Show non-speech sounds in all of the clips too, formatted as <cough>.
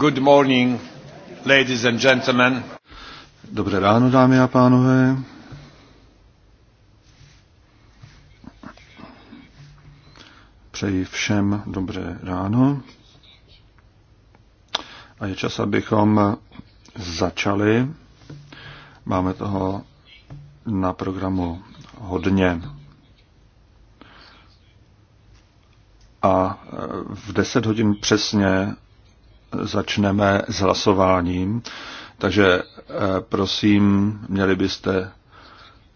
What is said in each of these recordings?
Good morning, ladies and gentlemen. Dobré ráno, dámy a pánové. Přeji všem dobré ráno. A je čas, abychom začali. Máme toho na programu hodně. A v 10 hodin přesně začneme s hlasováním. Takže eh, prosím, měli byste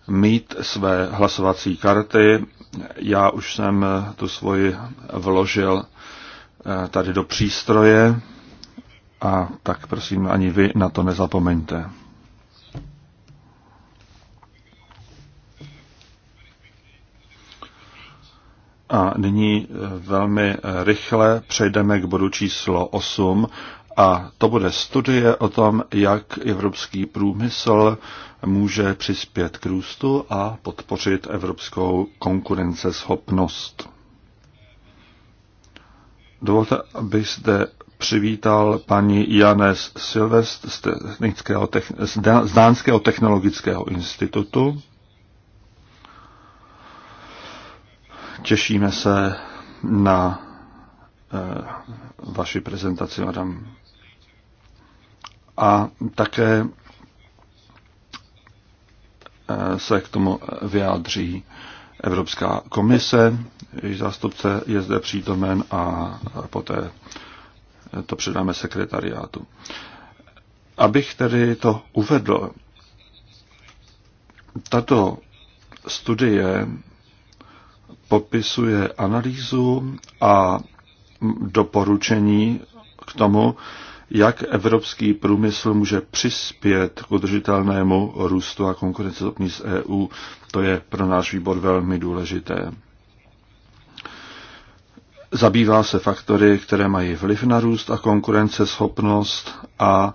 mít své hlasovací karty. Já už jsem eh, tu svoji vložil eh, tady do přístroje a tak prosím ani vy na to nezapomeňte. A nyní eh, velmi eh, rychle přejdeme k bodu číslo 8 a to bude studie o tom, jak evropský průmysl může přispět k růstu a podpořit evropskou konkurenceschopnost. Dovolte, abych zde přivítal paní Janes Silvest z, technického, z Dánského technologického institutu Těšíme se na eh, vaši prezentaci, madam. A také eh, se k tomu vyjádří Evropská komise, její zástupce je zde přítomen a poté to předáme sekretariátu. Abych tedy to uvedl, tato studie popisuje analýzu a doporučení k tomu, jak evropský průmysl může přispět k udržitelnému růstu a konkurenceschopní z EU. To je pro náš výbor velmi důležité. Zabývá se faktory, které mají vliv na růst a konkurenceschopnost a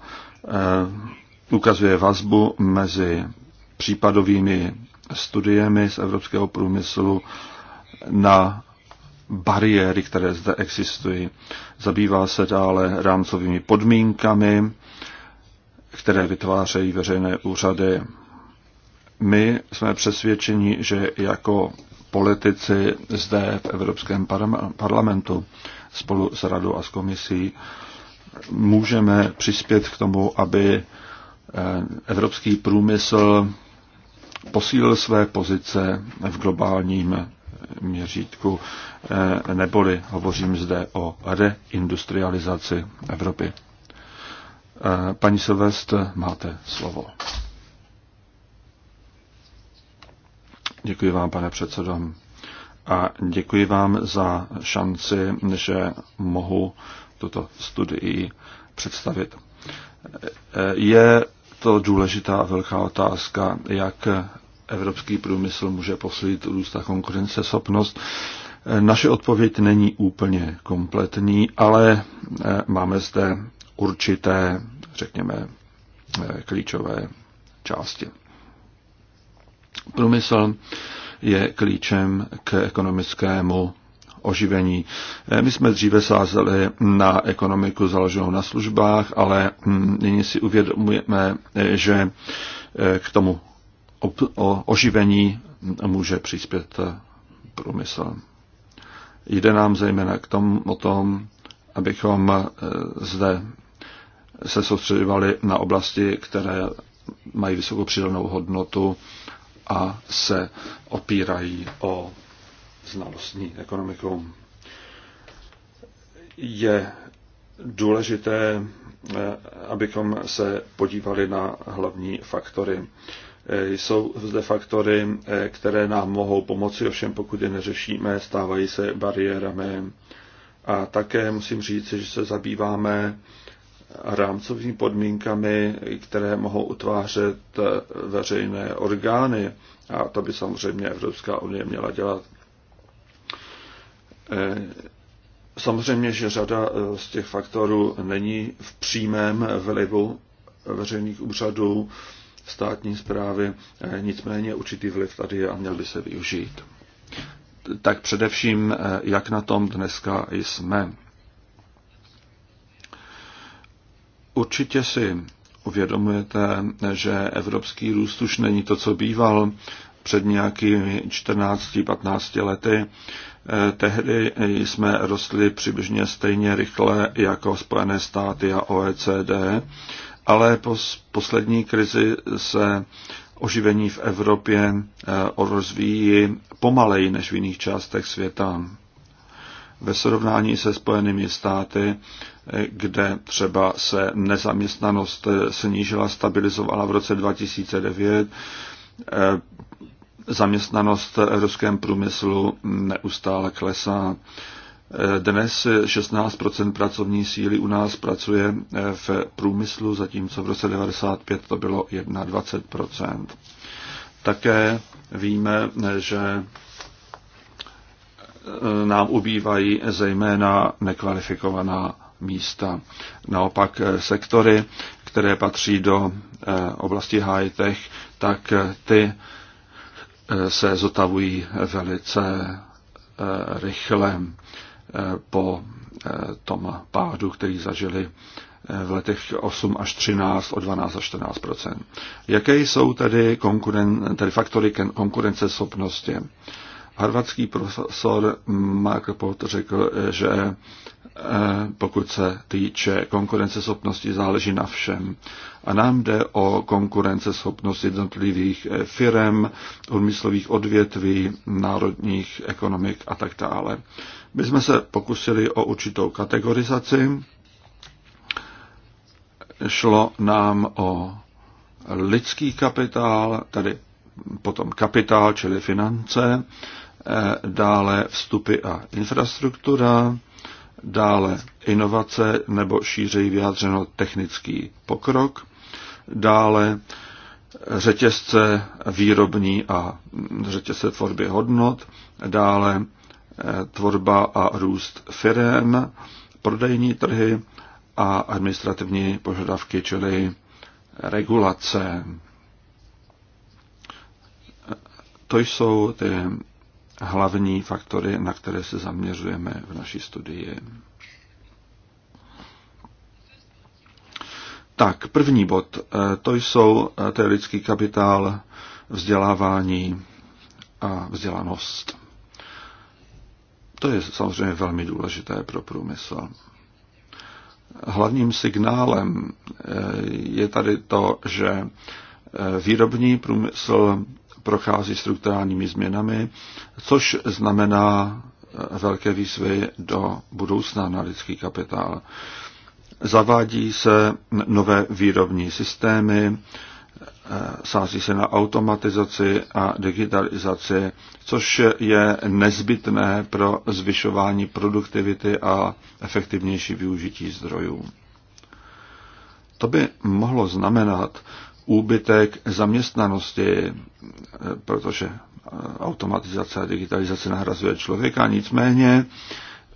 e, ukazuje vazbu mezi případovými studiemi z evropského průmyslu na bariéry, které zde existují. Zabývá se dále rámcovými podmínkami, které vytvářejí veřejné úřady. My jsme přesvědčeni, že jako politici zde v Evropském parlamentu spolu s radou a s komisí můžeme přispět k tomu, aby eh, evropský průmysl posílil své pozice v globálním měřítku, eh, neboli hovořím zde o reindustrializaci Evropy. Eh, paní Silvest, máte slovo. Děkuji vám, pane předsedo. A děkuji vám za šanci, že mohu tuto studii představit. Eh, je to důležitá velká otázka, jak evropský průmysl může posílit růst a konkurenceschopnost. Naše odpověď není úplně kompletní, ale eh, máme zde určité, řekněme, eh, klíčové části. Průmysl je klíčem k ekonomickému oživení. Eh, my jsme dříve sázeli na ekonomiku založenou na službách, ale hm, nyní si uvědomujeme, že k tomu o oživení může přispět průmysl. Jde nám zejména k tomu, o tom, abychom eh, zde se soustředovali na oblasti, které mají vysokou přidanou hodnotu a se opírají o znalostní ekonomiku. Je důležité, eh, abychom se podívali na hlavní faktory. Eh, jsou zde faktory, eh, které nám mohou pomoci, ovšem pokud je neřešíme, stávají se bariérami. A také musím říct, že se zabýváme rámcovými podmínkami, které mohou utvářet eh, veřejné orgány. A to by samozřejmě Evropská unie měla dělat. Samozřejmě, že řada z těch faktorů není v přímém vlivu veřejných úřadů, státní zprávy, eh, nicméně určitý vliv tady je a měl by se využít. Tak především, eh, jak na tom dneska jsme. Určitě si uvědomujete, že evropský růst už není to, co býval před nějakými 14-15 lety. Eh, tehdy jsme rostli přibližně stejně rychle jako Spojené státy a OECD ale po poslední krizi se oživení v Evropě eh, rozvíjí pomaleji než v jiných částech světa. Ve srovnání se Spojenými státy, eh, kde třeba se nezaměstnanost eh, snížila, stabilizovala v roce 2009, zaměstnanost v evropském průmyslu neustále klesá. Dnes 16 pracovní síly u nás pracuje eh, v průmyslu, zatímco v roce 1995 to bylo 21 Také víme, že eh, nám ubývají zejména nekvalifikovaná místa. Naopak eh, sektory, které patří do oblasti high-tech, tak ty se zotavují velice rychle. Eh, po eh, tom pádu, který zažili eh, v letech 8 až 13, o 12 až 14 Jaké jsou tedy, konkuren, tedy faktory konkurenceschopnosti? Harvardský profesor Mark Pot řekl, že eh, pokud se týče konkurenceschopnosti, záleží na všem. A nám jde o konkurenceschopnost jednotlivých eh, firm, odmyslových odvětví, národních ekonomik a tak dále. My jsme se pokusili o určitou kategorizaci. Šlo nám o lidský kapitál, tedy potom kapitál, čili finance, Eh, dále vstupy a infrastruktura, dále inovace nebo šířej vyjádřeno technický pokrok, dále řetězce výrobní a řetězce tvorby hodnot, dále eh, tvorba a růst firem, prodejní trhy a administrativní požadavky, čili regulace. To jsou ty hlavní faktory, na které se zaměřujeme v naší studii. Tak, první bod, eh, to jsou eh, to je lidský kapitál, vzdělávání a vzdělanost. To je samozřejmě velmi důležité pro průmysl. Hlavním signálem eh, je tady to, že výrobní průmysl prochází strukturálními změnami, což znamená eh, velké výzvy do budoucna na lidský kapitál. Zavádí se nové výrobní systémy, eh, sází se na automatizaci a digitalizaci, což je nezbytné pro zvyšování produktivity a efektivnější využití zdrojů. To by mohlo znamenat, úbytek zaměstnanosti, eh, protože eh, automatizace a digitalizace nahrazuje člověka, nicméně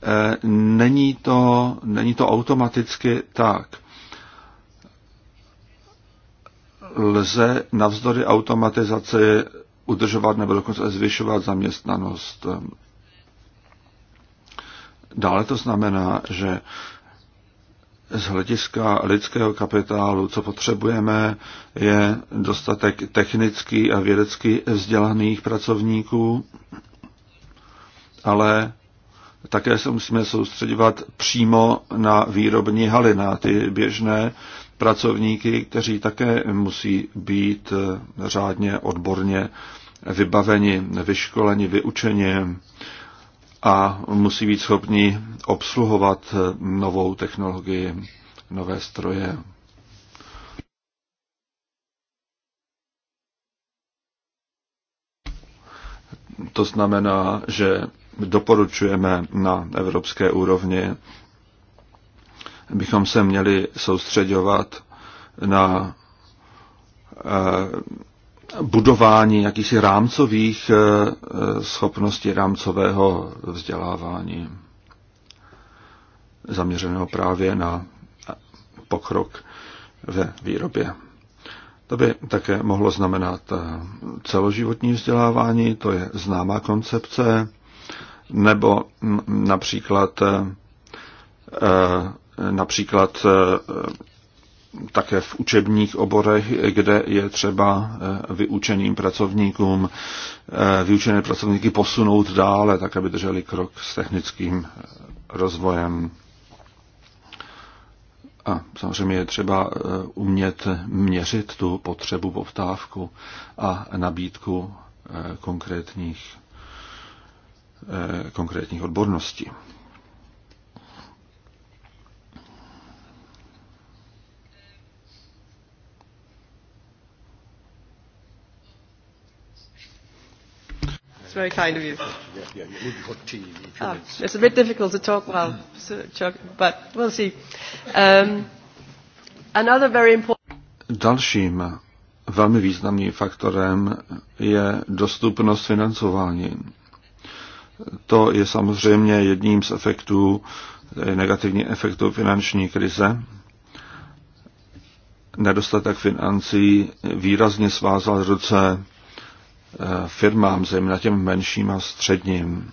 eh, není to, není to automaticky tak. Lze navzdory automatizaci udržovat nebo dokonce zvyšovat zaměstnanost. Dále to znamená, že z hlediska lidského kapitálu, co potřebujeme, je dostatek technický a vědecky vzdělaných pracovníků, ale také se musíme soustředovat přímo na výrobní haly, na ty běžné pracovníky, kteří také musí být řádně odborně vybaveni, vyškoleni, vyučeni a musí být schopni obsluhovat novou technologii, nové stroje. To znamená, že doporučujeme na evropské úrovni, bychom se měli soustředovat na eh, budování jakýchsi rámcových eh, eh, schopností rámcového vzdělávání zaměřeného právě na pokrok ve výrobě. To by také mohlo znamenat eh, celoživotní vzdělávání, to je známá koncepce, nebo například například také v učebních oborech, kde je třeba eh, vyučeným pracovníkům, eh, vyučené pracovníky posunout dále, tak aby drželi krok s technickým eh, rozvojem. A samozřejmě je třeba umět měřit tu potřebu, poptávku a nabídku konkrétních, konkrétních odborností. very kind of you. Yeah, yeah, yeah. Maybe tea. ah, it's a bit difficult to talk while, well, but we'll see. Um, another very important... Dalším velmi významným faktorem je dostupnost financování. To je samozřejmě jedním z efektů, negativní efektů finanční krize. Nedostatek financí výrazně svázal ruce Eh, firmám, zejména těm menším a středním.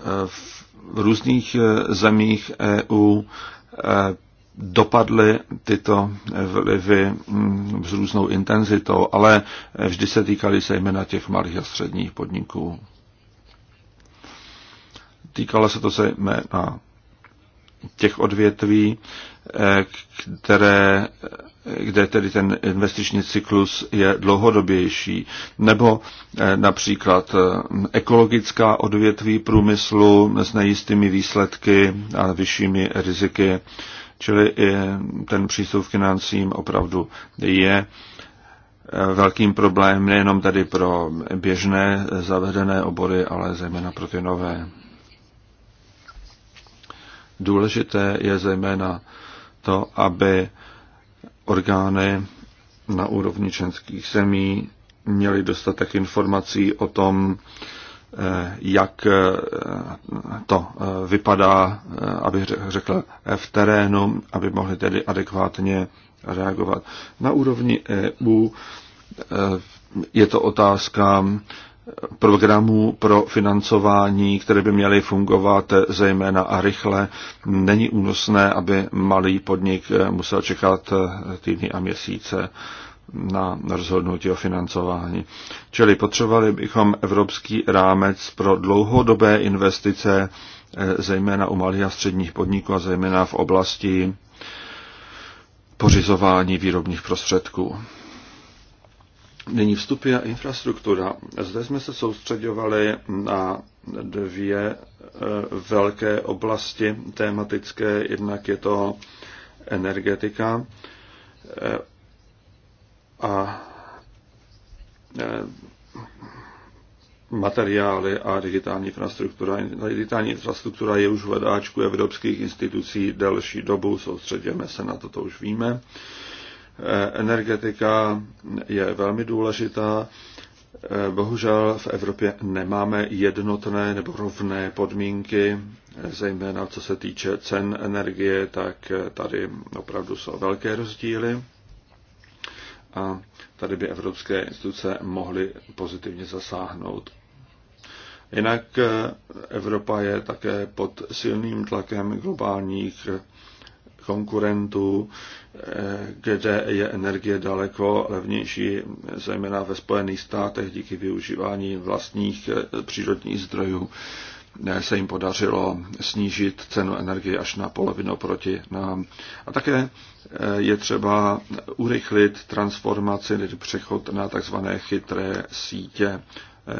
Eh, v různých eh, zemích EU dopadly tyto vlivy mm, s různou intenzitou, ale vždy se týkaly zejména těch malých a středních podniků. Týkalo se to zejména těch odvětví, eh, které, kde tedy ten investiční cyklus je dlouhodobější, nebo eh, například eh, ekologická odvětví průmyslu s nejistými výsledky a vyššími riziky, čili i ten přístup k financím opravdu je velkým problémem nejenom tady pro běžné zavedené obory, ale zejména pro ty nové. Důležité je zejména to, aby orgány na úrovni členských zemí měly dostatek informací o tom, eh, jak eh, to eh, vypadá, aby řekl, v terénu, aby mohli tedy adekvátně reagovat. Na úrovni EU je to otázka programů pro financování, které by měly fungovat zejména a rychle. Není únosné, aby malý podnik eh, musel čekat eh, týdny a měsíce na rozhodnutí o financování. Čili potřebovali bychom evropský rámec pro dlouhodobé investice, eh, zejména u malých a středních podniků a zejména v oblasti pořizování výrobních prostředků. Nyní vstupy a infrastruktura. Zde jsme se soustředovali na dvě e, velké oblasti tematické. Jednak je to energetika e, a e, materiály a digitální infrastruktura. Digitální infrastruktura je už v hledáčku evropských institucí delší dobu, soustředíme se na to, to už víme. Energetika je velmi důležitá. Bohužel v Evropě nemáme jednotné nebo rovné podmínky, zejména co se týče cen energie, tak tady opravdu jsou velké rozdíly. A tady by evropské instituce mohly pozitivně zasáhnout. Jinak Evropa je také pod silným tlakem globálních konkurentů, kde je energie daleko levnější, zejména ve Spojených státech díky využívání vlastních eh, přírodních zdrojů eh, se jim podařilo snížit cenu energie až na polovinu proti nám. A také eh, je třeba urychlit transformaci nebo přechod na tzv. chytré sítě.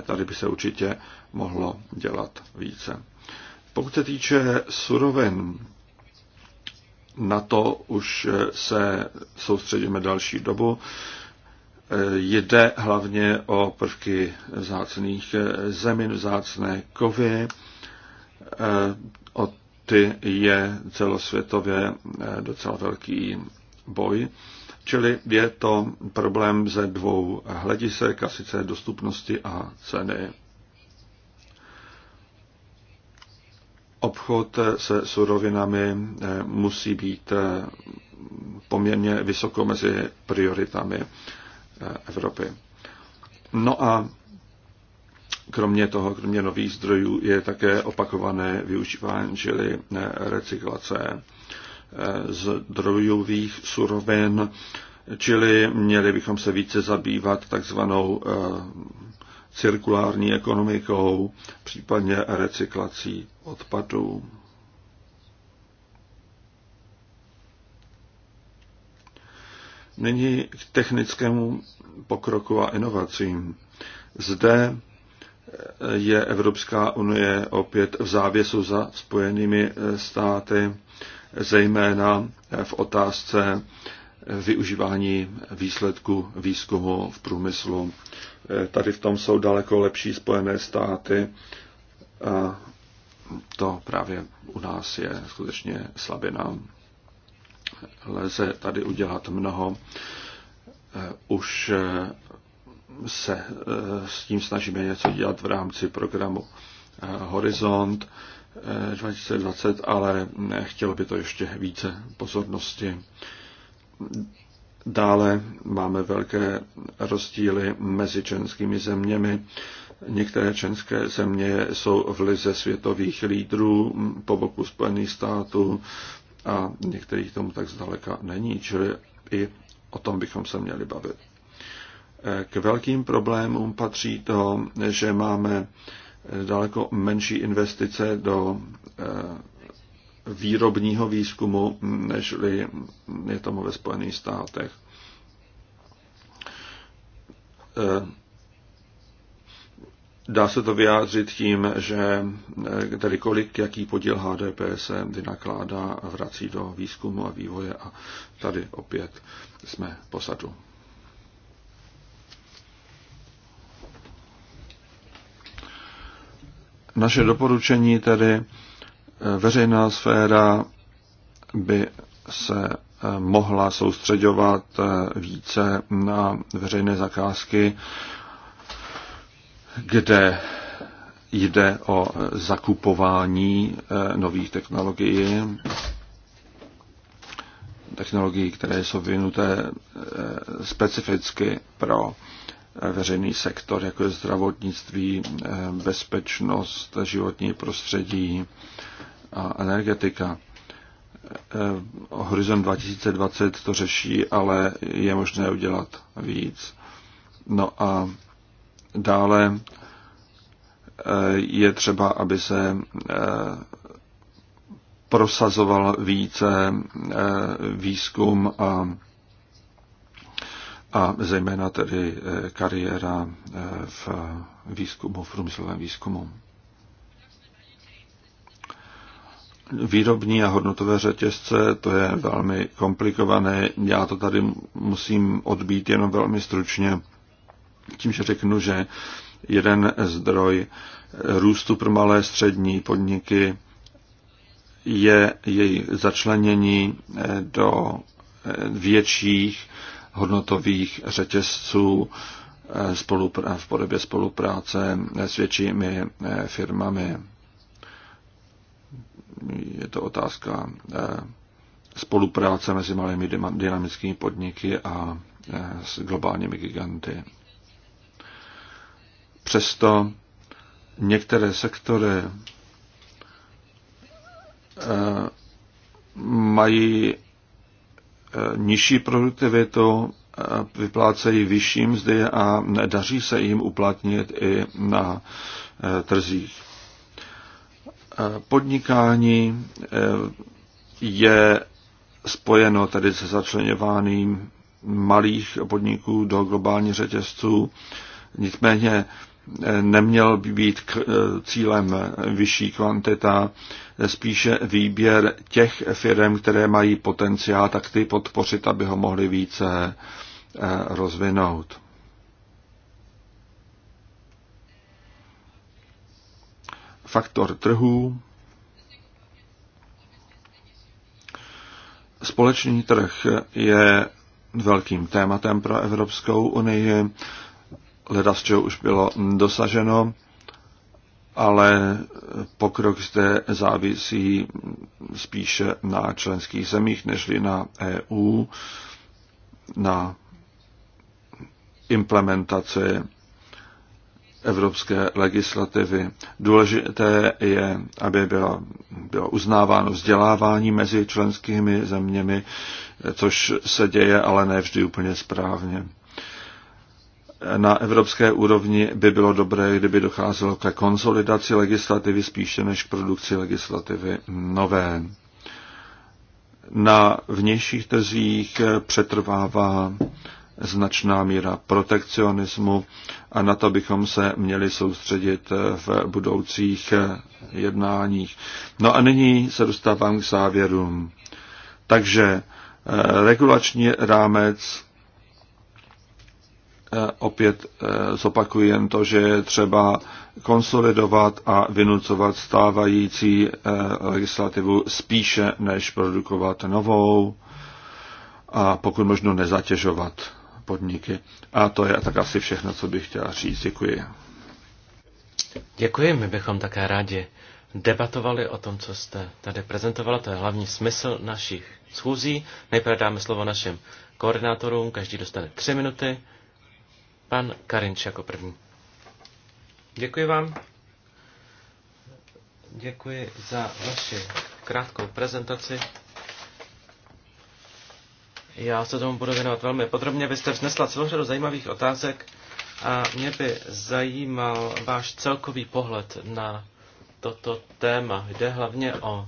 Tady by se určitě mohlo dělat více. Pokud se týče surovin, na to už eh, se soustředíme další dobu. Eh, jde hlavně o prvky vzácných eh, zemin, vzácné kovy. O ty je celosvětově docela velký boj. Čili je to problém ze dvou hledisek, a sice dostupnosti a ceny. obchod se surovinami eh, musí být eh, poměrně vysoko mezi prioritami eh, Evropy. No a kromě toho, kromě nových zdrojů, je také opakované využívání, čili recyklace zdrojových surovin, čili měli bychom se více zabývat takzvanou cirkulární ekonomikou, případně recyklací odpadů. Nyní k technickému pokroku a inovacím. Zde je Evropská unie opět v závěsu za spojenými státy, zejména v otázce využívání výsledku výzkumu v průmyslu. Tady v tom jsou daleko lepší spojené státy a to právě u nás je skutečně slabina. Lze tady udělat mnoho. Eh, už eh, se eh, s tím snažíme něco dělat v rámci programu Horizont 2020, ale chtělo by to ještě více pozornosti. Dále máme velké rozdíly mezi členskými zeměmi. Některé členské země jsou v lize světových lídrů po boku Spojených států a některých tomu tak zdaleka není, čili i o tom bychom se měli bavit. K velkým problémům patří to, že máme daleko menší investice do eh, výrobního výzkumu, než je tomu ve Spojených státech. Eh, dá se to vyjádřit tím, že eh, tedy kolik, jaký podíl HDP se vynakládá a vrací do výzkumu a vývoje a tady opět jsme posadu. Naše doporučení tedy Eh, veřejná sféra by se eh, mohla soustředovat eh, více na veřejné zakázky, kde jde o zakupování nových technologií, technologií, které jsou vyvinuté specificky pro veřejný sektor, jako je zdravotnictví, bezpečnost, životní prostředí, a energetika. Eh, Horizont 2020 to řeší, ale je možné udělat víc. No a dále eh, je třeba, aby se eh, prosazoval více výzkum a, a zejména tedy kariéra v výzkumu, v průmyslovém výzkumu. výrobní a hodnotové řetězce, to je velmi komplikované. Já to tady musím odbít jenom velmi stručně tím, že řeknu, že jeden zdroj růstu pro malé střední podniky je její začlenění eh, do eh, větších hodnotových řetězců eh, v podobě spolupráce s většími firmami je to otázka eh, spolupráce mezi malými dynamickými podniky a eh, s globálními giganty. Přesto některé sektory eh, mají nižší produktivitu, vyplácejí vyšší mzdy a nedaří se jim uplatnit i na trzích. E, podnikání e, je spojeno tedy se začlenováním malých podniků do globální řetězců. Nicméně e, neměl by být cílem vyšší kvantita, spíše výběr těch firm, které mají potenciál, tak ty podpořit, aby ho mohli více rozvinout. faktor trhů, Společný trh je velkým tématem pro Evropskou unii. Leda z čeho už bylo dosaženo, ale pokrok zde závisí spíše na členských zemích, nežli na EU, na implementaci evropské legislativy. Důležité je, aby bylo, bylo uznáváno vzdělávání mezi členskými zeměmi, což se děje, ale ne vždy úplně správně. Na evropské úrovni by bylo dobré, kdyby docházelo ke konsolidaci legislativy spíše než k produkci legislativy nové. Na vnějších trzích přetrvává značná míra protekcionismu a na to bychom se měli soustředit v budoucích jednáních. No a nyní se dostávám k závěrům. Takže eh, regulační rámec eh, opět eh, zopakuji jen to, že je třeba konsolidovat a vynucovat stávající legislativu spíše, než produkovat novou a pokud možno nezatěžovat podniky. A to je tak asi všechno, co bych chtěl říct. Děkuji. Děkuji, my bychom také rádi debatovali o tom, co jste tady prezentovala. To je hlavní smysl našich schůzí. Nejprve dáme slovo našim koordinátorům, každý dostane tři minuty. Pan Karinč jako první. Děkuji vám. Děkuji za vaši krátkou prezentaci. Já se tomu budu věnovat velmi podrobně. Vy jste vznesla celou řadu zajímavých otázek a mě by zajímal váš celkový pohled na toto téma. Jde hlavně o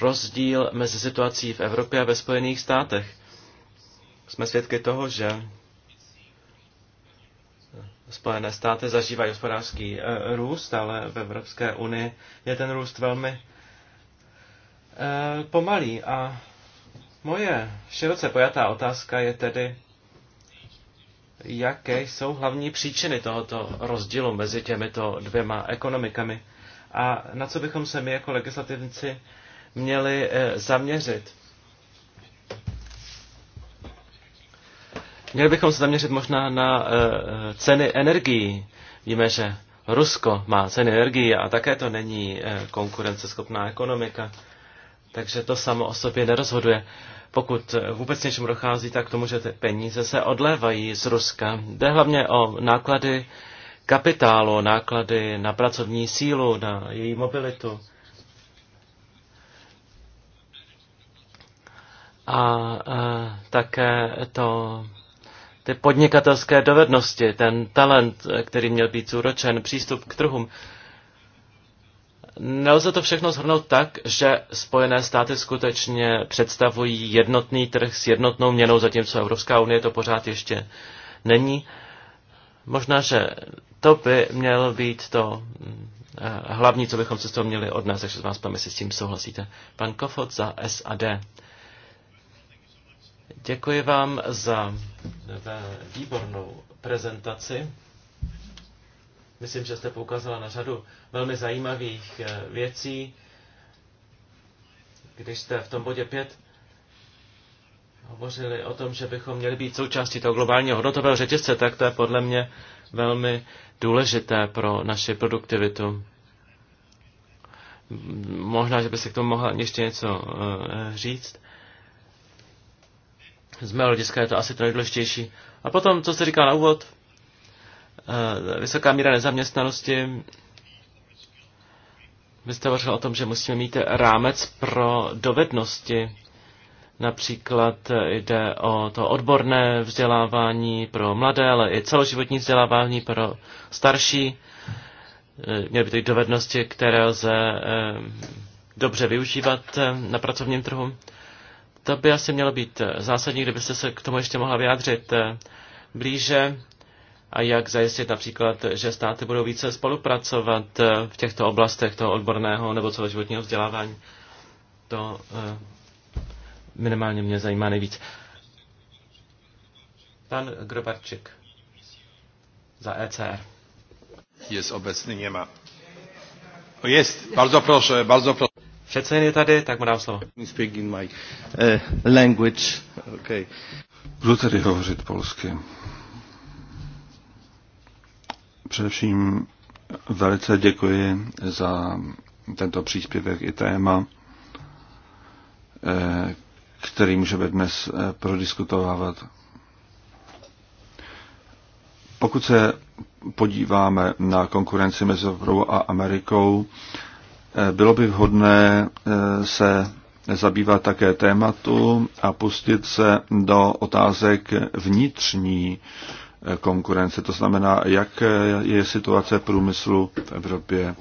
rozdíl mezi situací v Evropě a ve Spojených státech. Jsme svědky toho, že Spojené státy zažívají hospodářský eh, růst, ale v Evropské unii je ten růst velmi eh, pomalý a Moje široce pojatá otázka je tedy, jaké jsou hlavní příčiny tohoto rozdílu mezi těmito dvěma ekonomikami a na co bychom se my jako legislativci měli eh, zaměřit. Měli bychom se zaměřit možná na eh, ceny energií. Víme, že Rusko má ceny energií a také to není eh, konkurenceschopná ekonomika. Takže to samo o sobě nerozhoduje. Pokud vůbec něčem dochází, tak tomu, že ty peníze se odlévají z Ruska. Jde hlavně o náklady kapitálu, náklady na pracovní sílu, na její mobilitu. A, a také to ty podnikatelské dovednosti, ten talent, který měl být zúročen, přístup k trhům. Nelze to všechno zhrnout tak, že Spojené státy skutečně představují jednotný trh s jednotnou měnou, zatímco Evropská unie to pořád ještě není. Možná, že to by mělo být to eh, hlavní, co bychom se z toho měli od nás, takže vás pamě, si s tím souhlasíte. Pan Kofot za SAD. Děkuji vám za eh, výbornou prezentaci. Myslím, že jste poukázala na řadu velmi zajímavých eh, věcí. Když jste v tom bodě 5 hovořili o tom, že bychom měli být součástí toho globálního hodnotového řetězce, tak to je podle mě velmi důležité pro naši produktivitu. Možná, že by se k tomu mohla ještě něco eh, říct. Z mého hlediska je to asi to nejdůležitější. A potom, co se říká na úvod, Eh, vysoká míra nezaměstnanosti vy jste hovořil o tom, že musíme mít rámec pro dovednosti. Například jde o to odborné vzdělávání pro mladé, ale i celoživotní vzdělávání pro starší. Eh, měly by ty dovednosti, které lze eh, dobře využívat na pracovním trhu. To by asi mělo být zásadní, kdybyste se k tomu ještě mohla vyjádřit blíže a jak zajistit například, že státy budou více spolupracovat eh, v těchto oblastech toho odborného nebo celoživotního vzdělávání. To eh, minimálně mě zajímá nejvíc. Pan Grobarčik za ECR. Jest obecný, nemá. Jest, bardzo proszę, bardzo proszę. Předseden je tady, tak mu dám slovo. Speak in my eh, language. Okay. Budu tady hovořit polsky. Především velice děkuji za tento příspěvek i téma, eh, který můžeme dnes eh, prodiskutovávat. Pokud se podíváme na konkurenci mezi Evropou a Amerikou, eh, bylo by vhodné se zabývat také tématu a pustit se do otázek vnitřní konkurence, to znamená, jak je situace průmyslu v Evropě.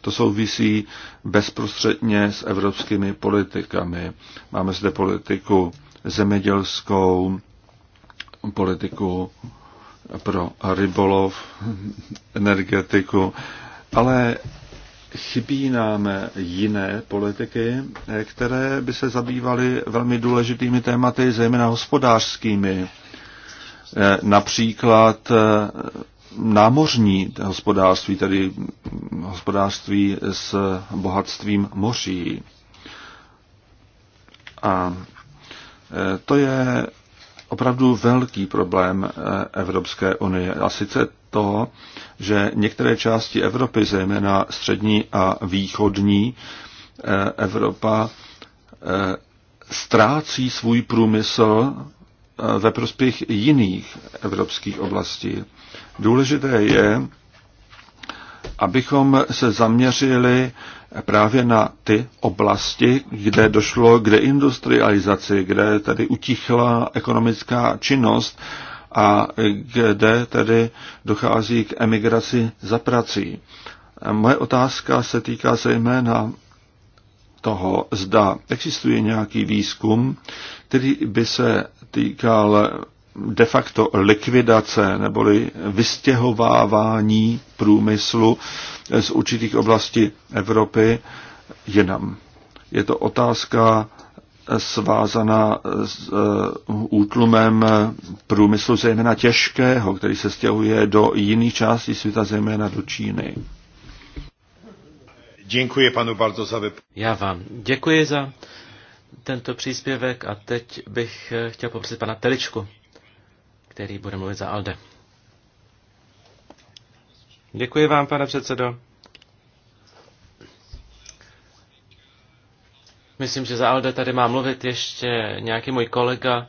To souvisí bezprostředně s evropskými politikami. Máme zde politiku zemědělskou, politiku pro rybolov, energetiku, ale chybí nám jiné politiky, které by se zabývaly velmi důležitými tématy, zejména hospodářskými Eh, například eh, námořní hospodářství, tedy hospodářství s bohatstvím moří. A eh, to je opravdu velký problém Evropské unie. A sice to, že některé části Evropy, zejména střední a východní Evropa, ztrácí svůj průmysl ve prospěch jiných evropských oblastí. Důležité je, abychom se zaměřili právě na ty oblasti, kde došlo k deindustrializaci, kde tedy utichla ekonomická činnost a kde tedy dochází k emigraci za prací. Moje otázka se týká zejména toho, zda existuje nějaký výzkum, který by se týkal de facto likvidace neboli vystěhovávání průmyslu z určitých oblastí Evropy jinam. Je to otázka svázaná s eh, útlumem průmyslu, zejména těžkého, který se stěhuje do jiných částí světa, zejména do Číny. Děkuji panu bardzo za vyp... Já vám děkuji za tento příspěvek a teď bych eh, chtěl poprosit pana Teličku, který bude mluvit za ALDE. Děkuji vám, pane předsedo. Myslím, že za ALDE tady má mluvit ještě nějaký můj kolega.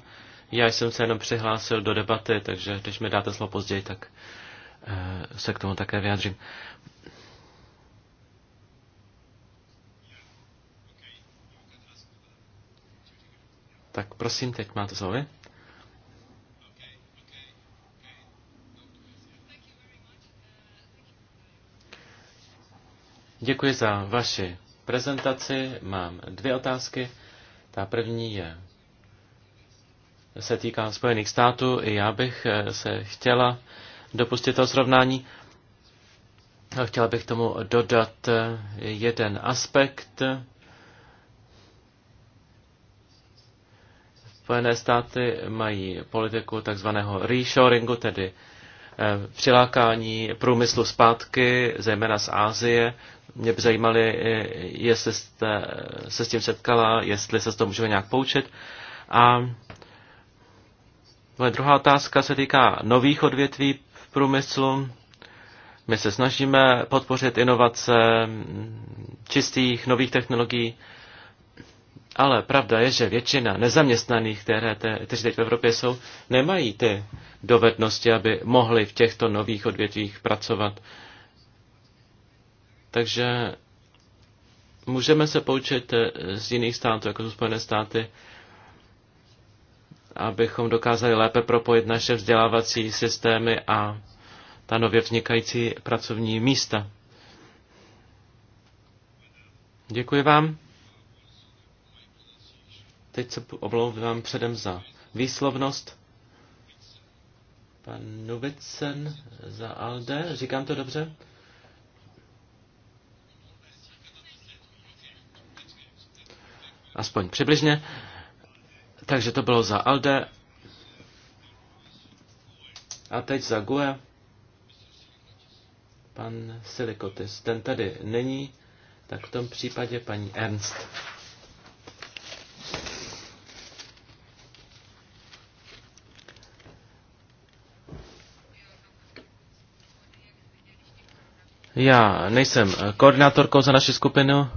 Já jsem se jenom přihlásil do debaty, takže když mi dáte slovo později, tak eh, se k tomu také vyjádřím. Tak prosím, teď máte slovy. Děkuji za vaši prezentaci. Mám dvě otázky. Ta první je, se týká Spojených států. I já bych eh, se chtěla dopustit toho srovnání. Chtěla bych tomu dodat eh, jeden aspekt, Spojené státy mají politiku takzvaného reshoringu, tedy eh, přilákání průmyslu zpátky, zejména z Ázie. Mě by zajímalo, eh, jestli jste se s tím setkala, jestli se z toho můžeme nějak poučit. A moje druhá otázka se týká nových odvětví v průmyslu. My se snažíme podpořit inovace čistých nových technologií, ale pravda je, že většina nezaměstnaných, které te, kteří teď v Evropě jsou, nemají ty dovednosti, aby mohli v těchto nových odvětvích pracovat. Takže můžeme se poučit eh, z jiných států, jako jsou Spojené státy, abychom dokázali lépe propojit naše vzdělávací systémy a ta nově vznikající pracovní místa. Děkuji vám. Teď se omlouvám předem za výslovnost. Pan Novicen za Alde, říkám to dobře? Aspoň přibližně. Takže to bylo za Alde. A teď za GUE. Pan Silikotis, ten tady není, tak v tom případě paní Ernst. Já nejsem koordinátorkou za naši skupinu,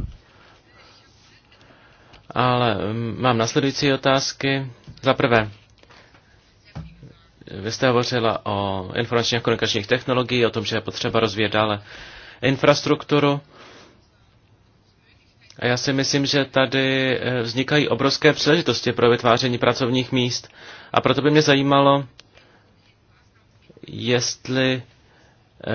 ale mám nasledující otázky. Za prvé, vy jste hovořila o informačních a komunikačních technologiích, o tom, že je potřeba rozvíjet dále infrastrukturu. A já si myslím, že tady eh, vznikají obrovské příležitosti pro vytváření pracovních míst. A proto by mě zajímalo, jestli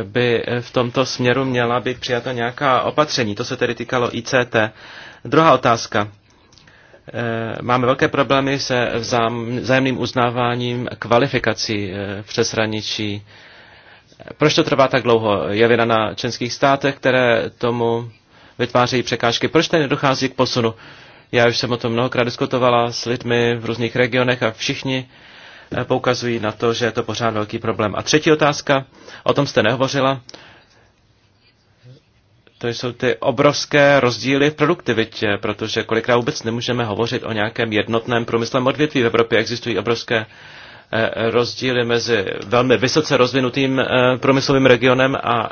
by v tomto směru měla být přijata nějaká opatření. To se tedy týkalo ICT. Druhá otázka. Eh, máme velké problémy se vzájemným uznáváním kvalifikací eh, přes hraničí. Proč to trvá tak dlouho? Je vina na členských státech, které tomu vytvářejí překážky. Proč tady nedochází k posunu? Já už jsem o tom mnohokrát diskutovala s lidmi v různých regionech a všichni Eh, poukazují na to, že je to pořád velký problém. A třetí otázka, o tom jste nehovořila, to jsou ty obrovské rozdíly v produktivitě, protože kolikrát vůbec nemůžeme hovořit o nějakém jednotném průmyslem odvětví. V Evropě existují obrovské eh, rozdíly mezi velmi vysoce rozvinutým eh, průmyslovým regionem a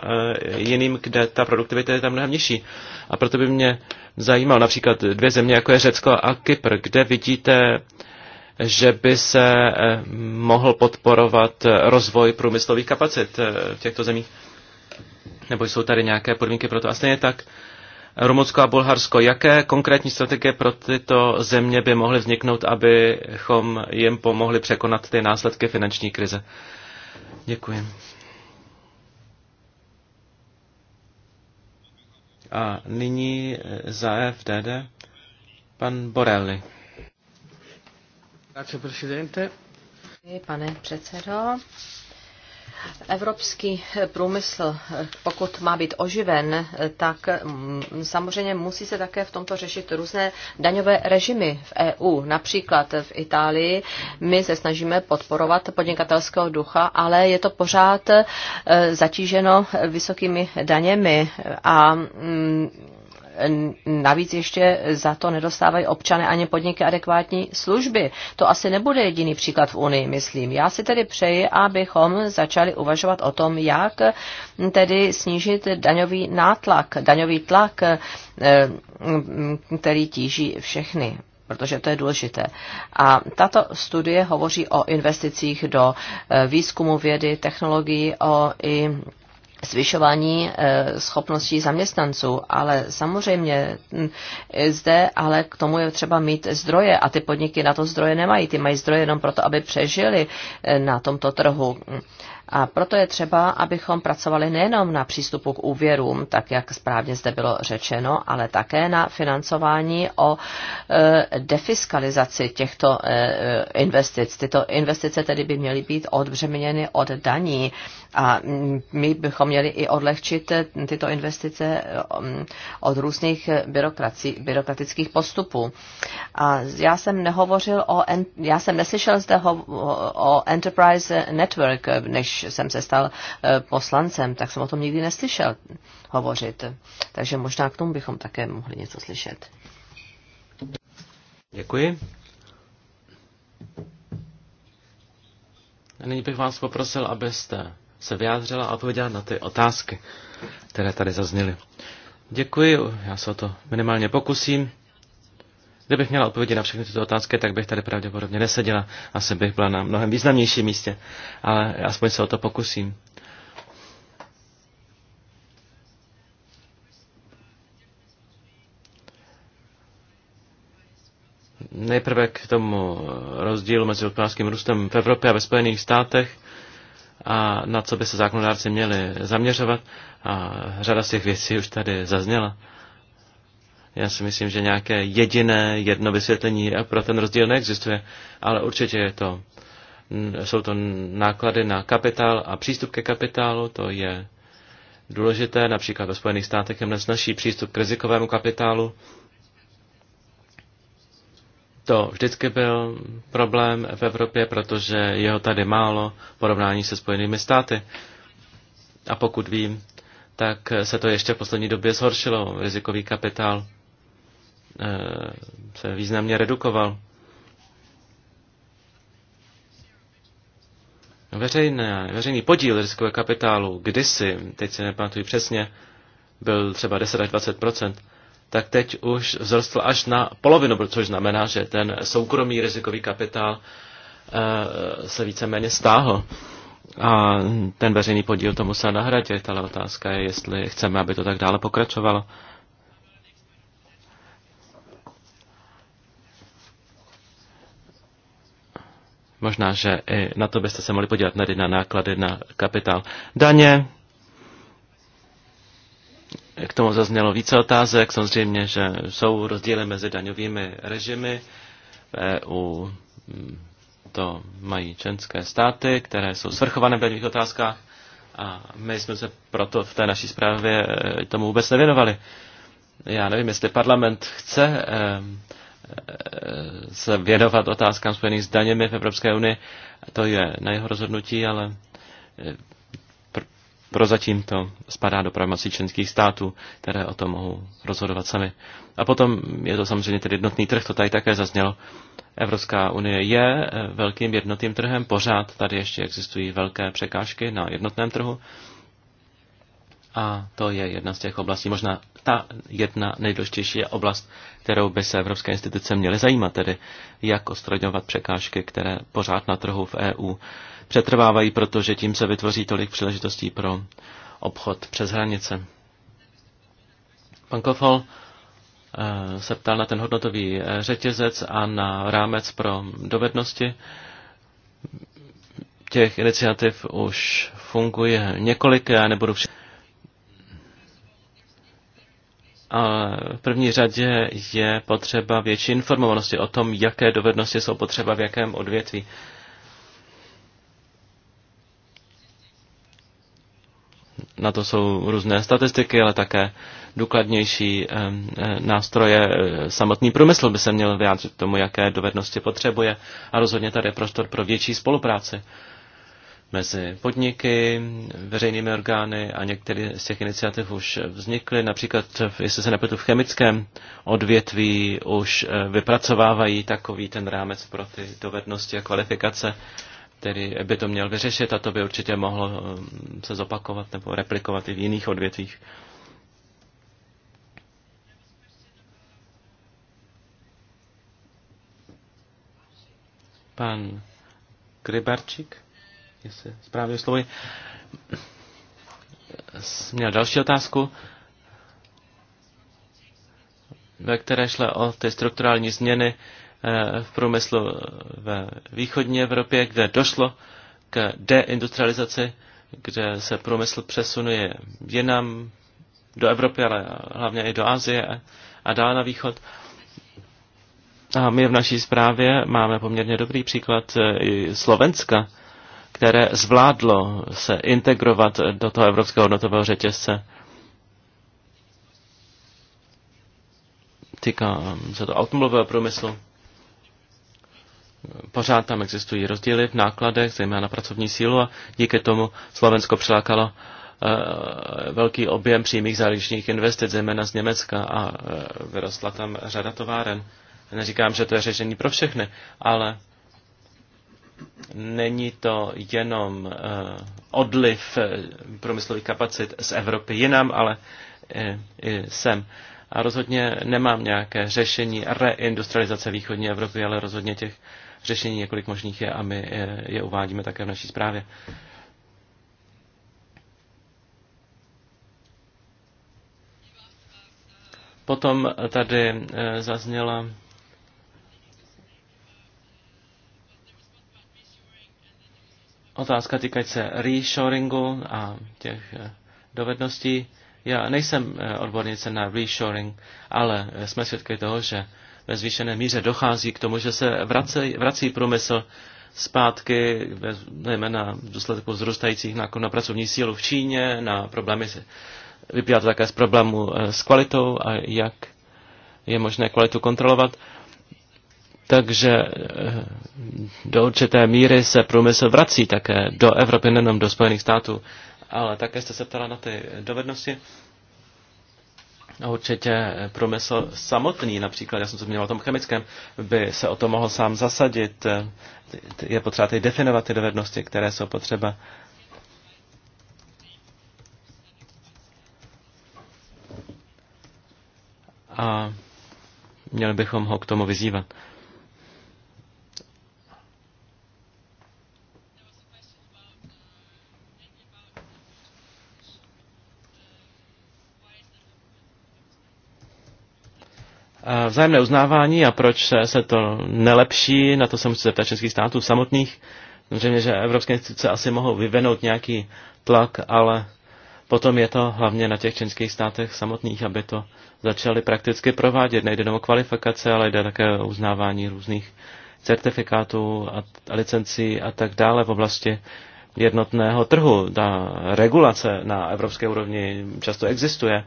jiným, kde ta produktivita je tam mnohem nižší. A proto by mě zajímal například dvě země, jako je Řecko a Kypr, kde vidíte že by se eh, mohl podporovat eh, rozvoj průmyslových kapacit eh, v těchto zemích. Nebo jsou tady nějaké podmínky pro to? A stejně tak Rumunsko a Bulharsko. Jaké konkrétní strategie pro tyto země by mohly vzniknout, abychom jim pomohli překonat ty následky finanční krize? Děkuji. A nyní za FDD pan Borelli. Pane předsedo, Evropský průmysl, pokud má být oživen, tak mm, samozřejmě musí se také v tomto řešit různé daňové režimy v EU. Například v Itálii my se snažíme podporovat podnikatelského ducha, ale je to pořád e, zatíženo vysokými daněmi a mm, navíc ještě za to nedostávají občané ani podniky adekvátní služby. To asi nebude jediný příklad v Unii, myslím. Já si tedy přeji, abychom začali uvažovat o tom, jak tedy snížit daňový nátlak, daňový tlak, eh, který tíží všechny protože to je důležité. A tato studie hovoří o investicích do eh, výzkumu vědy, technologií, o i zvyšování eh, schopností zaměstnanců, ale samozřejmě hm, zde, ale k tomu je třeba mít zdroje a ty podniky na to zdroje nemají, ty mají zdroje jenom proto, aby přežili eh, na tomto trhu. A proto je třeba, abychom pracovali nejenom na přístupu k úvěrům, tak jak správně zde bylo řečeno, ale také na financování o e, defiskalizaci těchto e, investic. Tyto investice tedy by měly být odbřeměny od daní a my bychom měli i odlehčit eh, tyto investice eh, od různých eh, byrokratických postupů. A já jsem nehovořil o, já jsem neslyšel zde o Enterprise Network, než jsem se stal poslancem, tak jsem o tom nikdy neslyšel hovořit. Takže možná k tomu bychom také mohli něco slyšet. Děkuji. Nyní bych vás poprosil, abyste se vyjádřila a odpověděla na ty otázky, které tady zazněly. Děkuji, já se o to minimálně pokusím. Kdybych měla odpovědi na všechny tyto otázky, tak bych tady pravděpodobně neseděla. Asi bych byla na mnohem významnějším místě, ale aspoň se o to pokusím. Nejprve k tomu rozdílu mezi hospodářským růstem v Evropě a ve Spojených státech a na co by se zákonodárci měli zaměřovat. A řada z těch věcí už tady zazněla. Já si myslím, že nějaké jediné jedno vysvětlení pro ten rozdíl neexistuje, ale určitě je to, jsou to náklady na kapitál a přístup ke kapitálu, to je důležité. Například ve Spojených státech je mnohem snažší přístup k rizikovému kapitálu, to vždycky byl problém v Evropě, protože je ho tady málo v porovnání se Spojenými státy. A pokud vím, tak se to ještě v poslední době zhoršilo. Rizikový kapitál eh, se významně redukoval. Veřejné, veřejný podíl rizikového kapitálu kdysi, teď se nepamatuji přesně, byl třeba 10 až 20 tak teď už vzrostl až na polovinu, což znamená, že ten soukromý rizikový kapitál eh, se víceméně stáhl. A ten veřejný podíl to musel nahradit, ale otázka je, jestli chceme, aby to tak dále pokračovalo. Možná, že i na to byste se mohli podívat, tedy na náklady na kapitál. Daně, k tomu zaznělo více otázek. Samozřejmě, že jsou rozdíly mezi daňovými režimy. V EU to mají členské státy, které jsou svrchované v daňových otázkách a my jsme se proto v té naší zprávě e, tomu vůbec nevěnovali. Já nevím, jestli parlament chce e, e, se věnovat otázkám spojených s daněmi v Evropské unii, to je na jeho rozhodnutí, ale Prozatím to spadá do pravomocí členských států, které o tom mohou rozhodovat sami. A potom je to samozřejmě tedy jednotný trh, to tady také zaznělo. Evropská unie je eh, velkým jednotným trhem, pořád tady ještě existují velké překážky na jednotném trhu. A to je jedna z těch oblastí, možná ta jedna nejdůležitější oblast, kterou by se evropské instituce měly zajímat, tedy jak odstraňovat překážky, které pořád na trhu v EU přetrvávají, protože tím se vytvoří tolik příležitostí pro obchod přes hranice. Pan Kofol eh, se ptal na ten hodnotový eh, řetězec a na rámec pro dovednosti. Těch iniciativ už funguje několik, já nebudu vše. A v první řadě je potřeba větší informovanosti o tom, jaké dovednosti jsou potřeba v jakém odvětví. na to jsou různé statistiky, ale také důkladnější eh, nástroje. Eh, samotný průmysl by se měl vyjádřit tomu, jaké dovednosti potřebuje a rozhodně tady je prostor pro větší spolupráci mezi podniky, veřejnými orgány a některé z těch iniciativ už vznikly. Například, jestli se nepletu, v chemickém odvětví už eh, vypracovávají takový ten rámec pro ty dovednosti a kvalifikace který by to měl vyřešit a to by určitě mohlo eh, se zopakovat nebo replikovat i v jiných odvětvích. Pan Krybarčík, jestli správně slovy, měl další otázku, ve které šlo o ty strukturální změny Eh, v průmyslu ve východní Evropě, kde došlo k deindustrializaci, kde se průmysl přesunuje jinam do Evropy, ale hlavně i do Asie a dál na východ. A my v naší zprávě máme poměrně dobrý příklad eh, i Slovenska, které zvládlo se integrovat do toho evropského hodnotového řetězce. Týká se to automobilového průmyslu pořád tam existují rozdíly v nákladech, zejména na pracovní sílu a díky tomu Slovensko přilákalo e, velký objem přímých zahraničních investic, zejména z Německa a e, vyrostla tam řada továren. Neříkám, že to je řešení pro všechny, ale není to jenom e, odliv průmyslových kapacit z Evropy jinam, ale i sem. A rozhodně nemám nějaké řešení reindustrializace východní Evropy, ale rozhodně těch řešení, několik možných je a my je uvádíme také v naší zprávě. Potom tady eh, zazněla otázka týkající se reshoringu a těch eh, dovedností. Já nejsem eh, odbornice na reshoring, ale jsme svědky toho, že ve zvýšené míře dochází k tomu, že se vracej, vrací průmysl zpátky, zejména v důsledku vzrůstajících nákladů na pracovní sílu v Číně, na problémy, vyplývá to také z problému eh, s kvalitou a jak je možné kvalitu kontrolovat. Takže eh, do určité míry se průmysl vrací také do Evropy, nejenom do Spojených států. Ale také jste se ptala na ty dovednosti. Určitě průmysl samotný, například, já jsem se měl o tom chemickém, by se o to mohl sám zasadit. Je potřeba tady definovat ty dovednosti, které jsou potřeba. A měli bychom ho k tomu vyzývat. vzájemné uznávání a proč se to nelepší, na to se musí zeptat českých států samotných. Samozřejmě, že evropské instituce asi mohou vyvenout nějaký tlak, ale potom je to hlavně na těch českých státech samotných, aby to začali prakticky provádět. Nejde jenom o kvalifikace, ale jde také o uznávání různých certifikátů a licencí a tak dále v oblasti jednotného trhu. Ta regulace na evropské úrovni často existuje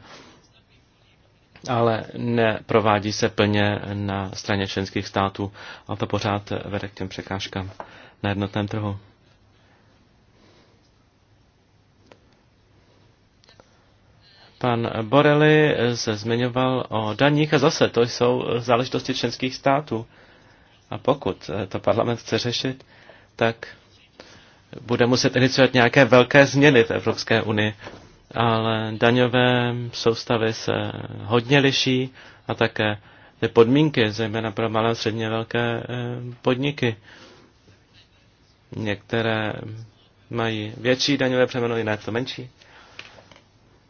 ale neprovádí se plně na straně členských států a to pořád vede k těm překážkám na jednotném trhu. Pan Borelli se zmiňoval o daních a zase to jsou záležitosti členských států. A pokud to parlament chce řešit, tak bude muset iniciovat nějaké velké změny v Evropské unii ale daňové soustavy se hodně liší a také ty podmínky, zejména pro malé a středně velké eh, podniky. Některé mají větší daňové přeměno, jiné to menší.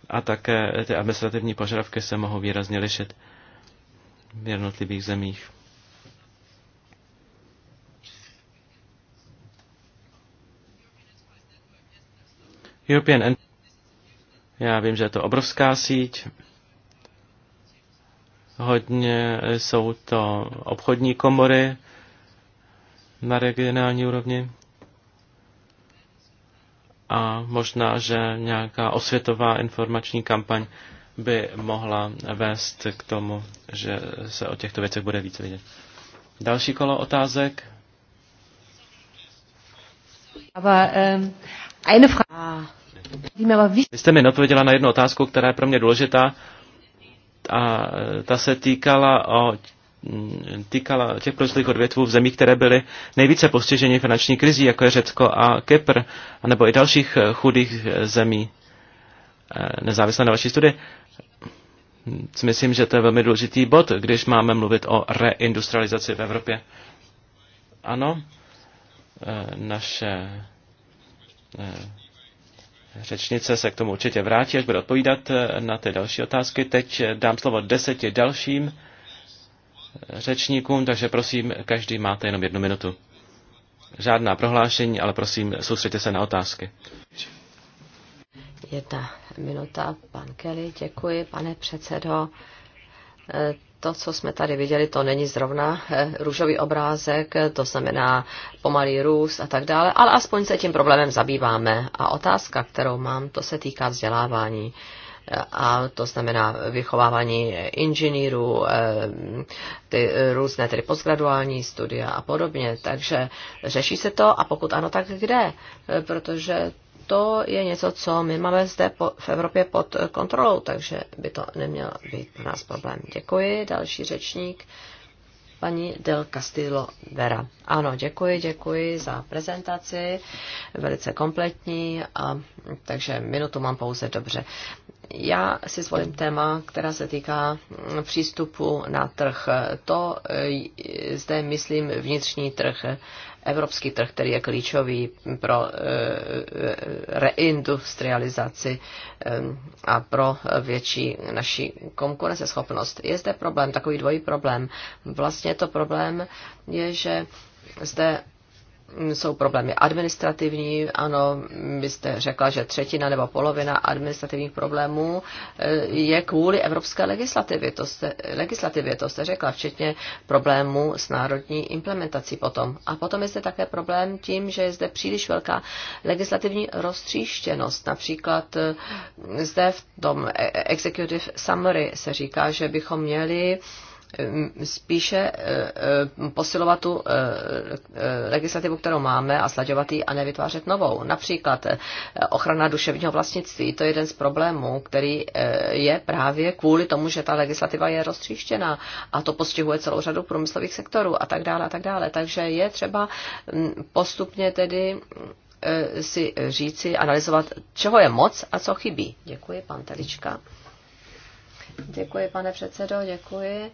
A také ty administrativní požadavky se mohou výrazně lišit v jednotlivých zemích. European já vím, že je to obrovská síť. Hodně jsou to obchodní komory na regionální úrovni. A možná, že nějaká osvětová informační kampaň by mohla vést k tomu, že se o těchto věcech bude více vidět. Další kolo otázek. Aber, ähm, eine Frage. Vy jste mi neodpověděla na jednu otázku, která je pro mě důležitá a e, ta se týkala o týkala těch průmyslových odvětvů v zemích, které byly nejvíce postiženy finanční krizí, jako je Řecko a Kypr, nebo i dalších e, chudých e, zemí, nezávisle na vaší studii. Hmm, myslím, že to je velmi důležitý bod, když máme mluvit o reindustrializaci v Evropě. Ano, naše Řečnice se k tomu určitě vrátí, až bude odpovídat eh, na ty další otázky. Teď eh, dám slovo deseti dalším eh, řečníkům, takže prosím, každý máte jenom jednu minutu. Žádná prohlášení, ale prosím, soustředte se na otázky. Jedna minuta, pan Kelly, děkuji, pane předsedo to, co jsme tady viděli, to není zrovna eh, růžový obrázek, to znamená pomalý růst a tak dále, ale aspoň se tím problémem zabýváme. A otázka, kterou mám, to se týká vzdělávání eh, a to znamená vychovávání inženýrů, eh, ty různé tedy postgraduální studia a podobně. Takže řeší se to a pokud ano, tak kde? Protože to je něco, co my máme zde po, v Evropě pod kontrolou, takže by to neměl být pro nás problém. Děkuji. Další řečník, paní Del Castillo Vera. Ano, děkuji, děkuji za prezentaci, velice kompletní, a, takže minutu mám pouze dobře. Já si zvolím téma, která se týká přístupu na trh. To e, zde myslím vnitřní trh evropský trh, který je klíčový pro eh, eh, reindustrializaci eh, a pro větší naši konkurenceschopnost. Je zde problém, takový dvojí problém. Vlastně to problém je, že zde jsou problémy administrativní. Ano, vy jste řekla, že třetina nebo polovina administrativních problémů eh, je kvůli evropské legislativě. To jste, legislativě, to jste řekla, včetně problémů s národní implementací potom. A potom je zde také problém tím, že je zde příliš velká legislativní roztříštěnost. Například eh, zde v tom e- e- executive summary se říká, že bychom měli Eh, spíše eh, eh, posilovat tu legislativu, kterou máme a slaďovat ji a nevytvářet novou. Například ochrana duševního vlastnictví, to je jeden z problémů, který je právě kvůli tomu, že ta legislativa je roztříštěná a to postihuje celou řadu průmyslových sektorů a tak dále a tak dále. Takže je třeba hm, postupně tedy si říci, analyzovat, čeho je moc a co chybí. Děkuji, pan Telička. Děkuji, pane předsedo, děkuji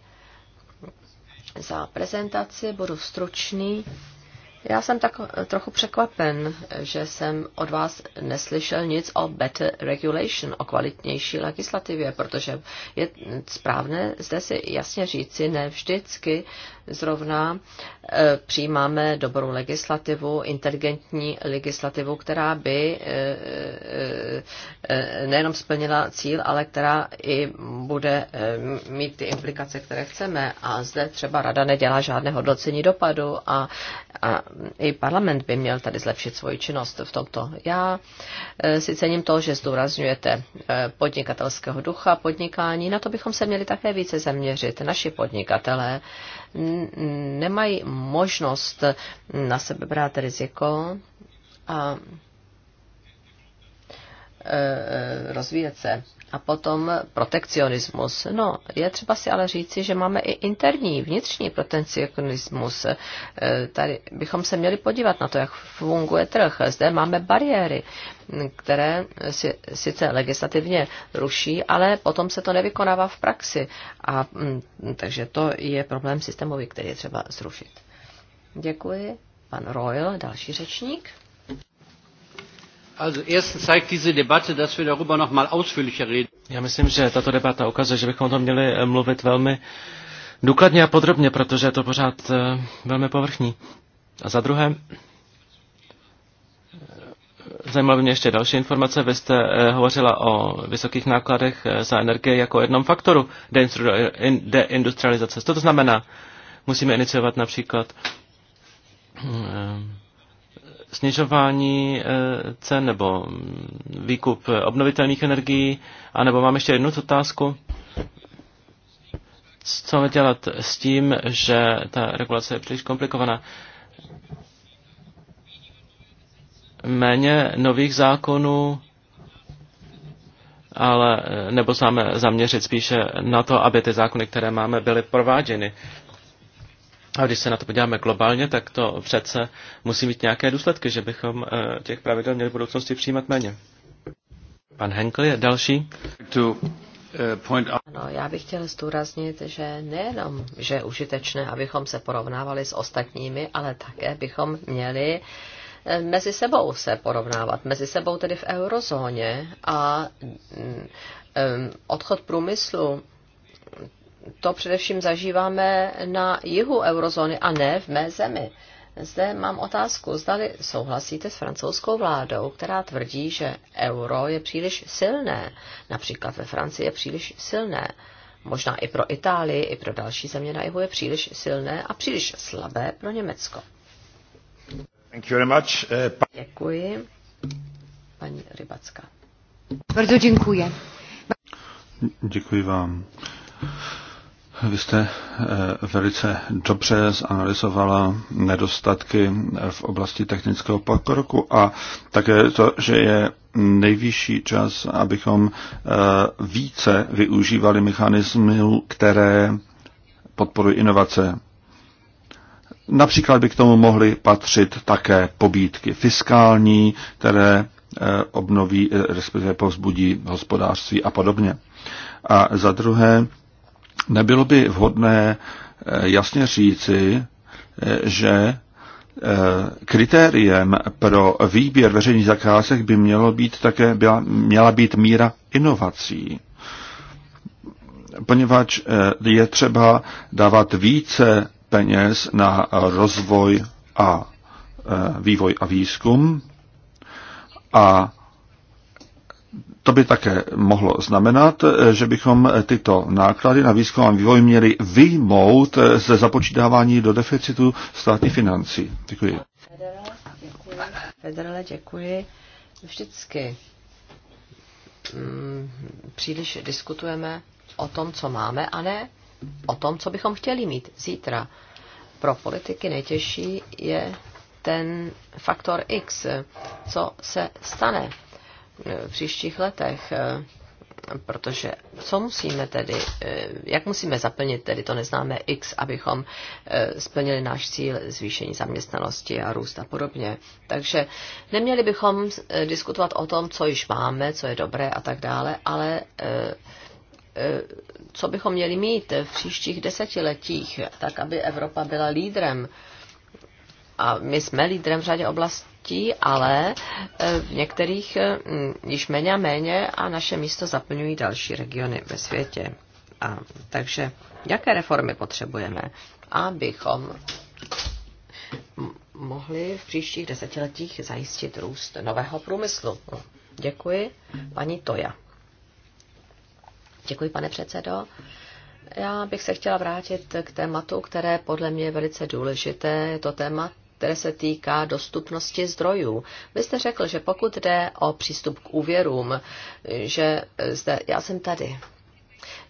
za prezentaci, budu stručný. Já jsem tak trochu překvapen, že jsem od vás neslyšel nic o better regulation, o kvalitnější legislativě, protože je správné zde si jasně říci, ne vždycky zrovna e, přijímáme dobrou legislativu, inteligentní legislativu, která by e, e, nejenom splnila cíl, ale která i bude mít ty implikace, které chceme. A zde třeba rada nedělá žádné hodnocení dopadu a, a i parlament by měl tady zlepšit svoji činnost v tomto. Já si cením to, že zdůrazňujete podnikatelského ducha, podnikání. Na to bychom se měli také více zaměřit. Naši podnikatelé nemají možnost na sebe brát riziko a Eh, rozvíjet se. A potom protekcionismus. No, je třeba si ale říci, že máme i interní, vnitřní protekcionismus. Eh, tady bychom se měli podívat na to, jak funguje trh. Zde máme bariéry, které si, sice legislativně ruší, ale potom se to nevykonává v praxi. A, mm, takže to je problém systémový, který je třeba zrušit. Děkuji. Pan Royal, další řečník. Já myslím, že tato debata ukazuje, že bychom o tom měli eh, mluvit velmi důkladně a podrobně, protože je to pořád eh, velmi povrchní. A za druhé, eh, by mě ještě další informace. Vy jste hovořila o vysokých nákladech za energie jako jednom faktoru deindustrializace. Co to znamená? Musíme iniciovat například snižování eh, cen nebo výkup obnovitelných energií? A nebo mám ještě jednu otázku. Co máme dělat s tím, že ta regulace je příliš komplikovaná? Méně nových zákonů, ale eh, nebo se máme zaměřit spíše na to, aby ty zákony, které máme, byly prováděny a když se na to podíváme globálně, tak to přece musí mít nějaké důsledky, že bychom eh, těch pravidel měli v budoucnosti přijímat méně. Pan Henkel je další. To eh, ano, já bych chtěl zdůraznit, že nejenom, že je užitečné, abychom se porovnávali s ostatními, ale také bychom měli eh, mezi sebou se porovnávat, mezi sebou tedy v eurozóně a mm, mm, odchod průmyslu to především zažíváme na jihu eurozóny a ne v mé zemi. Zde mám otázku, zdali souhlasíte s francouzskou vládou, která tvrdí, že euro je příliš silné, například ve Francii je příliš silné, možná i pro Itálii, i pro další země na jihu je příliš silné a příliš slabé pro Německo. Thank you very much. Eh, děkuji. Paní Rybacka. Bardzo děkuji. Děkuji vám. Vy jste eh, velice dobře zanalizovala nedostatky v oblasti technického pokroku a také to, že je nejvyšší čas, abychom eh, více využívali mechanismy, které podporují inovace. Například by k tomu mohly patřit také pobídky fiskální, které eh, obnoví, respektive povzbudí hospodářství a podobně. A za druhé, nebylo by vhodné eh, jasně říci, eh, že eh, kritériem pro výběr veřejných zakázek by mělo být také, byla, měla být míra inovací. Poněvadž je třeba dávat více peněz na rozvoj a vývoj a výzkum a to by také mohlo znamenat, že bychom tyto náklady na výzkum a vývoj měli vyjmout ze započítávání do deficitu státních financí. Děkuji. Federale, děkuji. Federale, děkuji. Vždycky mm, příliš diskutujeme o tom, co máme, a ne o tom, co bychom chtěli mít zítra. Pro politiky nejtěžší je ten faktor X, co se stane Eh, v příštích letech, eh, protože co musíme tedy, eh, jak musíme zaplnit tedy to neznámé X, abychom splnili náš cíl zvýšení zaměstnanosti a růst a podobně. Takže neměli bychom diskutovat o tom, co již máme, co je dobré a tak dále, ale co bychom měli mít v příštích desetiletích, tak aby Evropa byla lídrem. A my jsme lídrem v řadě oblastí platí, ale eh, v některých eh, mm, již méně a méně a naše místo zaplňují další regiony ve světě. A, takže jaké reformy potřebujeme, abychom mohli v příštích desetiletích zajistit růst nového průmyslu? Děkuji, paní Toja. Děkuji, pane předsedo. Já bych se chtěla vrátit k tématu, které podle mě je velice důležité. Je to téma které se týká dostupnosti zdrojů. Vy jste řekl, že pokud jde o přístup k úvěrům, že zde, já jsem tady,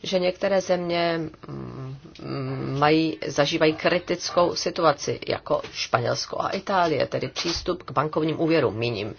že některé země mm, mají, zažívají kritickou situaci, jako Španělsko a Itálie, tedy přístup k bankovním úvěrům míním.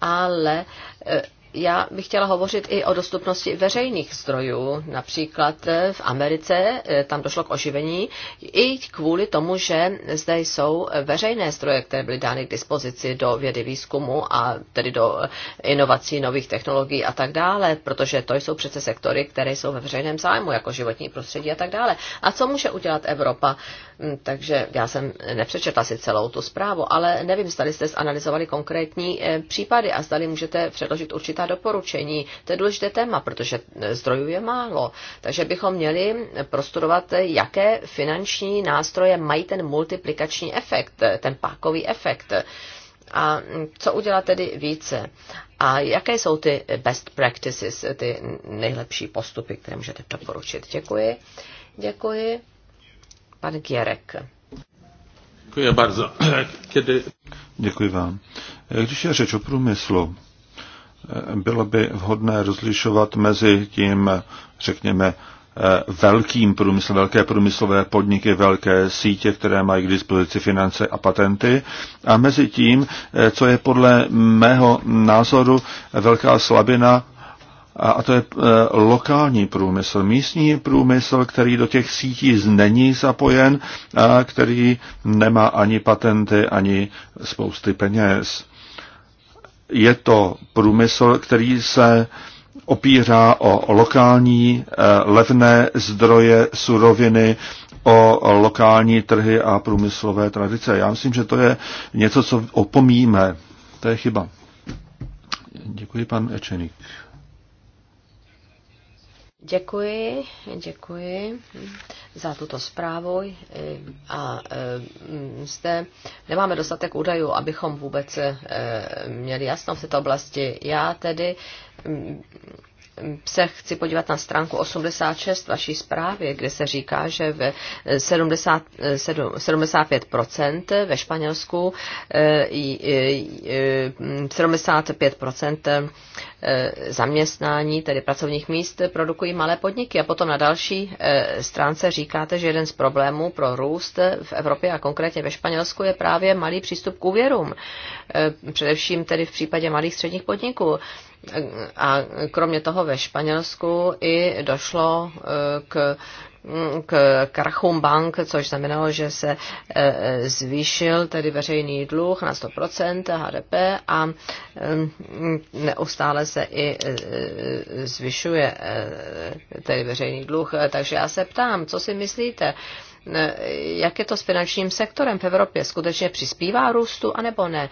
Ale eh, já bych chtěla hovořit i o dostupnosti veřejných zdrojů. Například v Americe eh, tam došlo k oživení i kvůli tomu, že zde jsou veřejné zdroje, které byly dány k dispozici do vědy výzkumu a tedy do eh, inovací, nových technologií a tak dále, protože to jsou přece sektory, které jsou ve veřejném zájmu, jako životní prostředí a tak dále. A co může udělat Evropa? Mm, takže já jsem nepřečetla si celou tu zprávu, ale nevím, zda jste zanalizovali konkrétní eh, případy a zdali můžete předložit určitá doporučení. To je důležité téma, protože eh, zdrojů je málo. Takže bychom měli prostudovat, eh, jaké finanční nástroje mají ten multiplikační efekt, ten pákový efekt. A mm, co udělat tedy více? A jaké jsou ty best practices, ty nejlepší postupy, které můžete doporučit? Děkuji. Děkuji. Pan Gierek. Děkuji bardzo. Kiedy... Děkuji vám. Když je řeč o průmyslu, bylo by vhodné rozlišovat mezi tím, řekněme, velkým průmyslem, velké průmyslové podniky, velké sítě, které mají k dispozici finance a patenty. A mezi tím, co je podle mého názoru velká slabina a to je e, lokální průmysl, místní průmysl, který do těch sítí není zapojen a který nemá ani patenty, ani spousty peněz. Je to průmysl, který se opírá o lokální e, levné zdroje suroviny, o lokální trhy a průmyslové tradice. Já myslím, že to je něco, co opomíme. To je chyba. Děkuji, pan Ečenik. Děkuji, děkuji za tuto zprávu a e, zde nemáme dostatek údajů, abychom vůbec e, měli jasno v této oblasti. Já tedy se chci podívat na stránku 86 vaší zprávy, kde se říká, že ve 70, 75% ve Španělsku 75% eh, eh, zaměstnání, tedy pracovních míst, produkují malé podniky. A potom na další eh, stránce říkáte, že jeden z problémů pro růst v Evropě a konkrétně ve Španělsku je právě malý přístup k úvěrům, především tedy v případě malých středních podniků. A kromě toho ve Španělsku i došlo e, k k krachům bank, což znamenalo, že se e, zvýšil tedy veřejný dluh na 100% HDP a neustále se i e, zvyšuje tedy veřejný dluh. Takže já se ptám, co si myslíte, jak je to s finančním sektorem v Evropě? Skutečně přispívá růstu anebo ne?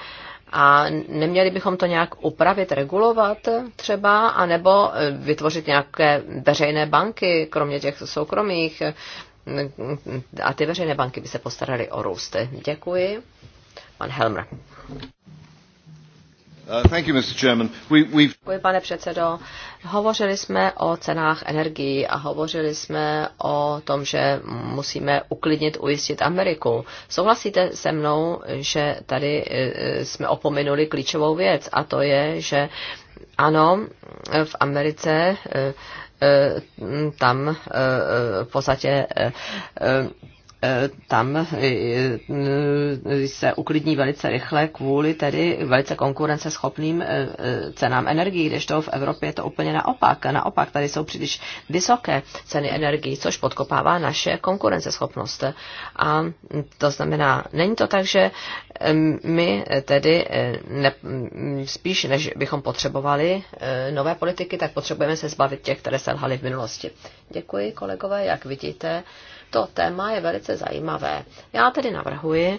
A neměli bychom to nějak upravit, regulovat třeba, anebo e, vytvořit nějaké veřejné banky, kromě těch soukromých. E, a ty veřejné banky by se postaraly o růst. Děkuji. Pan Helmer. Uh, Děkuji, pane předsedo. Hovořili jsme o cenách energií a hovořili jsme o tom, že musíme uklidnit, ujistit Ameriku. Souhlasíte se mnou, že tady eh, jsme opominuli klíčovou věc a to je, že ano, v Americe eh, eh, tam v podstatě Eh, tam eh, eh, se uklidní velice rychle kvůli tedy velice konkurenceschopným cenám energií, kdežto v Evropě je to úplně naopak. Naopak tady jsou příliš vysoké ceny energii, což podkopává naše konkurenceschopnost. A to znamená, není to tak, že my tedy ne, spíš než bychom potřebovali nové politiky, tak potřebujeme se zbavit těch, které lhaly v minulosti. Děkuji kolegové, jak vidíte, to téma je velice zajímavé. Já tedy navrhuji,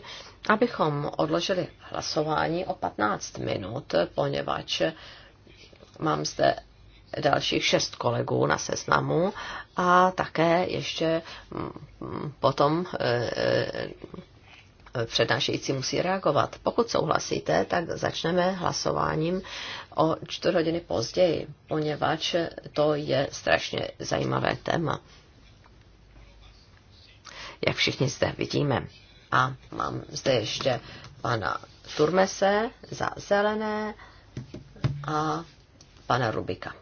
abychom odložili hlasování o 15 minut, poněvadž mám zde dalších šest kolegů na seznamu a také ještě mm, mm, potom e, e, přednášející musí reagovat. Pokud souhlasíte, tak začneme hlasováním o čtvrt hodiny později, poněvadž to je strašně zajímavé téma jak všichni zde vidíme. A mám zde ještě pana Turmese za zelené a pana Rubika.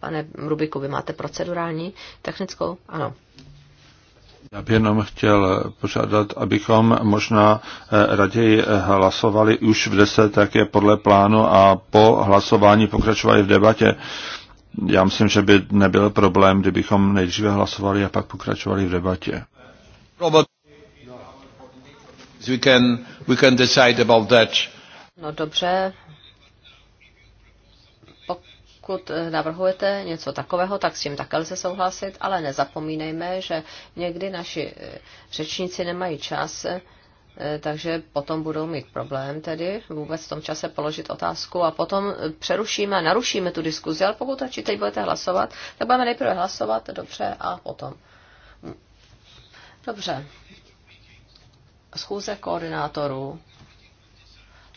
Pane Rubiku, vy máte procedurální technickou? Ano. Já bych jenom chtěl požádat, abychom možná eh, raději hlasovali už v 10, tak je podle plánu a po hlasování pokračovali v debatě já myslím, že by nebyl problém, kdybychom nejdříve hlasovali a pak pokračovali v debatě. Robert. We can, we can decide about that. No dobře, pokud eh, navrhujete něco takového, tak s tím také lze souhlasit, ale nezapomínejme, že někdy naši eh, řečníci nemají čas eh, E, takže potom budou mít problém tedy vůbec v tom čase položit otázku a potom přerušíme narušíme tu diskuzi, ale pokud radši teď budete hlasovat, tak budeme nejprve hlasovat, dobře, a potom. Dobře. Schůze koordinátorů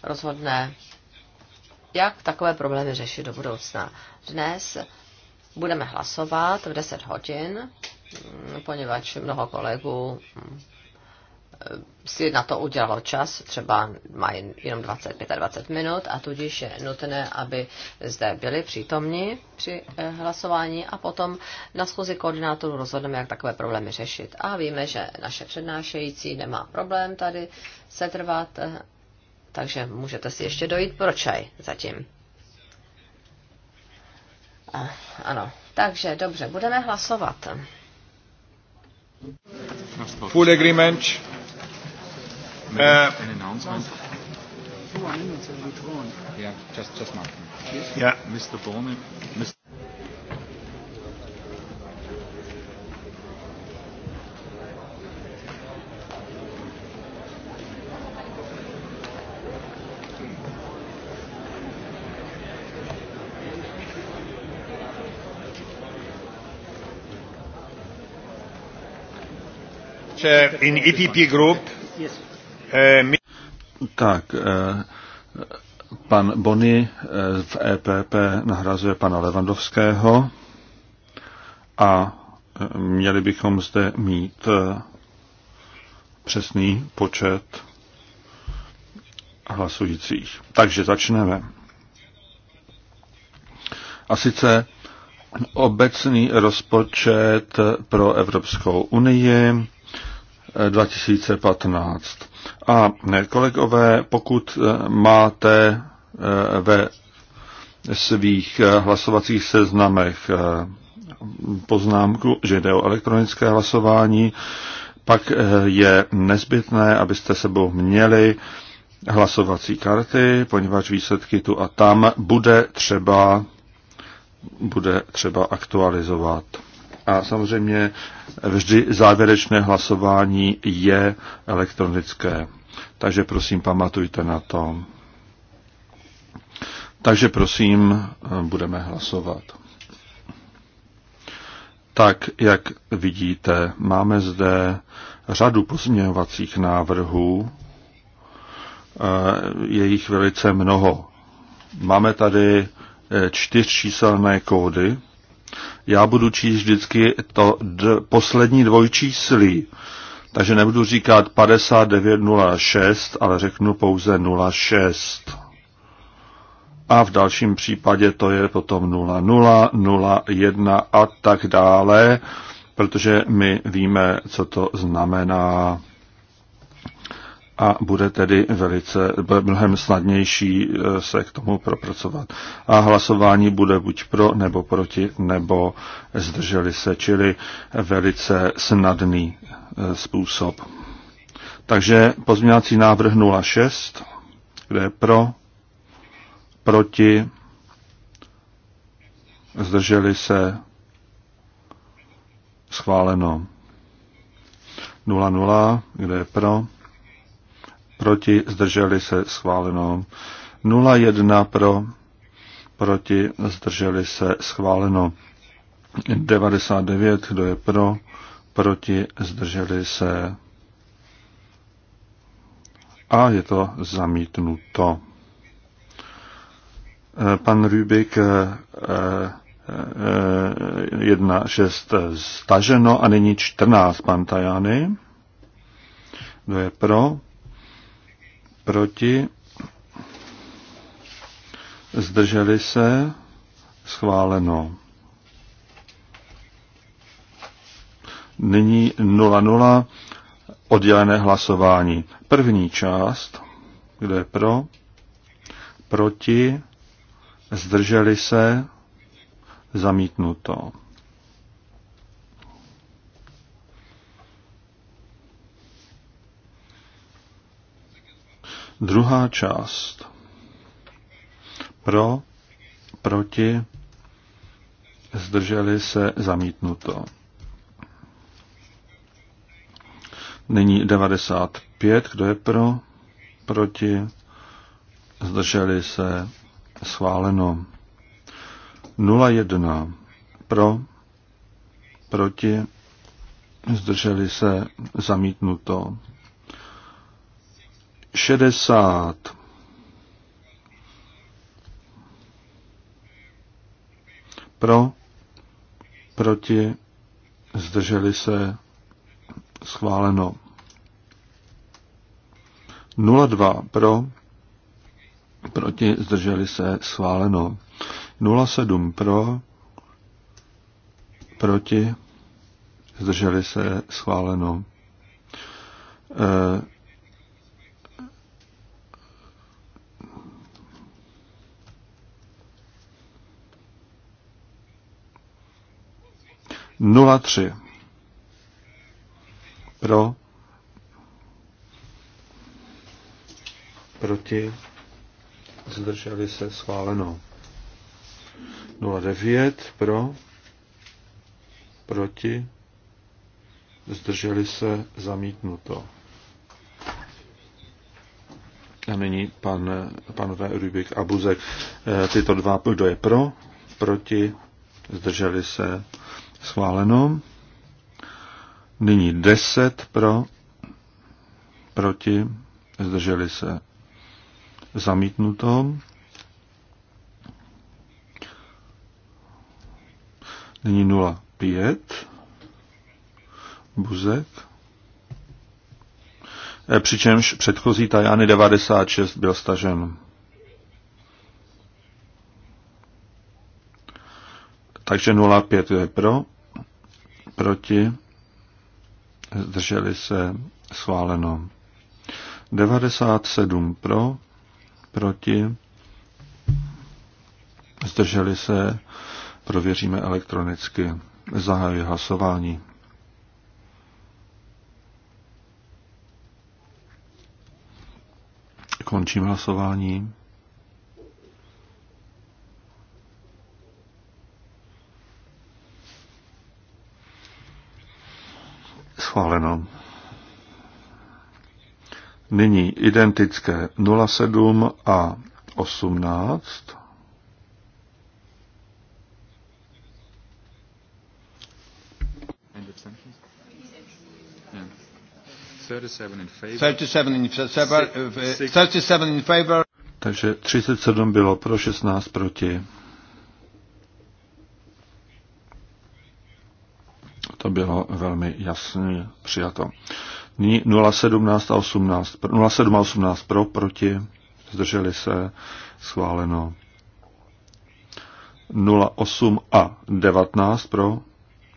rozhodne, jak takové problémy řešit do budoucna. Dnes budeme hlasovat v 10 hodin, poněvadž mnoho kolegů si na to udělalo čas, třeba mají jenom 25 20 minut a tudíž je nutné, aby zde byli přítomni při eh, hlasování a potom na schůzi koordinátorů rozhodneme, jak takové problémy řešit. A víme, že naše přednášející nemá problém tady setrvat, eh, takže můžete si ještě dojít pro čaj zatím. A, eh, ano, takže dobře, budeme hlasovat. Full agreement an eh, announcement. Yeah, just just Martin. Yeah, Mr. Borne, Mr. in EPP group. Tak, eh, pan Bony eh, v EPP nahrazuje pana Levandovského a eh, měli bychom zde mít přesný počet hlasujících. Takže začneme. A sice obecný rozpočet pro Evropskou unii 2015. A kolegové, pokud eh, máte eh, ve svých eh, hlasovacích seznamech poznámku, že jde o elektronické hlasování, pak je nezbytné, abyste sebou měli hlasovací karty, poněvadž výsledky tu a tam bude třeba, bude třeba aktualizovat. A samozřejmě vždy závěrečné hlasování je elektronické. Takže prosím, pamatujte na to. Takže prosím, budeme hlasovat. Tak, jak vidíte, máme zde řadu pozměňovacích návrhů. Eh, je jich velice mnoho. Máme tady eh, čtyřčíselné kódy, já budu číst vždycky to d- poslední dvojčíslí, takže nebudu říkat 5906, ale řeknu pouze 06. A v dalším případě to je potom 00, 01 a tak dále, protože my víme, co to znamená a bude tedy velice, bude mnohem snadnější eh, se k tomu propracovat. A hlasování bude buď pro, nebo proti, nebo zdrželi se, čili velice snadný eh, způsob. Takže pozměňovací návrh 06, kde je pro, proti, zdrželi se, schváleno. 00, kde je pro, proti, zdrželi se, schváleno. 01 pro, proti, zdrželi se, schváleno. 99, kdo je pro, proti, zdrželi se. A je to zamítnuto. Eh, pan Rubik 1.6 eh, eh, staženo a nyní 14, pan Tajany. Kdo je pro? proti, zdrželi se, schváleno. Nyní 00 oddělené hlasování. První část, kde je pro, proti, zdrželi se, zamítnuto. Druhá část. Pro, proti, zdrželi se zamítnuto. Nyní 95, kdo je pro, proti, zdrželi se schváleno. 01 pro, proti, zdrželi se zamítnuto. 60. Pro, proti, zdrželi se, schváleno. 02 pro, proti, zdrželi se, schváleno. 07 pro, proti, zdrželi se, schváleno. E, 03 pro, proti, zdrželi se schváleno. 09 pro, proti, zdrželi se zamítnuto. A nyní pan, panové Rubik a Buzek. E, tyto dva, kdo je pro, proti, zdrželi se Schváleno. Nyní 10 pro, proti, zdrželi se. Zamítnuto. Nyní 05. Buzek. E, přičemž předchozí Tajany 96 byl stažen. Takže 05 je pro, proti, zdrželi se, schváleno. 97 pro, proti, zdrželi se, prověříme elektronicky. zahajuje hlasování. Končím hlasování. Schváleno. Nyní identické 07 a 18. 37 uh, in favor. Takže 37 bylo pro, 16 proti. to bylo velmi jasně přijato. Nyní 0,17 a 18, 0,7 a 18 pro, proti, zdrželi se, schváleno. 0,8 a 19 pro,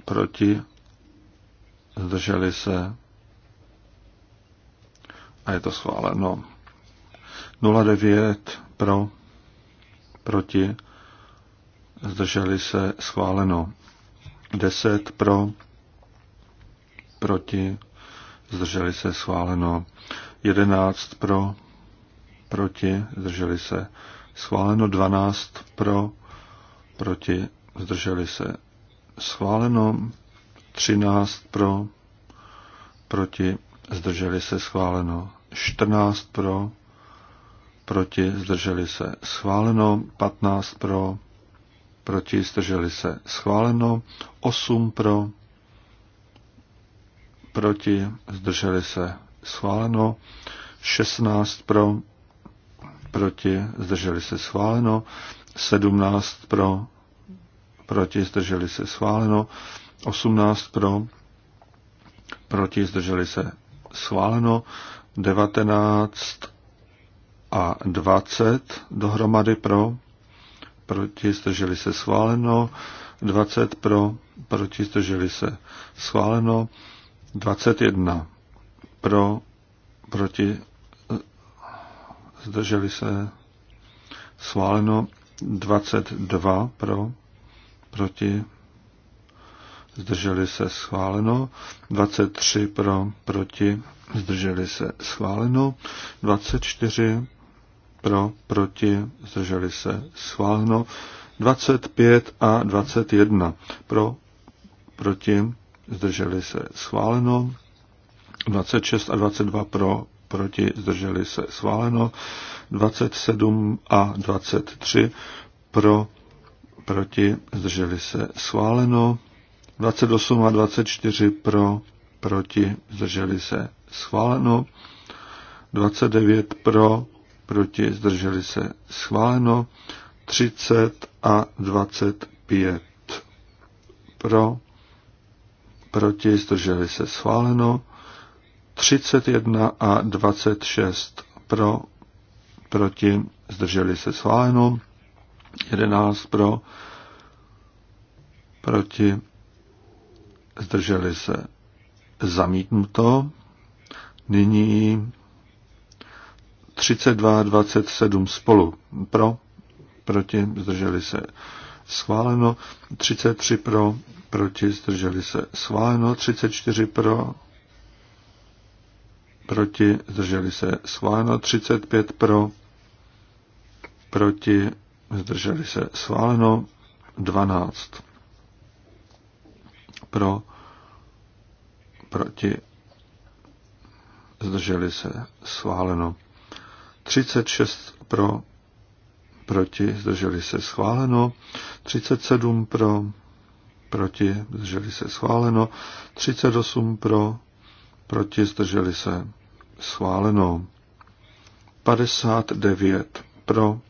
proti, zdrželi se a je to schváleno. 0,9 pro, proti, zdrželi se, schváleno. 10 pro, proti, zdrželi se schváleno 11 pro, proti, zdrželi se schváleno 12 pro, proti, zdrželi se schváleno 13 pro, proti, zdrželi se schváleno 14 pro, proti, zdrželi se schváleno 15 pro, proti, zdrželi se schváleno 8 pro, proti, zdrželi se schváleno, 16 pro, proti, zdrželi se schváleno, 17 pro, proti, zdrželi se schváleno, 18 pro, proti, zdrželi se schváleno, 19 a 20 dohromady pro, proti, zdrželi se schváleno, 20 pro, proti, zdrželi se schváleno, 21 pro, proti, zdrželi se, schváleno 22 pro, proti, zdrželi se, schváleno 23 pro, proti, zdrželi se, schváleno 24 pro, proti, zdrželi se, schváleno 25 a 21 pro, proti, zdrželi se schváleno, 26 a 22 pro, proti, zdrželi se schváleno, 27 a 23 pro, proti, zdrželi se schváleno, 28 a 24 pro, proti, zdrželi se schváleno, 29 pro, proti, zdrželi se schváleno, 30 a 25 pro, proti, zdrželi se schváleno, 31 a 26 pro, proti, zdrželi se schváleno, 11 pro, proti, zdrželi se zamítnuto. Nyní 32 a 27 spolu pro, proti, zdrželi se schváleno, 33 pro, proti, zdrželi se, schváleno, 34 pro, proti, zdrželi se, schváleno, 35 pro, proti, zdrželi se, schváleno, 12 pro, proti, zdrželi se, schváleno, 36 pro, proti, zdrželi se schváleno, 37 pro, proti, zdrželi se schváleno, 38 pro, proti, zdrželi se schváleno, 59 pro,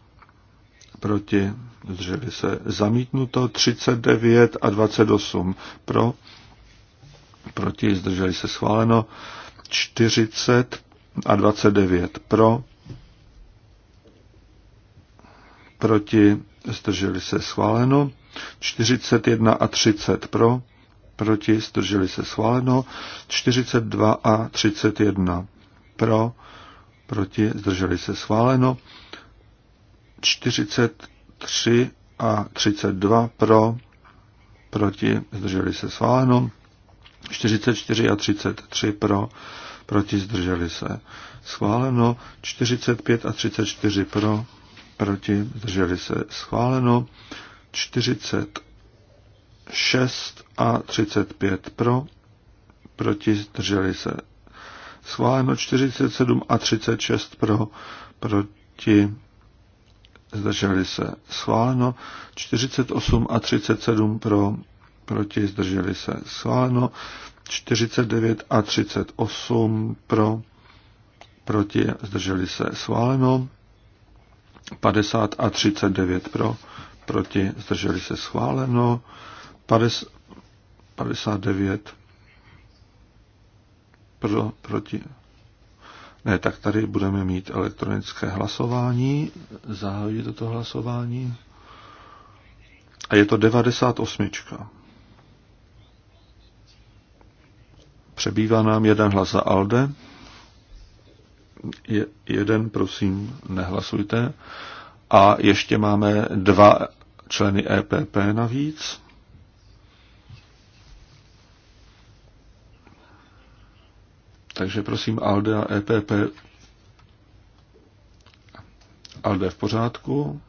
proti, zdrželi se zamítnuto, 39 a 28 pro, proti, zdrželi se schváleno, 40 a 29 pro, proti, zdrželi se schváleno, 41 a 30 pro, proti, zdrželi se schváleno, 42 a 31 pro, proti, zdrželi se schváleno, 43 a 32 pro, proti, zdrželi se schváleno, 44 a 33 pro, proti, zdrželi se schváleno, 45 a 34 pro, proti, zdrželi se schváleno, 46 a 35 pro, proti, zdrželi se schváleno, 47 a 36 pro, proti, zdrželi se schváleno, 48 a 37 pro, proti, zdrželi se schváleno, 49 a 38 pro, proti, zdrželi se schváleno, 50 a 39 pro, proti, zdrželi se schváleno, 59 pro, proti. Ne, tak tady budeme mít elektronické hlasování, zahájí toto hlasování. A je to 98. Přebývá nám jeden hlas za ALDE. Je, jeden, prosím, nehlasujte. A ještě máme dva členy EPP navíc. Takže prosím ALDE a EPP. ALDE v pořádku,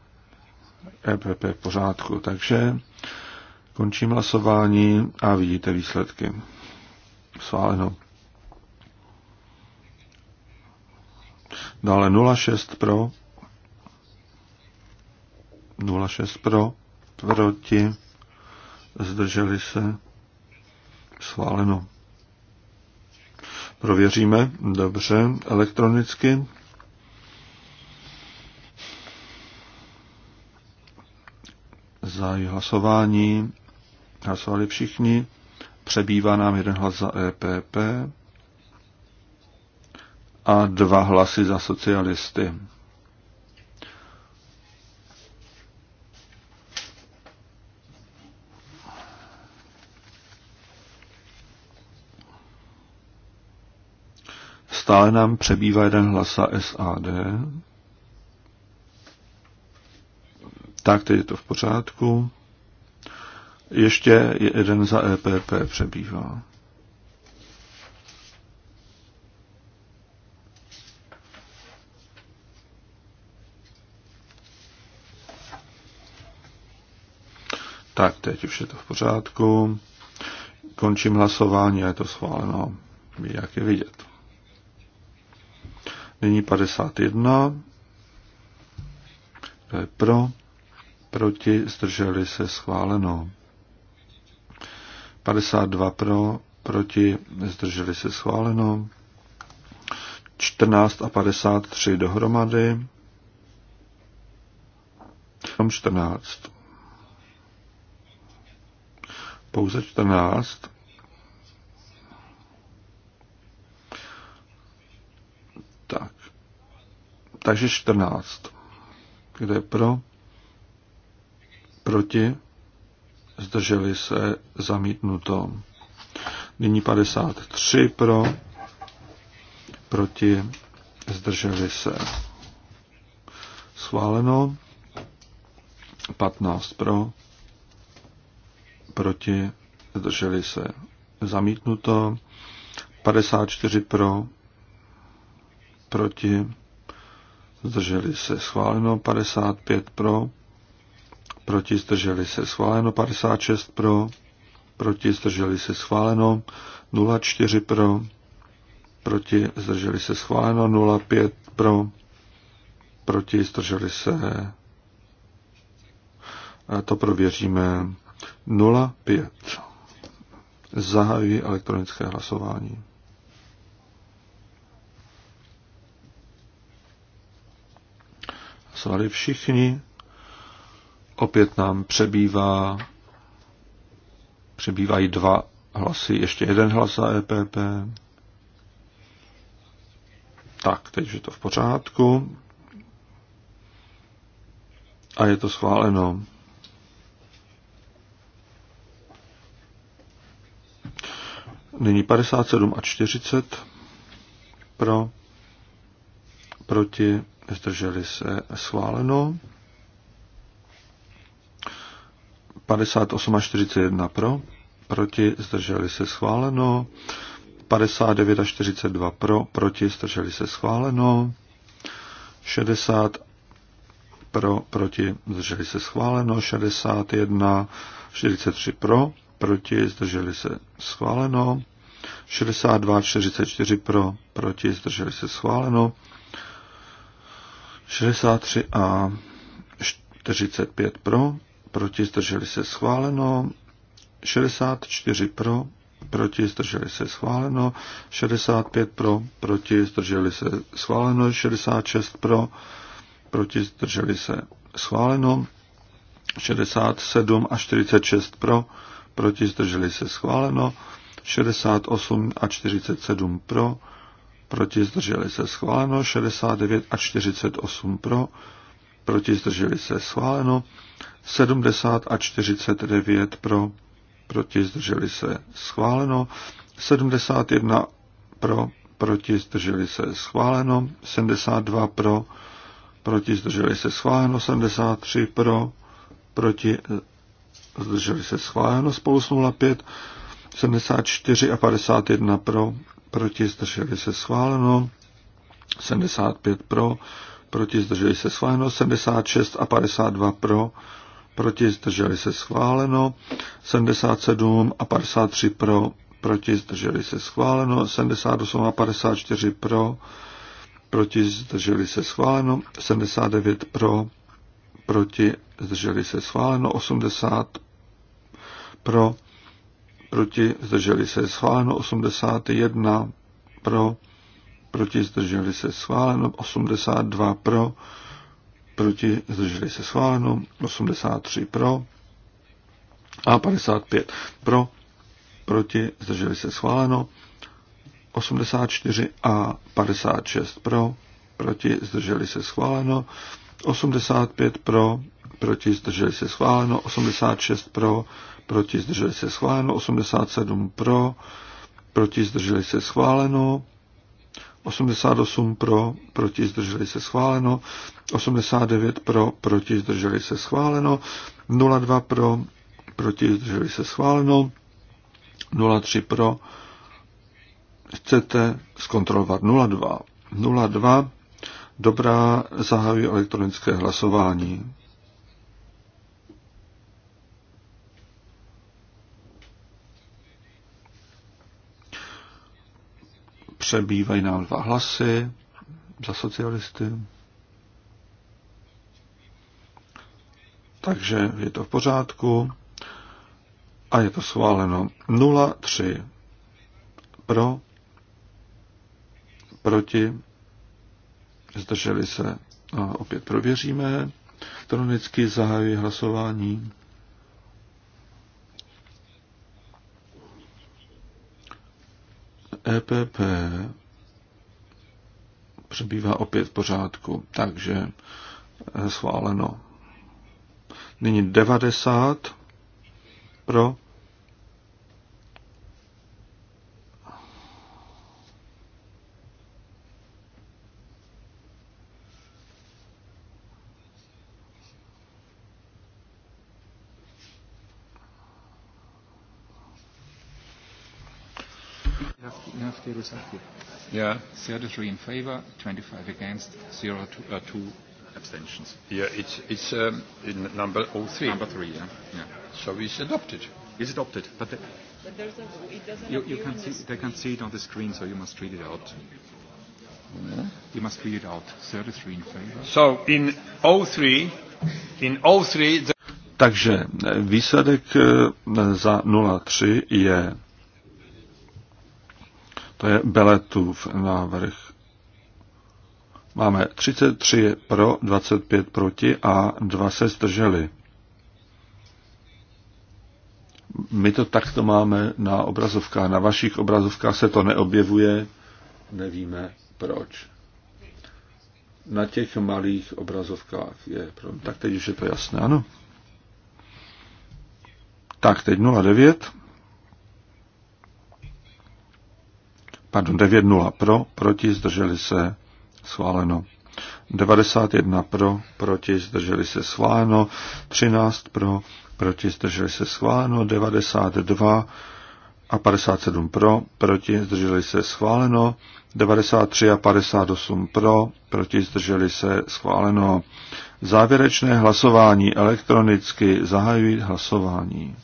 EPP v pořádku. Takže končím hlasování a vidíte výsledky. Sváleno. Dále 0,6 pro, 0,6 pro, proti, zdrželi se, schváleno. Prověříme, dobře, elektronicky. za hlasování. Hlasovali všichni. Přebývá nám jeden hlas za EPP a dva hlasy za socialisty. Stále nám přebývá jeden hlas za SAD. Tak, teď je to v pořádku. Ještě jeden za EPP přebývá. Tak, teď už je to v pořádku. Končím hlasování a je to schváleno. Jak je vidět. Nyní 51. To je pro? Proti? Zdrželi se schváleno. 52 pro, proti, zdrželi se schváleno. 14 a 53 dohromady. 14 pouze 14. Tak. Takže 14. Kde je pro? Proti? Zdrželi se zamítnuto. Nyní 53 pro, proti, zdrželi se. Schváleno. 15 pro, proti, zdrželi se. Zamítnuto 54 pro, proti, zdrželi se. Schváleno 55 pro, proti, zdrželi se. Schváleno 56 pro, proti, zdrželi se. Schváleno 04 pro, proti, zdrželi se. Schváleno 05 pro, proti, zdrželi se. A to prověříme 05. Zahajuji elektronické hlasování. Hlasovali všichni. Opět nám přebývá, přebývají dva hlasy, ještě jeden hlas za EPP. Tak, teď je to v pořádku. A je to schváleno. Nyní 57 a 40 pro, proti, zdrželi se schváleno. 58 a 41 pro, proti, zdrželi se schváleno. 59 a 42 pro, proti, zdrželi se schváleno. 60 pro, proti, zdrželi se schváleno. 61, 43 pro, proti, zdrželi se schváleno. 62, 44 pro, proti, zdrželi se schváleno. 63 a 45 pro, proti, zdrželi se schváleno. 64 pro, proti, zdrželi se schváleno. 65 pro, proti, zdrželi se schváleno. 66 pro, proti, zdrželi se schváleno. 67 a 46 pro, proti, zdrželi se schváleno, 68 a 47 pro, proti, zdrželi se schváleno, 69 a 48 pro, proti, zdrželi se schváleno, 70 a 49 pro, proti, zdrželi se schváleno, 71 pro, proti, zdrželi se schváleno, 72 pro, proti, zdrželi se schváleno, 73 pro, proti, zdrželi se schváleno spolu s 05, 74 a 51 pro, proti zdrželi se schváleno, 75 pro, proti zdrželi se schváleno, 76 a 52 pro, proti zdrželi se schváleno, 77 a 53 pro, proti zdrželi se schváleno, 78 a 54 pro, proti zdrželi se schváleno, 79 pro, proti, zdrželi se schváleno 80 pro, proti, zdrželi se schváleno 81 pro, proti, zdrželi se schváleno 82 pro, proti, zdrželi se schváleno 83 pro a 55 pro, proti, zdrželi se schváleno 84 a 56 pro, proti, zdrželi se schváleno 85 pro, proti zdrželi se schváleno, 86 pro, proti zdrželi se schváleno, 87 pro, proti zdrželi se schváleno, 88 pro, proti zdrželi se schváleno, 89 pro, proti zdrželi se schváleno, 02 pro, proti zdrželi se schváleno, 03 pro, chcete zkontrolovat 02. 02 Dobrá, zahajuji elektronické hlasování. Přebývají nám dva hlasy za socialisty. Takže je to v pořádku a je to schváleno 0,3 pro, proti, zdrželi se a opět prověříme. Elektronicky zahajuji hlasování. EPP přebývá opět v pořádku, takže eh, schváleno. Nyní 90 pro, Yeah, 33 in favor, 25 against, uh, abstentions. Yeah, it's, um, in number 03. Number 3, yeah. yeah. it's adopted. It's adopted, there's a, it doesn't the they can see it on the screen, so you must read it out. Yeah. You must read it out. 33 in favor. in 03... The... Takže eh, výsledek eh, za 03 je to je Beletův návrh. Máme 33 pro, 25 proti a dva se zdrželi. My to takto máme na obrazovkách. Na vašich obrazovkách se to neobjevuje, nevíme proč. Na těch malých obrazovkách je problém. Tak teď už je to jasné, ano. Tak, teď 09. pardon, 9-0 pro, proti, zdrželi se, schváleno. 91 pro, proti, zdrželi se, schváleno. 13 pro, proti, zdrželi se, schváleno. 92 a 57 pro, proti, zdrželi se, schváleno. 93 a 58 pro, proti, zdrželi se, schváleno. Závěrečné hlasování elektronicky zahajují hlasování.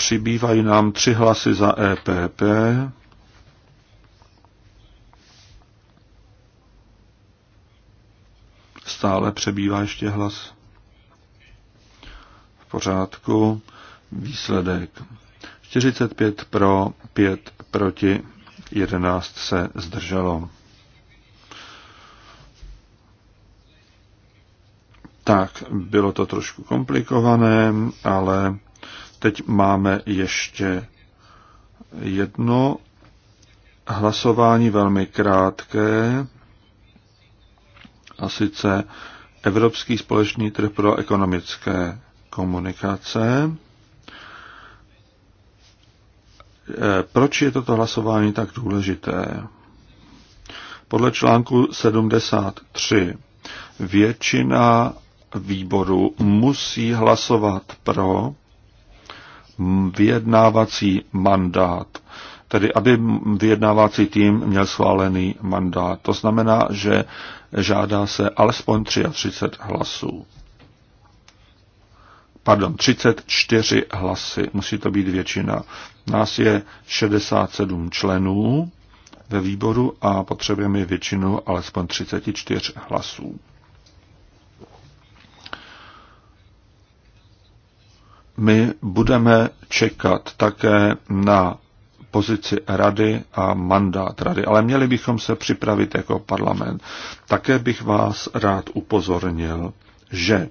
Přibývají nám tři hlasy za EPP. Stále přebývá ještě hlas. V pořádku. Výsledek. 45 pro, 5 proti, 11 se zdrželo. Tak, bylo to trošku komplikované, ale Teď máme ještě jedno hlasování velmi krátké, a sice Evropský společný trh pro ekonomické komunikace. Eh, proč je toto hlasování tak důležité? Podle článku 73 většina výboru musí hlasovat pro, vyjednávací mandát, tedy aby vyjednávací tým měl schválený mandát. To znamená, že žádá se alespoň 33 hlasů. Pardon, 34 hlasy. Musí to být většina. Nás je 67 členů ve výboru a potřebujeme většinu alespoň 34 hlasů. My budeme čekat také na pozici rady a mandát rady, ale měli bychom se připravit jako parlament. Také bych vás rád upozornil, že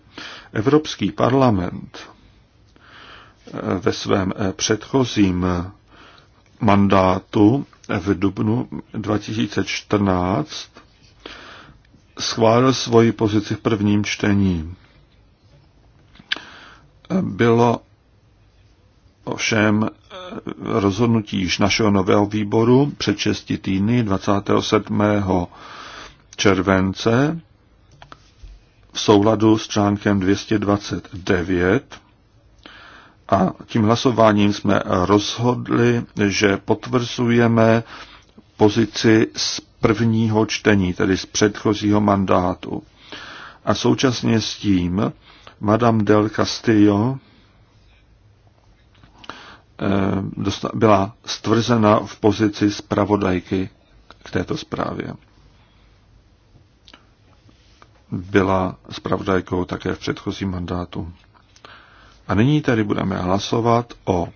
Evropský parlament eh, ve svém eh, předchozím mandátu v dubnu 2014 schválil svoji pozici v prvním čtení bylo ovšem eh, rozhodnutí již našeho nového výboru před 6 týdny 27. července v souladu s článkem 229 a tím hlasováním jsme rozhodli, že potvrzujeme pozici z prvního čtení, tedy z předchozího mandátu. A současně s tím Madame del Castillo eh, byla stvrzena v pozici zpravodajky k této zprávě. Byla zpravodajkou také v předchozím mandátu. A nyní tedy budeme hlasovat o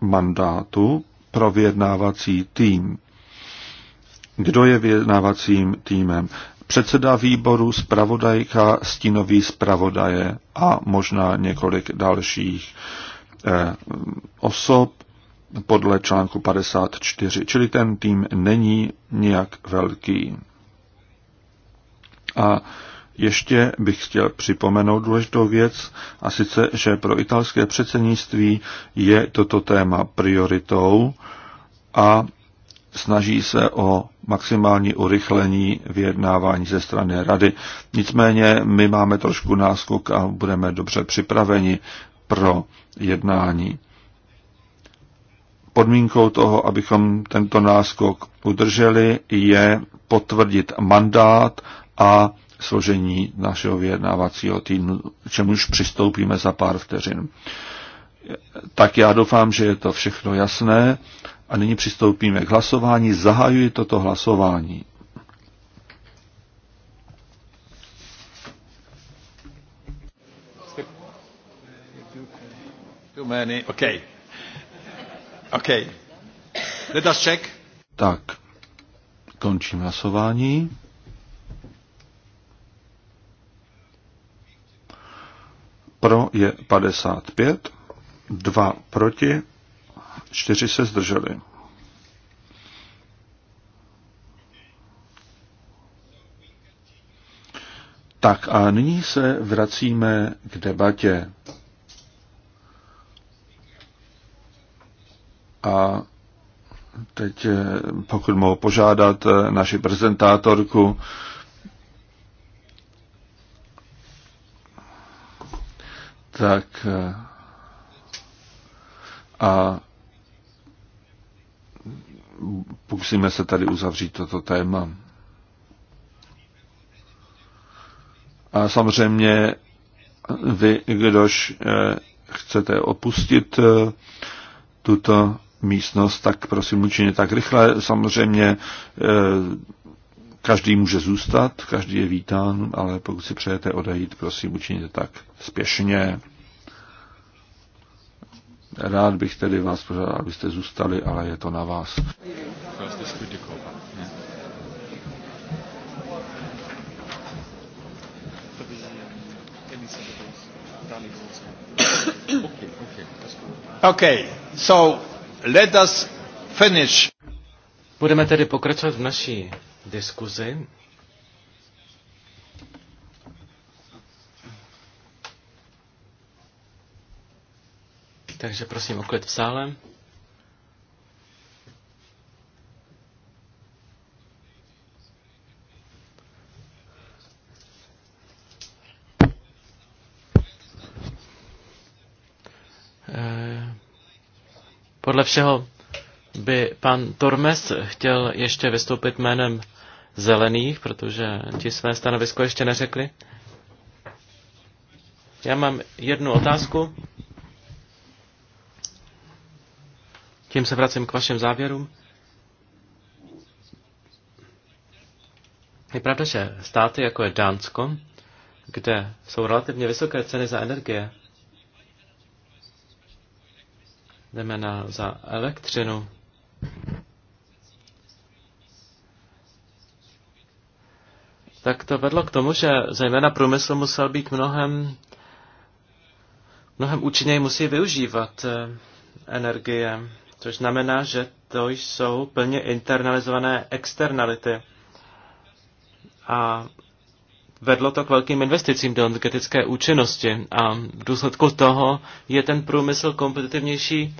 mandátu pro vyjednávací tým. Kdo je vyjednávacím týmem? předseda výboru, zpravodajka, stínový zpravodaje a možná několik dalších eh, osob podle článku 54. Čili ten tým není nijak velký. A ještě bych chtěl připomenout důležitou věc, a sice, že pro italské předsednictví je toto téma prioritou a snaží se o maximální urychlení vyjednávání ze strany rady. Nicméně my máme trošku náskok a budeme dobře připraveni pro jednání. Podmínkou toho, abychom tento náskok udrželi, je potvrdit mandát a složení našeho vyjednávacího týdnu, čemuž přistoupíme za pár vteřin. Tak já doufám, že je to všechno jasné a nyní přistoupíme k hlasování. Zahajuji toto hlasování. Too many. Okay. Okay. Let us check. Tak, končím hlasování. Pro je 55, 2 proti, čtyři se zdrželi. Tak a nyní se vracíme k debatě. A teď, eh, pokud mohu požádat eh, naši prezentátorku, tak eh, a pokusíme se tady uzavřít toto téma. A samozřejmě vy, kdož eh, chcete opustit eh, tuto místnost, tak prosím učině tak rychle. Samozřejmě eh, každý může zůstat, každý je vítán, ale pokud si přejete odejít, prosím učiněte tak spěšně. Rád bych tedy vás požádal, abyste zůstali, ale je to na vás. Okay, so let us finish. Budeme tedy pokračovat v naší diskuzi. Takže prosím o klid v sále. Eh, podle všeho by pan Tormes chtěl ještě vystoupit jménem zelených, protože ti své stanovisko ještě neřekli. Já mám jednu otázku. Tím se vracím k vašim závěrům. Je pravda, že státy, jako je Dánsko, kde jsou relativně vysoké ceny za energie, na za elektřinu, tak to vedlo k tomu, že zejména průmysl musel být mnohem, mnohem účinněji musí využívat eh, energie což znamená, že to jsou plně internalizované externality. A vedlo to k velkým investicím do energetické účinnosti a v důsledku toho je ten průmysl kompetitivnější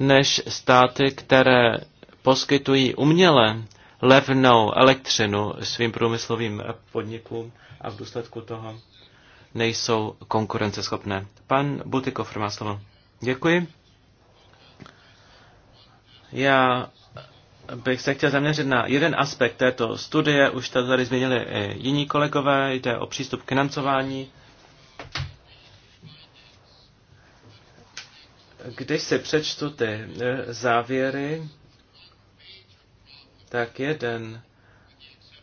než státy, které poskytují uměle levnou elektřinu svým průmyslovým podnikům a v důsledku toho nejsou konkurenceschopné. Pan Butikov má slovo. Děkuji. Já bych se chtěl zaměřit na jeden aspekt této studie, už to tady změnili jiní kolegové, jde o přístup k financování. Když si přečtu ty eh, závěry, tak jeden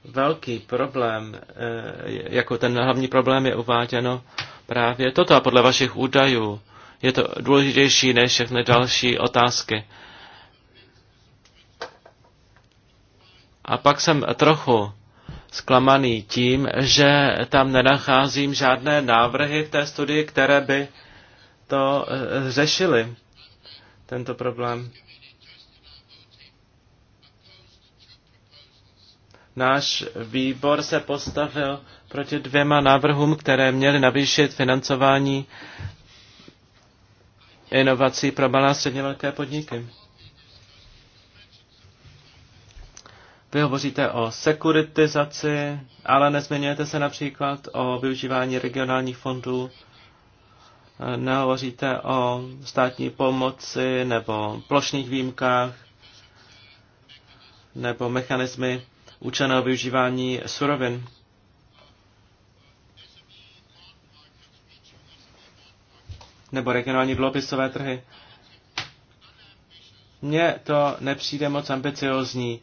velký problém, eh, jako ten hlavní problém je uváděno právě toto a podle vašich údajů je to důležitější než všechny další otázky. A pak jsem trochu zklamaný tím, že tam nenacházím žádné návrhy v té studii, které by to eh, řešily, tento problém. Náš výbor se postavil proti dvěma návrhům, které měly navýšit financování inovací pro malé a středně velké podniky. Vy hovoříte o sekuritizaci, ale nezmiňujete se například o využívání regionálních fondů, nehovoříte o státní pomoci nebo plošných výjimkách nebo mechanismy účelného využívání surovin. nebo regionální globisové trhy. Mně to nepřijde moc ambiciozní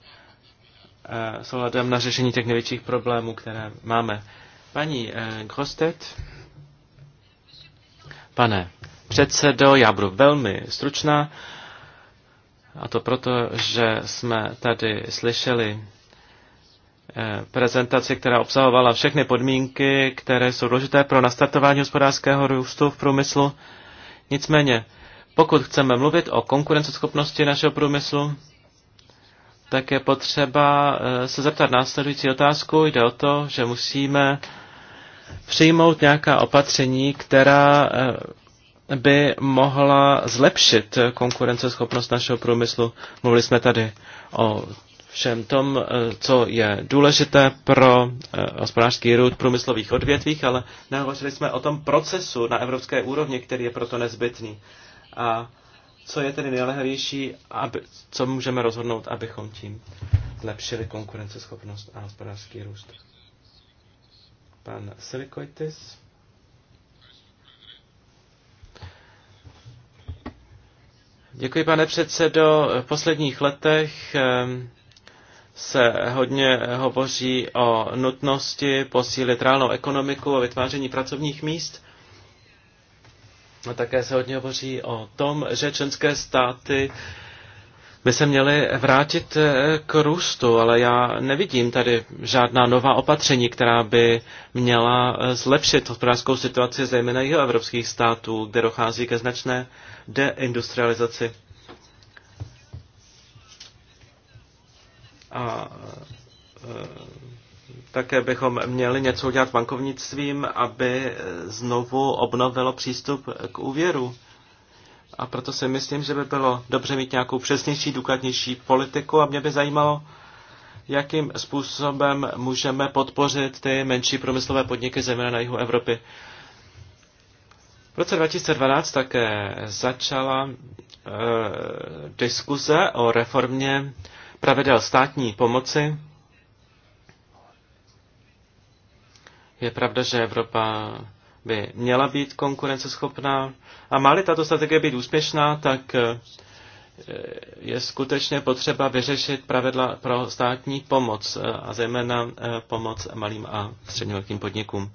Eh, s ohledem na řešení těch největších problémů, které máme. Paní eh, Grostet, pane předsedo, já budu velmi stručná, a to proto, že jsme tady slyšeli eh, prezentaci, která obsahovala všechny podmínky, které jsou důležité pro nastartování hospodářského růstu v průmyslu. Nicméně, pokud chceme mluvit o konkurenceschopnosti našeho průmyslu, tak je potřeba eh, se zeptat následující otázku. Jde o to, že musíme přijmout nějaká opatření, která eh, by mohla zlepšit konkurenceschopnost našeho průmyslu. Mluvili jsme tady o všem tom, eh, co je důležité pro hospodářský růst průmyslových odvětvích, ale nehovořili jsme o tom procesu na evropské úrovni, který je proto nezbytný. A co je tedy nejlehvější, aby, co můžeme rozhodnout, abychom tím zlepšili konkurenceschopnost a hospodářský růst. Pan Silikoitis. Děkuji, pane předsedo. V posledních letech ehm, se hodně hovoří o nutnosti posílit reálnou ekonomiku a vytváření pracovních míst. A no, také se hodně hovoří o tom, že členské státy by se měly vrátit eh, k růstu, ale já nevidím tady žádná nová opatření, která by měla eh, zlepšit hospodářskou situaci zejména jeho evropských států, kde dochází ke značné deindustrializaci. A eh, také bychom měli něco udělat bankovnictvím, aby znovu obnovilo přístup k úvěru. A proto si myslím, že by bylo dobře mít nějakou přesnější, důkladnější politiku a mě by zajímalo, jakým způsobem můžeme podpořit ty menší průmyslové podniky, zejména na jihu Evropy. V roce 2012 také začala e, diskuze o reformě pravidel státní pomoci Je pravda, že Evropa by měla být konkurenceschopná a má-li tato strategie být úspěšná, tak eh, je skutečně potřeba vyřešit pravidla pro státní pomoc eh, a zejména eh, pomoc malým a středně velkým podnikům.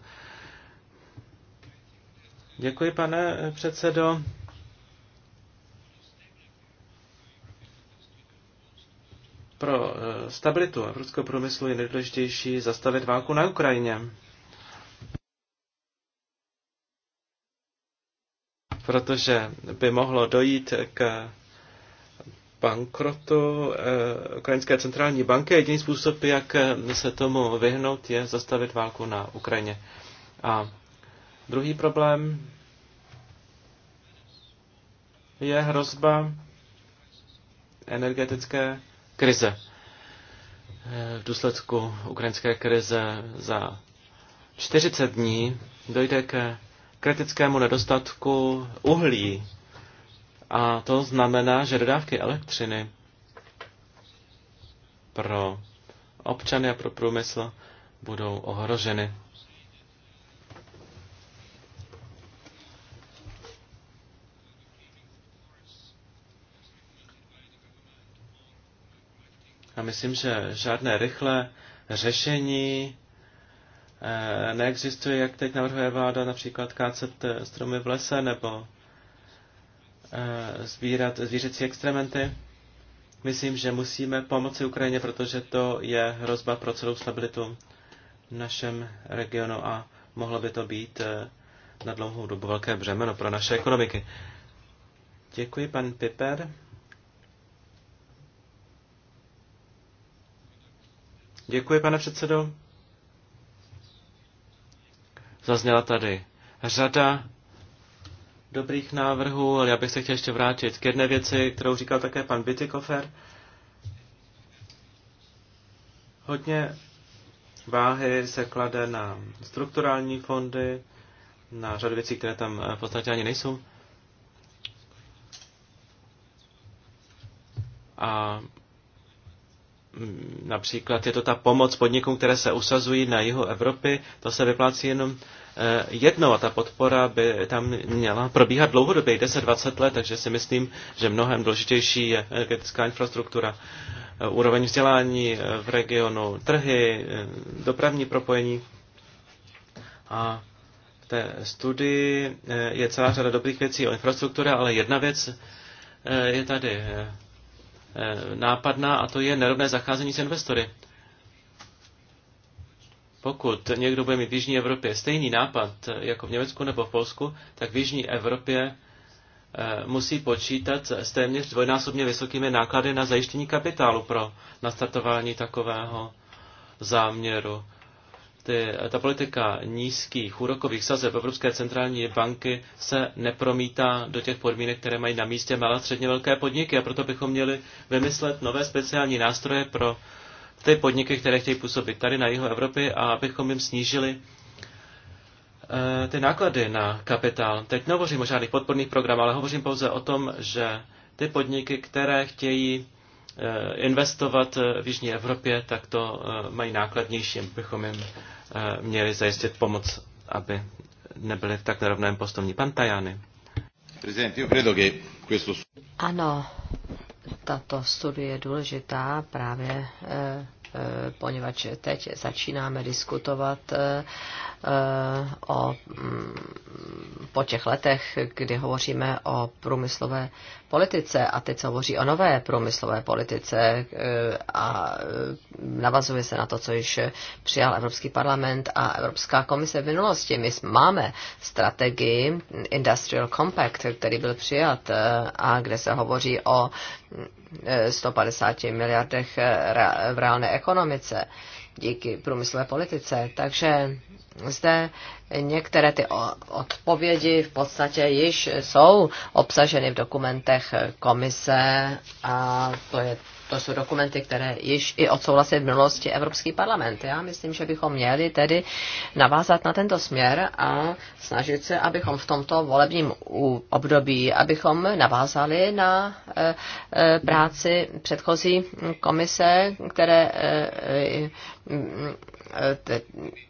Děkuji, pane předsedo. Pro stabilitu evropského průmyslu je nejdůležitější zastavit válku na Ukrajině. protože by mohlo dojít k bankrotu eh, Ukrajinské centrální banky. Jediný způsob, jak se tomu vyhnout, je zastavit válku na Ukrajině. A druhý problém je hrozba energetické krize. Eh, v důsledku ukrajinské krize za 40 dní dojde ke kritickému nedostatku uhlí. A to znamená, že dodávky elektřiny pro občany a pro průmysl budou ohroženy. A myslím, že žádné rychlé řešení Eh, neexistuje, jak teď navrhuje vláda, například kácet eh, stromy v lese nebo eh, sbírat zvířecí extrementy. Myslím, že musíme pomoci Ukrajině, protože to je hrozba pro celou stabilitu v našem regionu a mohlo by to být na dlouhou dobu velké břemeno pro naše ekonomiky. Děkuji, pan Piper. Děkuji, pane předsedo. Zazněla tady řada dobrých návrhů, ale já bych se chtěl ještě vrátit k jedné věci, kterou říkal také pan Bitikofer. Hodně váhy se klade na strukturální fondy, na řadu věcí, které tam v podstatě ani nejsou. A Mm, například je to ta pomoc podnikům, které se usazují na jihu Evropy, to se vyplácí jenom eh, jednou a ta podpora by tam měla probíhat dlouhodobě, 10-20 let, takže si myslím, že mnohem důležitější je energetická infrastruktura, eh, úroveň vzdělání eh, v regionu, trhy, dopravní propojení. A v té studii je celá řada dobrých věcí o infrastruktuře, ale jedna věc je tady Eh, nápadná a to je nerovné zacházení s investory. Pokud někdo bude mít v Jižní Evropě stejný nápad eh, jako v Německu nebo v Polsku, tak v Jižní Evropě eh, musí počítat s téměř dvojnásobně vysokými náklady na zajištění kapitálu pro nastartování takového záměru ty, ta politika nízkých úrokových sazeb Evropské centrální banky se nepromítá do těch podmínek, které mají na místě malé a středně velké podniky a proto bychom měli vymyslet nové speciální nástroje pro ty podniky, které chtějí působit tady na jihu Evropy a abychom jim snížili eh, ty náklady na kapitál. Teď nehovořím o žádných podporných programech, ale hovořím pouze o tom, že ty podniky, které chtějí Eh, investovat eh, v Jižní Evropě, tak to eh, mají nákladnější, bychom jim měli zajistit pomoc, aby nebyli v tak nerovném postavení. Pan Tajany. Ano, tato studie je důležitá právě poněvadž teď začínáme diskutovat o, mm, po těch letech, kdy hovoříme o průmyslové politice a teď se hovoří o nové průmyslové politice eh, a eh, navazuje se na to, co již přijal Evropský parlament a Evropská komise v minulosti. My máme strategii Industrial Compact, který byl přijat eh, a kde se hovoří o 150 miliardech v reálné ekonomice díky průmyslové politice. Takže zde některé ty odpovědi v podstatě již jsou obsaženy v dokumentech komise a to je to jsou dokumenty, které již i odsouhlasil v minulosti Evropský parlament. Já myslím, že bychom měli tedy navázat na tento směr a snažit se, abychom v tomto volebním období, abychom navázali na e, e, práci předchozí komise, které e,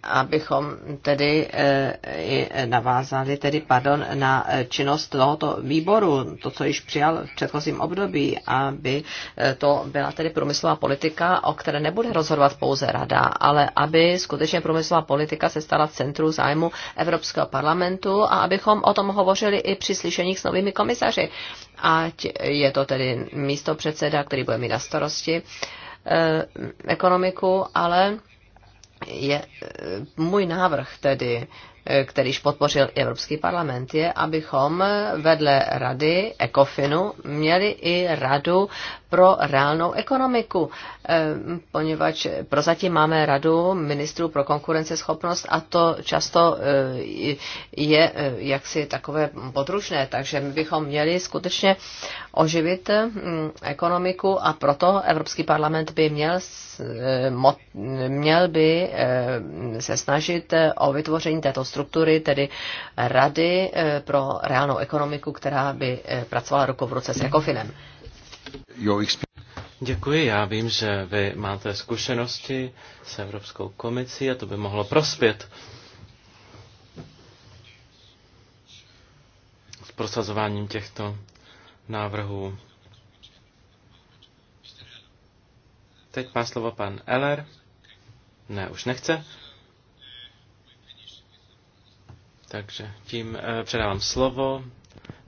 abychom tedy eh, navázali tedy, pardon, na činnost tohoto výboru, to, co již přijal v předchozím období, aby eh, to byla tedy průmyslová politika, o které nebude rozhodovat pouze rada, ale aby skutečně průmyslová politika se stala centru zájmu Evropského parlamentu a abychom o tom hovořili i při slyšeních s novými komisaři. Ať je to tedy místo předseda, který bude mít na starosti eh, ekonomiku, ale je eh, můj návrh tedy, eh, kterýž podpořil Evropský parlament, je, abychom vedle rady ECOFINu měli i radu pro reálnou ekonomiku, eh, poněvadž prozatím máme radu ministrů pro konkurenceschopnost a to často eh, je eh, jaksi takové podružné, takže my bychom měli skutečně oživit mm, ekonomiku a proto Evropský parlament by měl, měl by se snažit o vytvoření této struktury, tedy rady pro reálnou ekonomiku, která by pracovala ruku v ruce s Ekofinem. Děkuji, já vím, že vy máte zkušenosti s Evropskou komisí a to by mohlo prospět s prosazováním těchto návrhů. Teď má slovo pan Eller. Ne, už nechce. Takže tím eh, předávám slovo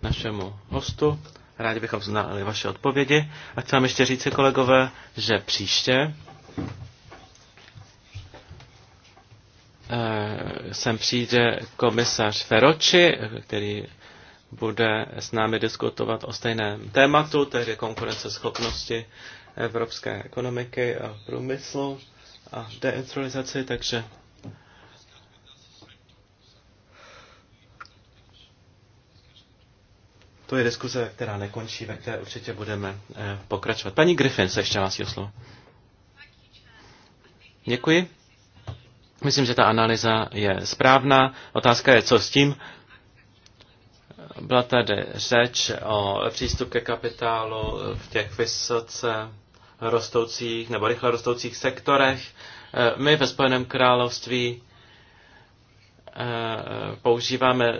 našemu hostu. Rádi bychom znali vaše odpovědi. A chci vám ještě říci, kolegové, že příště eh, sem přijde komisař Feroči, který bude s námi diskutovat o stejném tématu, tedy konkurenceschopnosti evropské ekonomiky a průmyslu a deindustrializaci, takže To je diskuze, která nekončí, ve které určitě budeme eh, pokračovat. Paní Griffin se ještě hlásí o slovo. Děkuji. Myslím, že ta analýza je správná. Otázka je, co s tím. Byla tady řeč o přístup ke kapitálu v těch vysoce rostoucích nebo rychle rostoucích sektorech. Eh, my ve Spojeném království eh, používáme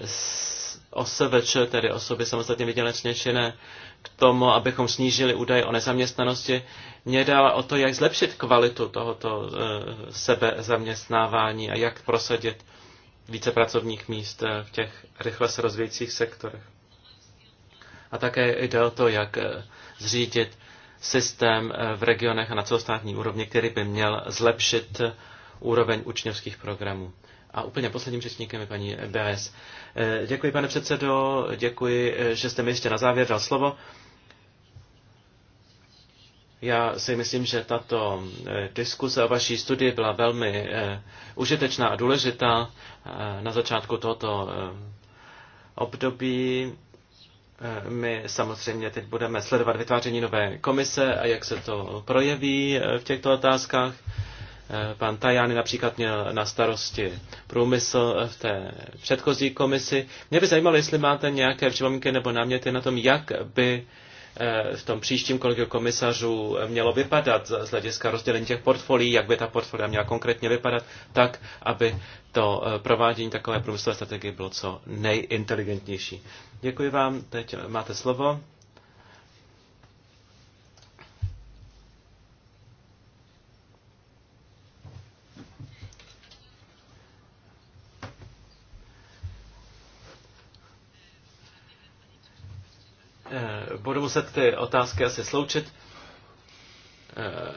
OSVČ, tedy osoby samostatně vydělečně činné, k tomu, abychom snížili údaj o nezaměstnanosti. Mě dala o to, jak zlepšit kvalitu tohoto eh, sebezaměstnávání a jak prosadit více pracovních míst eh, v těch rychle se rozvíjících sektorech. A také jde o to, jak eh, zřídit systém v regionech a na celostátní úrovni, který by měl zlepšit úroveň učňovských programů. A úplně posledním řečníkem je paní Beres. Eh, děkuji, pane předsedo, děkuji, eh, že jste mi ještě na závěr dal slovo. Já si myslím, že tato eh, diskuse o vaší studii byla velmi užitečná a důležitá na začátku tohoto období. My samozřejmě teď budeme sledovat vytváření nové komise a jak se to projeví v těchto otázkách. Eh, pan Tajani například měl na starosti průmysl eh, v té předchozí komisi. Mě by zajímalo, jestli máte nějaké připomínky nebo náměty na tom, jak by eh, v tom příštím kolegiu komisařů mělo vypadat z hlediska rozdělení těch portfolií, jak by ta portfolia měla konkrétně vypadat, tak, aby to provádění takové průmyslové strategie bylo co nejinteligentnější. Děkuji vám, teď máte slovo. Eh, budu muset ty otázky asi sloučit. Eh,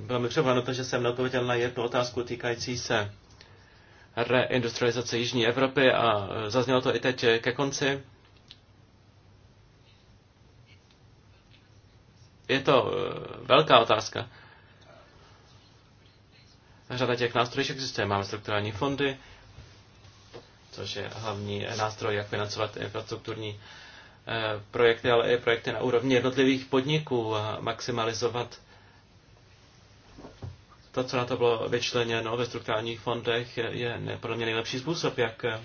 bylo mi to, že jsem neodpověděl na jednu otázku týkající se reindustrializace Jižní Evropy a eh, zaznělo to i teď ke konci. Je to velká otázka. Řada těch nástrojů existuje. Máme strukturální fondy, což je hlavní nástroj, jak financovat infrastrukturní Eh, projekty, ale i projekty na úrovni jednotlivých podniků a maximalizovat to, co na to bylo vyčleněno ve strukturálních fondech, je podle mě nejlepší způsob, jak eh,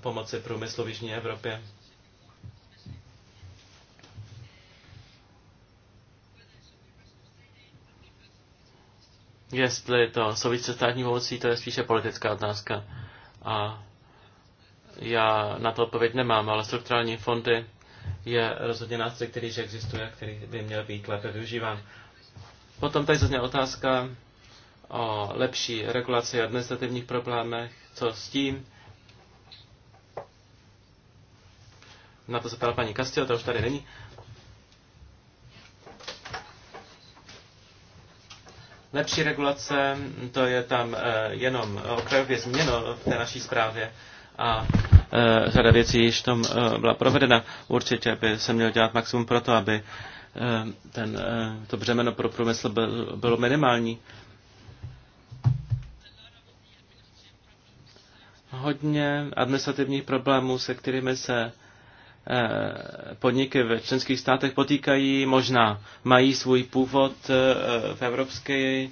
pomoci průmyslu v Jižní Evropě. Jestli to souvisí se státní pomocí, to je spíše politická otázka. A já na to odpověď nemám, ale strukturální fondy je rozhodně nástroj, který že existuje, který by měl být lépe využíván. Potom tady zazněla otázka o lepší regulaci administrativních problémech. Co s tím? Na to se ptala paní Castillo, to už tady není. Lepší regulace, to je tam eh, jenom eh, okrajově změno v té naší zprávě a e, řada věcí již tom e, byla provedena. Určitě by se měl dělat maximum pro to, aby e, ten, e, to břemeno pro průmysl byl, bylo minimální. Hodně administrativních problémů, se kterými se e, podniky ve členských státech potýkají, možná mají svůj původ e, v evropské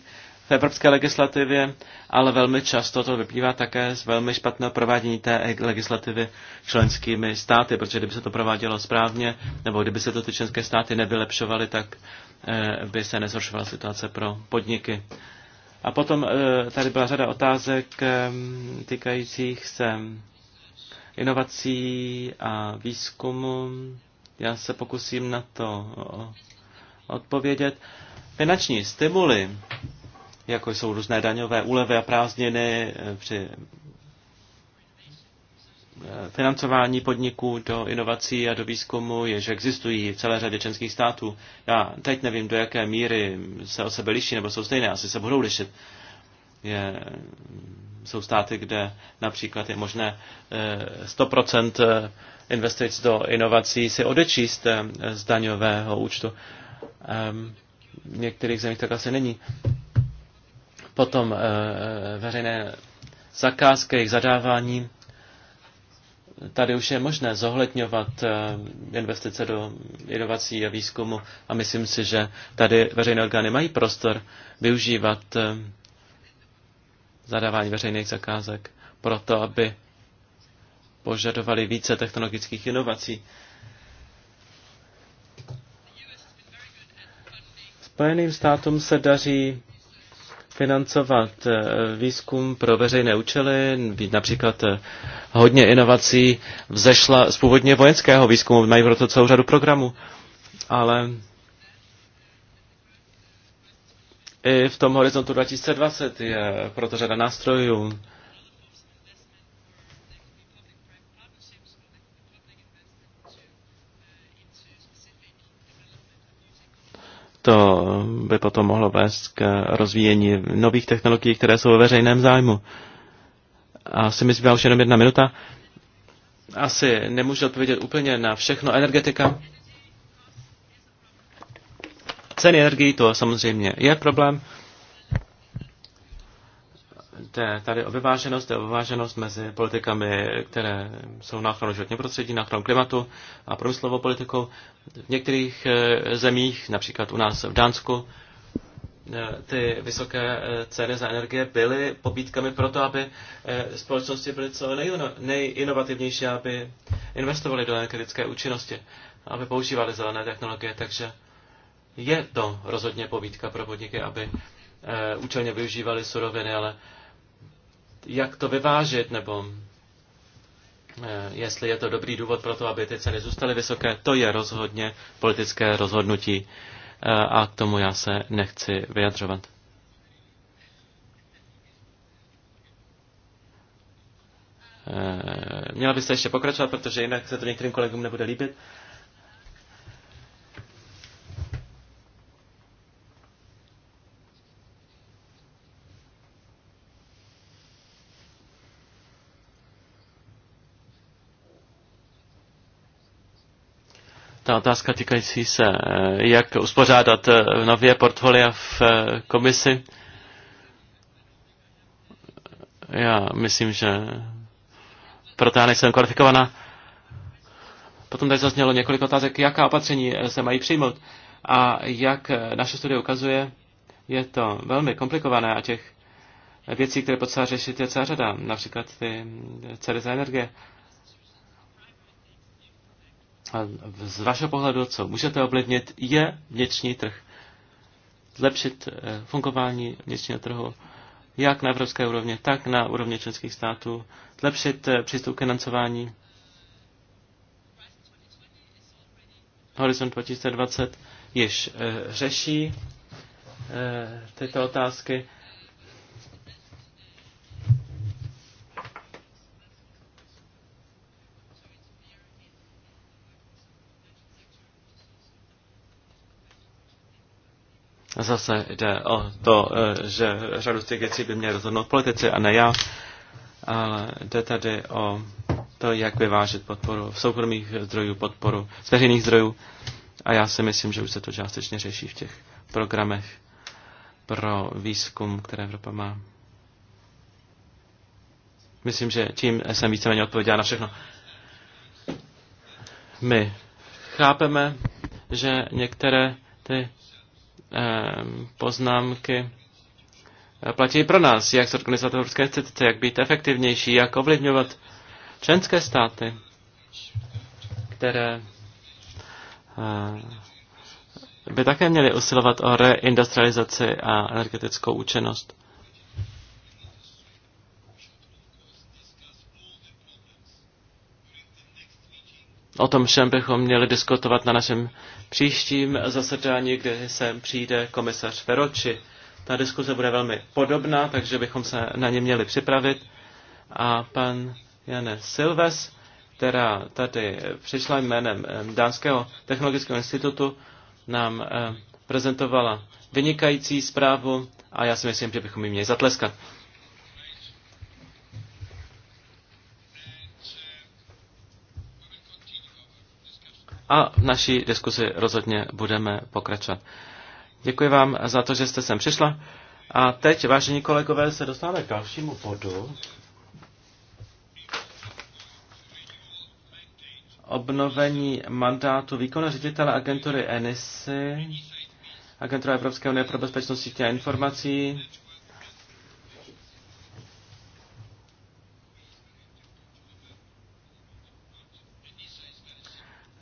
v evropské legislativě, ale velmi často to vyplývá také z velmi špatného provádění té e- legislativy členskými státy, protože kdyby se to provádělo správně, nebo kdyby se to ty členské státy nevylepšovaly, tak eh, by se nezhoršovala situace pro podniky. A potom eh, tady byla řada otázek ehm, týkajících se inovací a výzkumu. Já se pokusím na to odpovědět. Finanční stimuly jako jsou různé daňové úlevy a prázdniny eh, při eh, financování podniků do inovací a do výzkumu je, že existují v celé řadě členských států. Já teď nevím, do jaké míry se o sebe liší, nebo jsou stejné, asi se budou lišit. Je, jsou státy, kde například je možné 100% eh, investic do inovací si odečíst z daňového účtu. Ehm, v některých zemích tak asi není. Potom eh, veřejné zakázky, jejich zadávání. Tady už je možné zohledňovat eh, investice do inovací a výzkumu a myslím si, že tady veřejné orgány mají prostor využívat eh, zadávání veřejných zakázek proto, aby požadovali více technologických inovací. Spojeným státům se daří financovat eh, výzkum pro veřejné účely, například eh, hodně inovací vzešla z původně vojenského výzkumu, mají proto celou řadu programů, ale i v tom horizontu 2020 je proto řada nástrojů, To by potom mohlo vést k rozvíjení nových technologií, které jsou ve veřejném zájmu. A si mi zbývá už jenom jedna minuta. Asi nemůžu odpovědět úplně na všechno. Energetika. Ceny energii to samozřejmě je problém jde tady o vyváženost, jde o vyváženost mezi politikami, které jsou na ochranu životního prostředí, na ochranu klimatu a průmyslovou politikou. V některých eh, zemích, například u nás v Dánsku, eh, ty vysoké eh, ceny za energie byly pobítkami pro to, aby společnosti byly co nejinovativnější, aby investovali do energetické účinnosti, aby používali zelené technologie, takže je to rozhodně pobítka pro podniky, aby účelně využívali suroviny, ale jak to vyvážit, nebo eh, jestli je to dobrý důvod pro to, aby ty ceny zůstaly vysoké, to je rozhodně politické rozhodnutí eh, a k tomu já se nechci vyjadřovat. Eh, měla byste ještě pokračovat, protože jinak se to některým kolegům nebude líbit. ta otázka týkající se, eh, jak uspořádat eh, nově portfolia v eh, komisi. Já myslím, že proto já nejsem kvalifikovaná. Potom tady zaznělo několik otázek, jaká opatření se mají přijmout. A jak naše studie ukazuje, je to velmi komplikované a těch věcí, které potřeba řešit, je celá řada. Například ty ceny za energie z vašeho pohledu, co můžete ovlivnit, je vnitřní trh. Zlepšit eh, fungování vnitřního trhu jak na evropské úrovni, tak na úrovni členských států. Zlepšit eh, přístup k financování. Horizont 2020 již eh, řeší tyto otázky. Zase jde o to, e, že řadu z těch věcí by měli rozhodnout politici a ne já, ale jde tady o to, jak vyvážet podporu v soukromých zdrojů, podporu z veřejných zdrojů. A já si myslím, že už se to částečně řeší v těch programech pro výzkum, které Evropa má. Myslím, že tím jsem víceméně odpověděla na všechno. My chápeme, že některé ty Ehm, poznámky eh, platí pro nás, jak zorganizovat evropské instituce, jak být efektivnější, jak ovlivňovat členské státy, které eh, by také měly usilovat o reindustrializaci a energetickou účinnost. O tom všem bychom měli diskutovat na našem příštím zasedání, kde sem přijde komisař Feroči. Ta diskuze bude velmi podobná, takže bychom se na ně měli připravit. A pan Jane Silves, která tady přišla jménem eh, Dánského technologického institutu, nám eh, prezentovala vynikající zprávu a já si myslím, že bychom ji měli zatleskat. a v naší diskuzi rozhodně budeme pokračovat. Děkuji vám za to, že jste sem přišla. A teď, vážení kolegové, se dostáváme k dalšímu bodu. Obnovení mandátu výkonu ředitele agentury ENISY, agentura Evropské unie pro bezpečnost sítě a informací,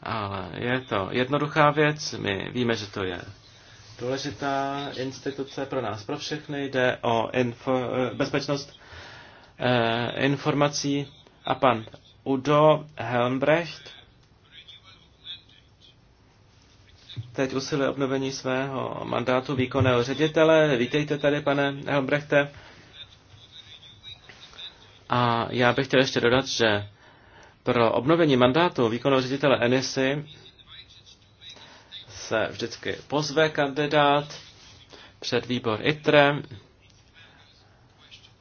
Ale je to jednoduchá věc, my víme, že to je důležitá instituce pro nás, pro všechny. Jde o info, eh, bezpečnost eh, informací a pan Udo Helmbrecht teď usiluje obnovení svého mandátu výkonného ředitele. Vítejte tady, pane Helmbrechte. A já bych chtěl ještě dodat, že pro obnovení mandátu výkonného ředitele Enisy se vždycky pozve kandidát před výbor ITRE,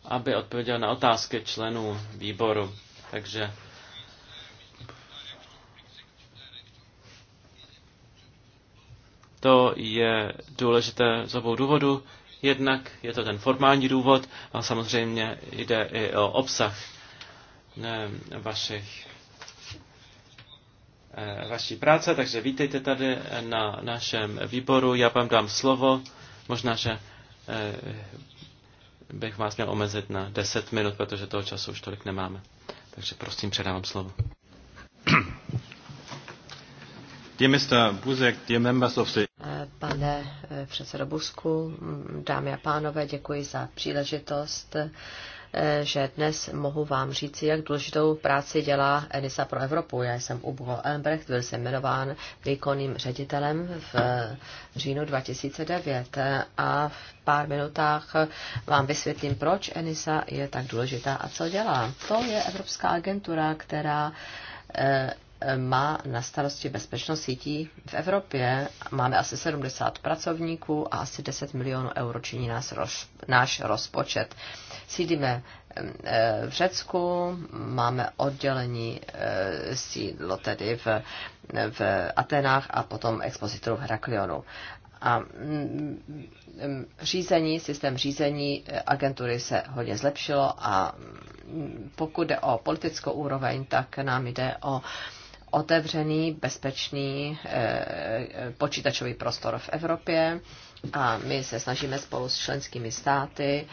aby odpověděl na otázky členů výboru. Takže to je důležité z obou důvodů. Jednak je to ten formální důvod, ale samozřejmě jde i o obsah vašich Eh, vaší práce, takže vítejte tady na našem výboru. Já vám dám slovo. Možná, že eh, bych vás měl omezit na 10 minut, protože toho času už tolik nemáme. Takže prosím, předávám slovo. <clears throat> Dear Mr. Buzek, dear members of the... Eh, pane předsedo Busku, dámy a pánové, děkuji za příležitost Eh, že dnes mohu vám říci, jak důležitou práci dělá Enisa pro Evropu. Já jsem Ubo Elmbrecht, byl jsem jmenován výkonným ředitelem v eh, říjnu 2009 a v pár minutách vám vysvětlím, proč Enisa je tak důležitá a co dělá. To je Evropská agentura, která eh, má na starosti bezpečnost sítí v Evropě. Máme asi 70 pracovníků a asi 10 milionů euro činí nás roz, náš rozpočet. Sídíme e, v Řecku, máme oddělení e, sídlo tedy v, v Atenách a potom expozitoru v Heraklionu a mm, mm, řízení, systém řízení e, agentury se hodně zlepšilo a mm, pokud jde o politickou úroveň, tak nám jde o otevřený, bezpečný eh, počítačový prostor v Evropě a my se snažíme spolu s členskými státy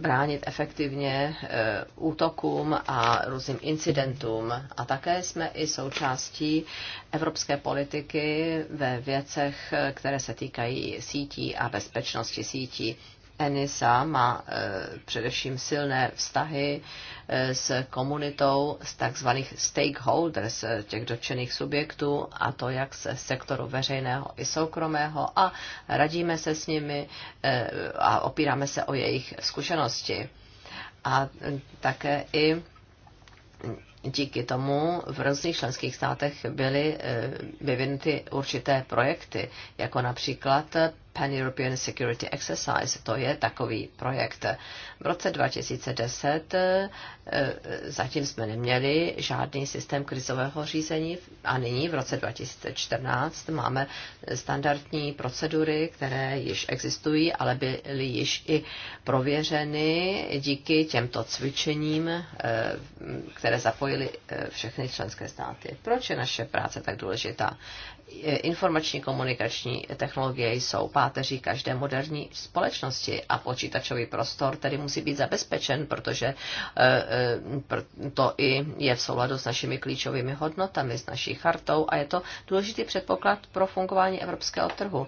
bránit efektivně eh, útokům a různým incidentům. A také jsme i součástí evropské politiky ve věcech, eh, které se týkají sítí a bezpečnosti sítí. Enisa má eh, především silné vztahy eh, s komunitou z takzvaných stakeholders, eh, těch dotčených subjektů, a to jak se sektoru veřejného i soukromého, a radíme se s nimi a opíráme se o jejich zkušenosti. A také i díky tomu v různých členských státech byly vyvinuty určité projekty, jako například Pan-European Security Exercise. To je takový projekt. V roce 2010 eh, zatím jsme neměli žádný systém krizového řízení a nyní v roce 2014 máme standardní procedury, které již existují, ale byly již i prověřeny díky těmto cvičením, eh, které zapojily eh, všechny členské státy. Proč je naše práce tak důležitá? informační komunikační technologie jsou páteří každé moderní společnosti a počítačový prostor tedy musí být zabezpečen, protože eh, eh, to i je v souladu s našimi klíčovými hodnotami, s naší chartou a je to důležitý předpoklad pro fungování evropského trhu.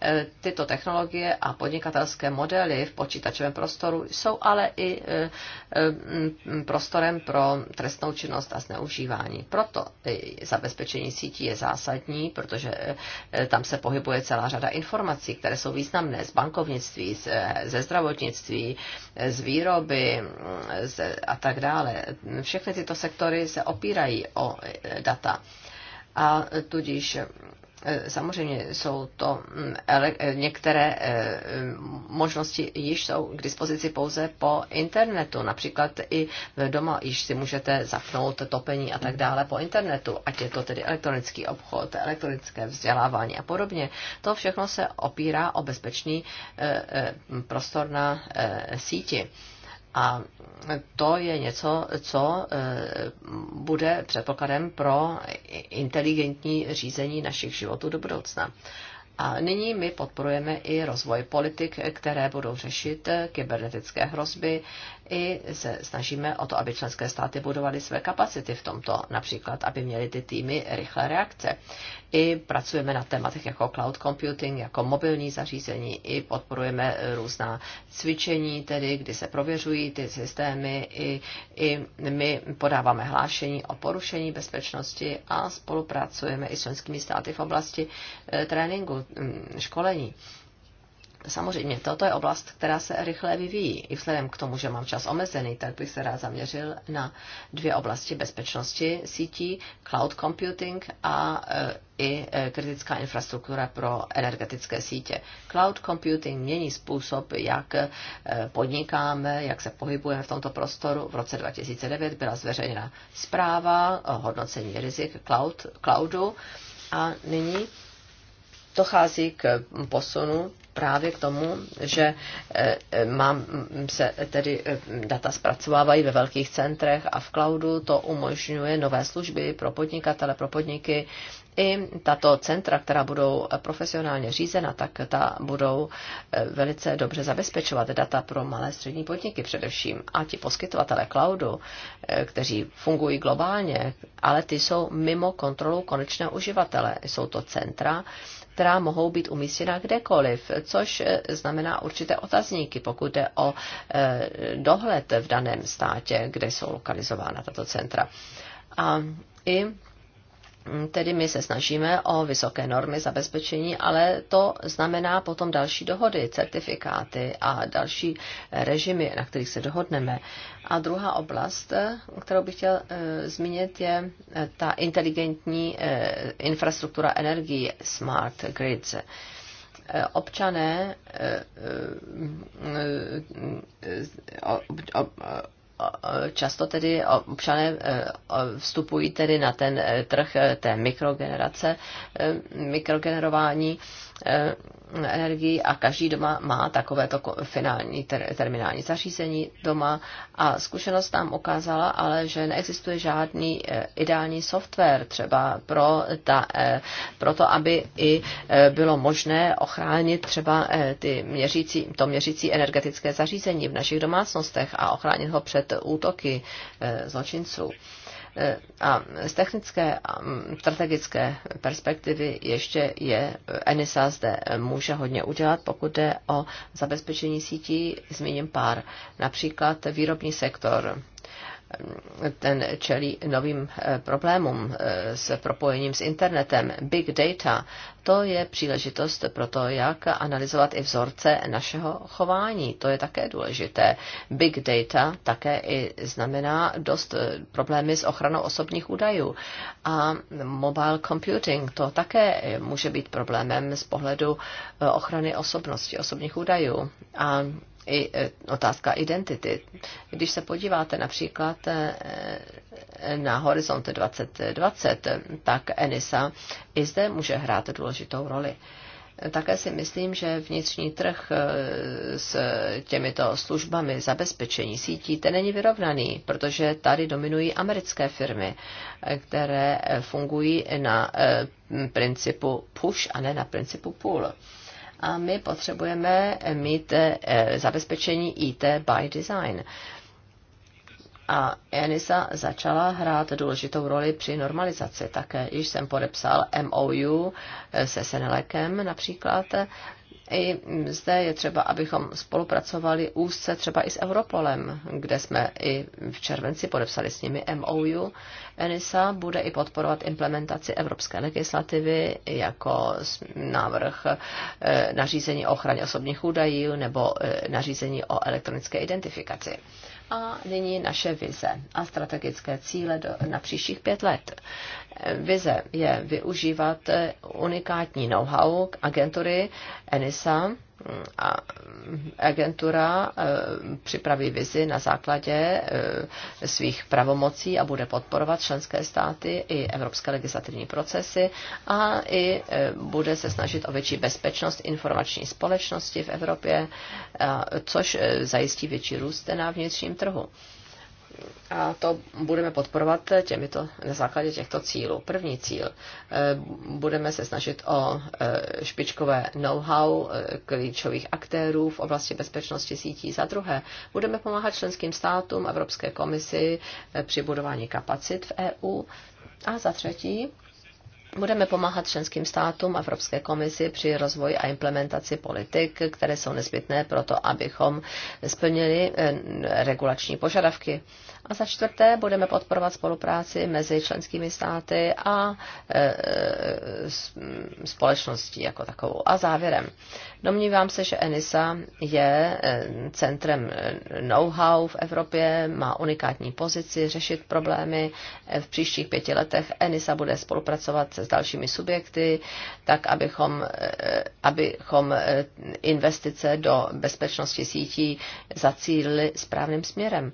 E, tyto technologie a podnikatelské modely v počítačovém prostoru jsou ale i e, e, prostorem pro trestnou činnost a zneužívání. Proto zabezpečení sítí je zásadní, protože tam se pohybuje celá řada informací, které jsou významné z bankovnictví, ze zdravotnictví, z výroby a tak dále. Všechny tyto sektory se opírají o data a tudíž Eh, samozřejmě jsou to mm, eh, některé eh, mm, možnosti již jsou k dispozici pouze po internetu. Například i doma již si můžete zapnout topení a tak dále po internetu, ať je to tedy elektronický obchod, elektronické vzdělávání a podobně. To všechno se opírá o bezpečný prostor na síti. A to je něco, co e, bude předpokladem pro inteligentní řízení našich životů do budoucna. A nyní my podporujeme i rozvoj politik, které budou řešit kybernetické hrozby. I se snažíme o to, aby členské státy budovaly své kapacity v tomto, například, aby měly ty týmy rychlé reakce. I pracujeme na tématech jako cloud computing, jako mobilní zařízení, i podporujeme různá cvičení, tedy kdy se prověřují ty systémy, i, i my podáváme hlášení o porušení bezpečnosti a spolupracujeme i s členskými státy v oblasti eh, tréninku Mm, školení. Samozřejmě, toto je oblast, která se rychle vyvíjí. I vzhledem k tomu, že mám čas omezený, tak bych se rád zaměřil na dvě oblasti bezpečnosti sítí, cloud computing a e, i e, kritická infrastruktura pro energetické sítě. Cloud computing mění způsob, jak e, podnikáme, jak se pohybujeme v tomto prostoru. V roce 2009 byla zveřejněna zpráva o hodnocení rizik cloud, cloudu a nyní dochází k posunu právě k tomu, že e, e, mám se tedy e, data zpracovávají ve velkých centrech a v cloudu to umožňuje nové služby pro podnikatele, pro podniky. I tato centra, která budou profesionálně řízena, tak ta budou velice dobře zabezpečovat data pro malé střední podniky především. A ti poskytovatele cloudu, kteří fungují globálně, ale ty jsou mimo kontrolu konečného uživatele. Jsou to centra, která mohou být umístěna kdekoliv, což eh, znamená určité otazníky, pokud jde o eh, dohled v daném státě, kde jsou lokalizována tato centra. A i Mm, tedy my se snažíme o vysoké normy zabezpečení, ale to znamená potom další dohody, certifikáty a další režimy, na kterých se dohodneme. A druhá oblast, kterou bych chtěl eh, zmínit, je eh, ta inteligentní eh, infrastruktura energie, smart grids občané mm, často tedy občané eh, vstupují tedy na ten eh, trh eh, té mikrogenerace, mikrogenerování Eh, energii a každý doma má takovéto finální ter- terminální zařízení doma a zkušenost nám ukázala, ale že neexistuje žádný eh, ideální software třeba pro, ta, eh, pro to, aby i bylo možné ochránit třeba ty měřící, to měřící energetické zařízení v našich domácnostech a ochránit ho před útoky zločinců. Eh, a z technické a mm, strategické perspektivy ještě je eh, ENISA zde eh, může hodně udělat, pokud jde o zabezpečení sítí, zmíním pár. Například výrobní sektor, ten čelí novým eh, problémům eh, s propojením s internetem. Big data, to je příležitost pro to, jak analyzovat i vzorce našeho chování. To je také důležité. Big data také i znamená dost eh, problémy s ochranou osobních údajů. A mobile computing, to také může být problémem z pohledu ochrany osobnosti, osobních údajů. A i e, otázka identity. Když se podíváte například e, na Horizont 2020, tak ENISA i zde může hrát důležitou roli. Také si myslím, že vnitřní trh e, s těmito službami zabezpečení sítí ten není vyrovnaný, protože tady dominují americké firmy, které fungují na principu push a ne na principu pull a my potřebujeme mít eh, zabezpečení IT by design. A Enisa začala hrát důležitou roli při normalizaci. Také již jsem podepsal MOU eh, se Senelekem například i zde je třeba, abychom spolupracovali úzce třeba i s Europolem, kde jsme i v červenci podepsali s nimi MOU. ENISA bude i podporovat implementaci evropské legislativy jako návrh eh, nařízení o ochraně osobních údajů nebo eh, nařízení o elektronické identifikaci. A nyní naše vize a strategické cíle do, na příštích pět let. Vize je využívat unikátní know-how agentury ENISA, a agentura eh, připraví vizi na základě eh, svých pravomocí a bude podporovat členské státy i evropské legislativní procesy a i eh, bude se snažit o větší bezpečnost informační společnosti v Evropě, což zajistí větší růst na vnitřním trhu. A to budeme podporovat těmito, na základě těchto cílů. První cíl. Eh, budeme se snažit o eh, špičkové know-how eh, klíčových aktérů v oblasti bezpečnosti sítí. Za druhé, budeme pomáhat členským státům, Evropské komisi při budování kapacit v EU. A za třetí, Budeme pomáhat členským státům a Evropské komisi při rozvoji a implementaci politik, které jsou nezbytné pro to, abychom splnili eh, regulační požadavky a za čtvrté budeme podporovat spolupráci mezi členskými státy a e, společností jako takovou. A závěrem. Domnívám se, že ENISA je e, centrem e, know-how v Evropě, má unikátní pozici řešit problémy. V příštích pěti letech ENISA bude spolupracovat s dalšími subjekty, tak abychom, abychom investice do bezpečnosti sítí zacílili správným směrem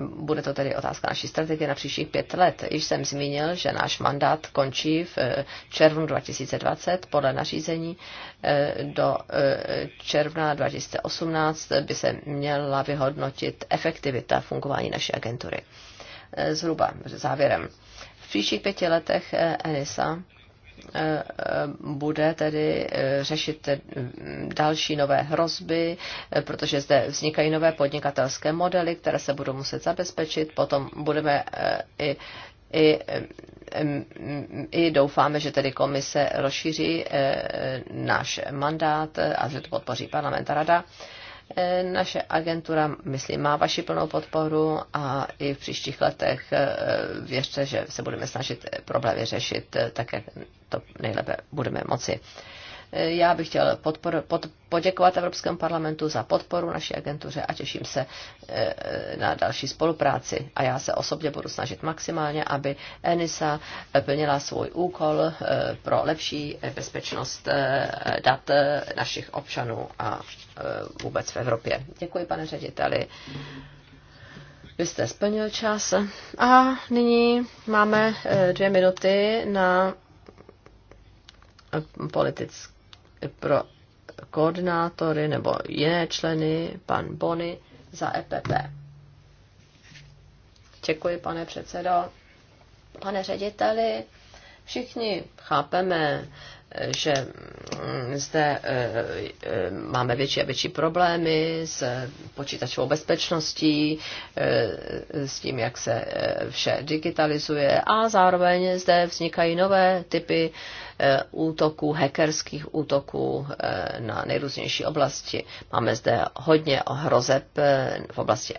bude to tedy otázka naší strategie na příštích pět let. Již jsem zmínil, že náš mandát končí v eh, červnu 2020 podle nařízení. Eh, do eh, června 2018 by se měla vyhodnotit efektivita fungování naší agentury. Zhruba závěrem. V příštích pěti letech ENISA Eh, bude tedy eh, řešit eh, další nové hrozby, protože zde vznikají nové podnikatelské modely, které se budou muset zabezpečit. Potom budeme i i, i doufáme, že tedy komise rozšíří náš mandát a že to podpoří parlament a rada. Eh, naše agentura, myslím, má vaši plnou podporu a i v příštích letech eh, věřte, že se budeme snažit problémy řešit eh, tak, jak to nejlépe budeme moci. Eh, já bych chtěl podpor, pod, poděkovat Evropskému parlamentu za podporu naší agentuře a těším se eh, na další spolupráci. A já se osobně budu snažit maximálně, aby ENISA eh, plnila svůj úkol pro lepší bezpečnost dat našich občanů a vůbec v Evropě. Děkuji, pane řediteli. Vy jste splnil čas. A nyní máme dvě minuty na politické pro koordinátory nebo jiné členy, pan Bony za EPP. Děkuji, pane předsedo. Pane řediteli, všichni chápeme že mm, zde e, e, máme větší a větší problémy s počítačovou bezpečností, e, s tím, jak se vše digitalizuje a zároveň zde vznikají nové typy útoků, hackerských útoků na nejrůznější oblasti. Máme zde hodně hrozeb v oblasti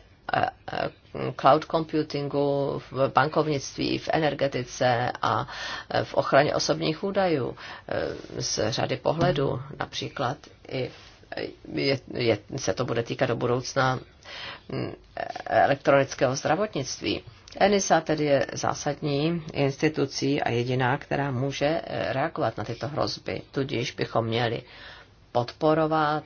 cloud computingu, v bankovnictví, v energetice a e, v ochraně osobních údajů e, z řady pohledů, například i e, je, je, se to bude týkat do budoucna elektronického zdravotnictví. ENISA tedy je zásadní institucí a jediná, která může reagovat na tyto hrozby. Tudíž bychom měli podporovat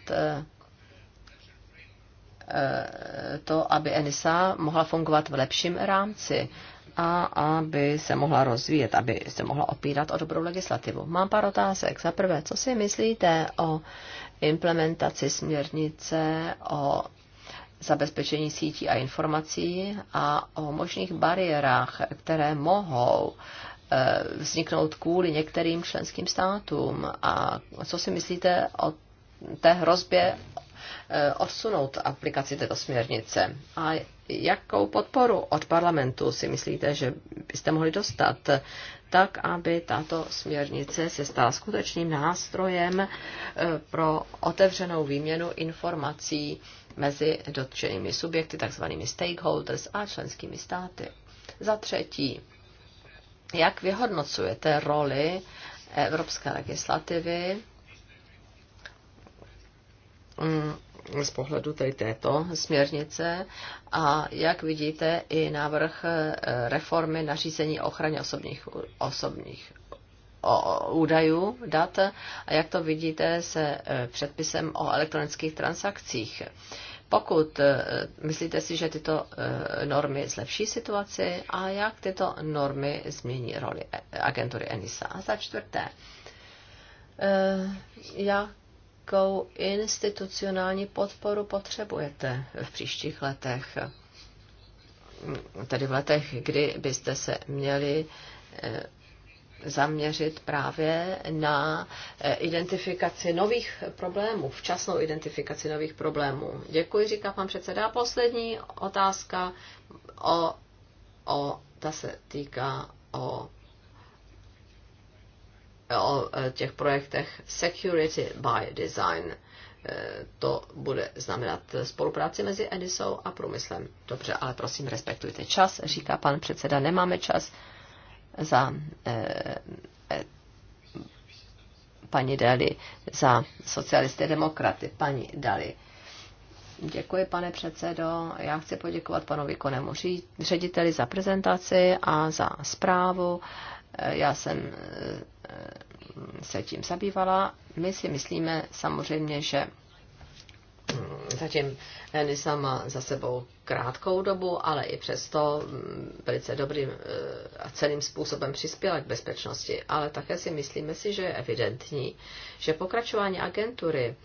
to, aby ENISA mohla fungovat v lepším rámci a aby se mohla rozvíjet, aby se mohla opírat o dobrou legislativu. Mám pár otázek. Za prvé, co si myslíte o implementaci směrnice o zabezpečení sítí a informací a o možných bariérách, které mohou eh, vzniknout kvůli některým členským státům. A co si myslíte o té hrozbě Eh, odsunout aplikaci této směrnice. A jakou podporu od parlamentu si myslíte, že byste mohli dostat, tak aby tato směrnice se stala skutečným nástrojem eh, pro otevřenou výměnu informací mezi dotčenými subjekty, takzvanými stakeholders a členskými státy. Za třetí, jak vyhodnocujete roli evropské legislativy mm, z pohledu tedy této směrnice a jak vidíte i návrh eh, reformy nařízení ochraně osobních, osobních údajů, dat a jak to vidíte se eh, předpisem o elektronických transakcích. Pokud eh, myslíte si, že tyto normy zlepší situaci a jak tyto normy změní roli agentury ENISA. A za čtvrté, jak jakou institucionální podporu potřebujete v příštích letech. Tedy v letech, kdy byste se měli eh, zaměřit právě na eh, identifikaci nových problémů, včasnou identifikaci nových problémů. Děkuji, říká pan předseda. A poslední otázka o, o, ta se týká o o e, těch projektech Security by Design. E, to bude znamenat spolupráci mezi Edisou a průmyslem. Dobře, ale prosím, respektujte čas, říká pan předseda, nemáme čas za eh, eh, paní Dali, za socialisty demokraty, paní Dali. Děkuji, pane předsedo. Já chci poděkovat panu výkonnému řediteli za prezentaci a za zprávu. E, já jsem eh, se tím zabývala. My si myslíme samozřejmě, že zatím Enisa má za sebou krátkou dobu, ale i přesto velice dobrým eh, a celým způsobem přispěla k bezpečnosti. Ale také si myslíme si, že je evidentní, že pokračování agentury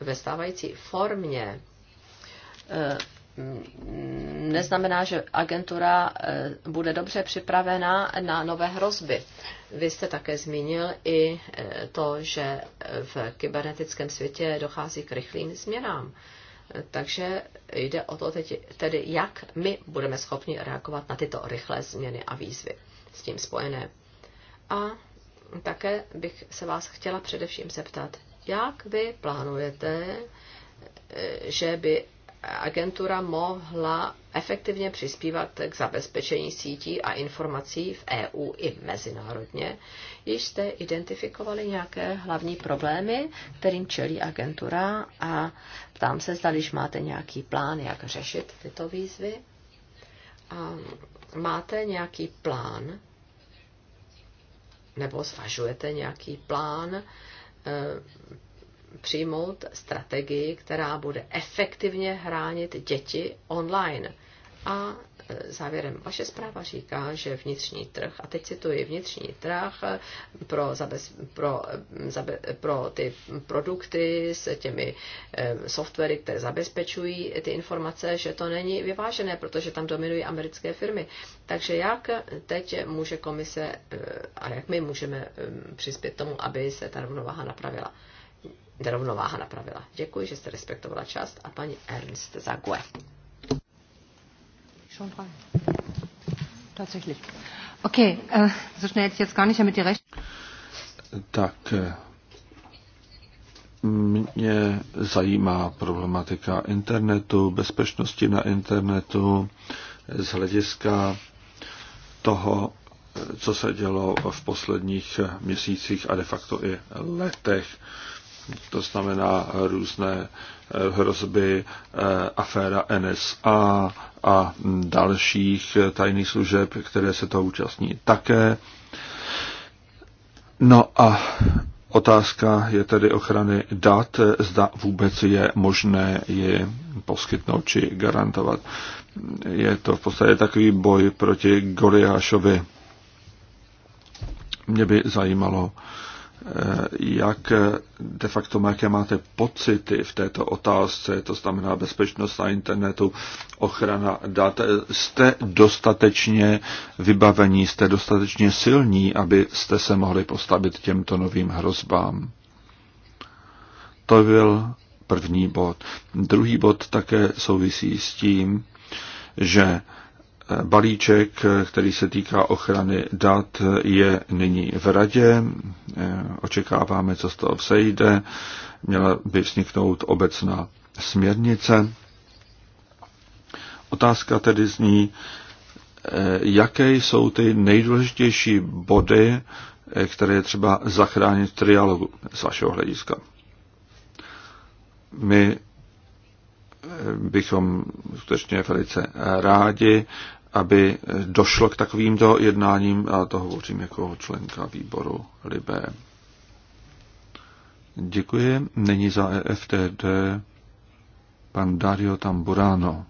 ve stávající formě eh, Mm, neznamená, že agentura eh, bude dobře připravena na nové hrozby. Vy jste také zmínil i eh, to, že eh, v kybernetickém světě dochází k rychlým změnám. Takže jde o to teď, tedy, jak my budeme schopni reagovat na tyto rychlé změny a výzvy s tím spojené. A také bych se vás chtěla především zeptat, jak vy plánujete, že by agentura mohla efektivně přispívat k zabezpečení sítí a informací v EU i mezinárodně. Již jste identifikovali nějaké hlavní problémy, kterým čelí agentura a ptám se, zda když máte nějaký plán, jak řešit tyto výzvy. A máte nějaký plán nebo zvažujete nějaký plán eh, přijmout strategii, která bude efektivně hránit děti online. A e, závěrem vaše zpráva říká, že vnitřní trh, a teď cituji vnitřní trh e, pro, zabez, pro, e, zabe, pro ty produkty s těmi softwary, které zabezpečují ty informace, že to není vyvážené, protože tam dominují americké firmy. Takže jak teď může komise a jak my můžeme přispět tomu, aby se ta rovnováha napravila? rovnováha napravila. Děkuji, že jste respektovala část a paní Ernst Zague. Eh, tak, eh, mě zajímá problematika internetu, bezpečnosti na internetu z hlediska toho, eh, co se dělo v posledních měsících a de facto i letech to znamená různé eh, hrozby eh, aféra NSA a dalších eh, tajných služeb, které se toho účastní také. No a otázka je tedy ochrany dat, zda vůbec je možné je poskytnout či garantovat. Je to v podstatě takový boj proti Goliášovi. Mě by zajímalo, Eh, jak eh, de facto, jaké máte pocity v této otázce, to znamená bezpečnost na internetu, ochrana dat. Jste dostatečně vybavení, jste dostatečně silní, abyste se mohli postavit těmto novým hrozbám. To byl první bod. Druhý bod také souvisí s tím, že Balíček, který se týká ochrany dat, je nyní v radě. Očekáváme, co z toho vzejde. Měla by vzniknout obecná směrnice. Otázka tedy zní, jaké jsou ty nejdůležitější body, které je třeba zachránit v trialogu z vašeho hlediska. My bychom skutečně velice rádi, aby došlo k takovýmto jednáním, a to hovořím jako členka výboru Libé. Děkuji. Není za EFTD pan Dario Tamburano.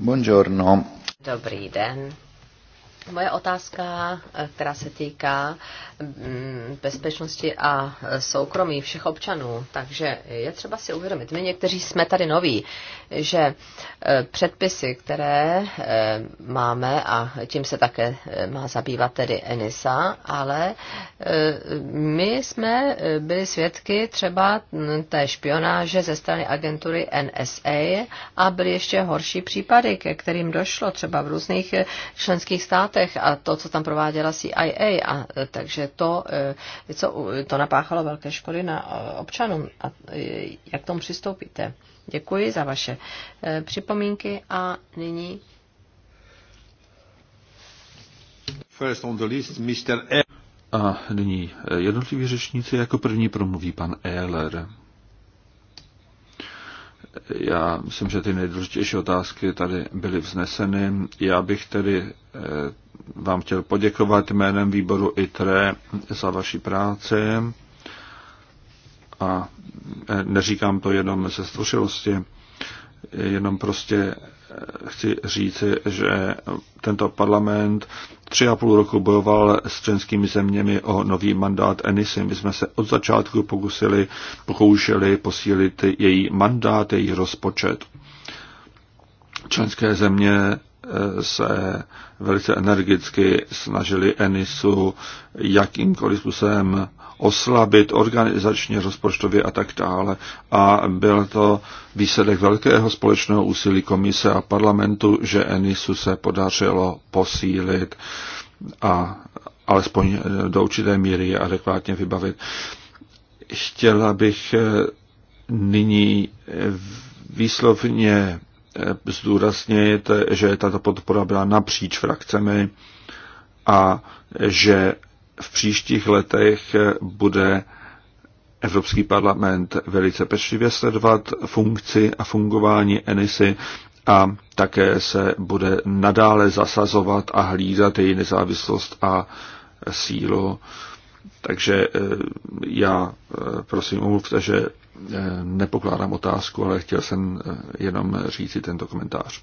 Buongiorno. Dobrý den. Moje otázka, eh, která se týká Mm, bezpečnosti a soukromí všech občanů. Takže je třeba si uvědomit, my někteří jsme tady noví, že e, předpisy, které e, máme, a tím se také e, má zabývat tedy ENISA, ale my jsme byli svědky třeba té špionáže ze strany agentury NSA a byly ještě horší případy, ke kterým došlo třeba v různých členských státech a to, co tam prováděla CIA. A, takže to, eh, co, to napáchalo velké škody na eh, občanům. A eh, jak tomu přistoupíte? Děkuji za vaše připomínky a nyní. First on the list, Mr. E. A nyní jednotliví řečníci jako první promluví pan Ehler. Já myslím, že ty nejdůležitější otázky tady byly vzneseny. Já bych tedy vám chtěl poděkovat jménem výboru ITRE za vaši práci. A neříkám to jenom ze stvořilosti, jenom prostě chci říci, že tento parlament tři a půl roku bojoval s členskými zeměmi o nový mandát Enisy. My jsme se od začátku pokusili, pokoušeli posílit její mandát, její rozpočet. Členské země se velice energicky snažili Enisu jakýmkoliv způsobem oslabit organizačně, rozpočtově a tak dále. A byl to výsledek velkého společného úsilí komise a parlamentu, že Enisu se podařilo posílit a alespoň do určité míry je adekvátně vybavit. Chtěla bych nyní výslovně zdůraznit, že tato podpora byla napříč frakcemi a že v příštích letech bude Evropský parlament velice pečlivě sledovat funkci a fungování Enisy a také se bude nadále zasazovat a hlídat její nezávislost a sílu. Takže eh, já eh, prosím umluvte, že Eh, nepokládám otázku, ale chtěl jsem eh, jenom říct si tento komentář.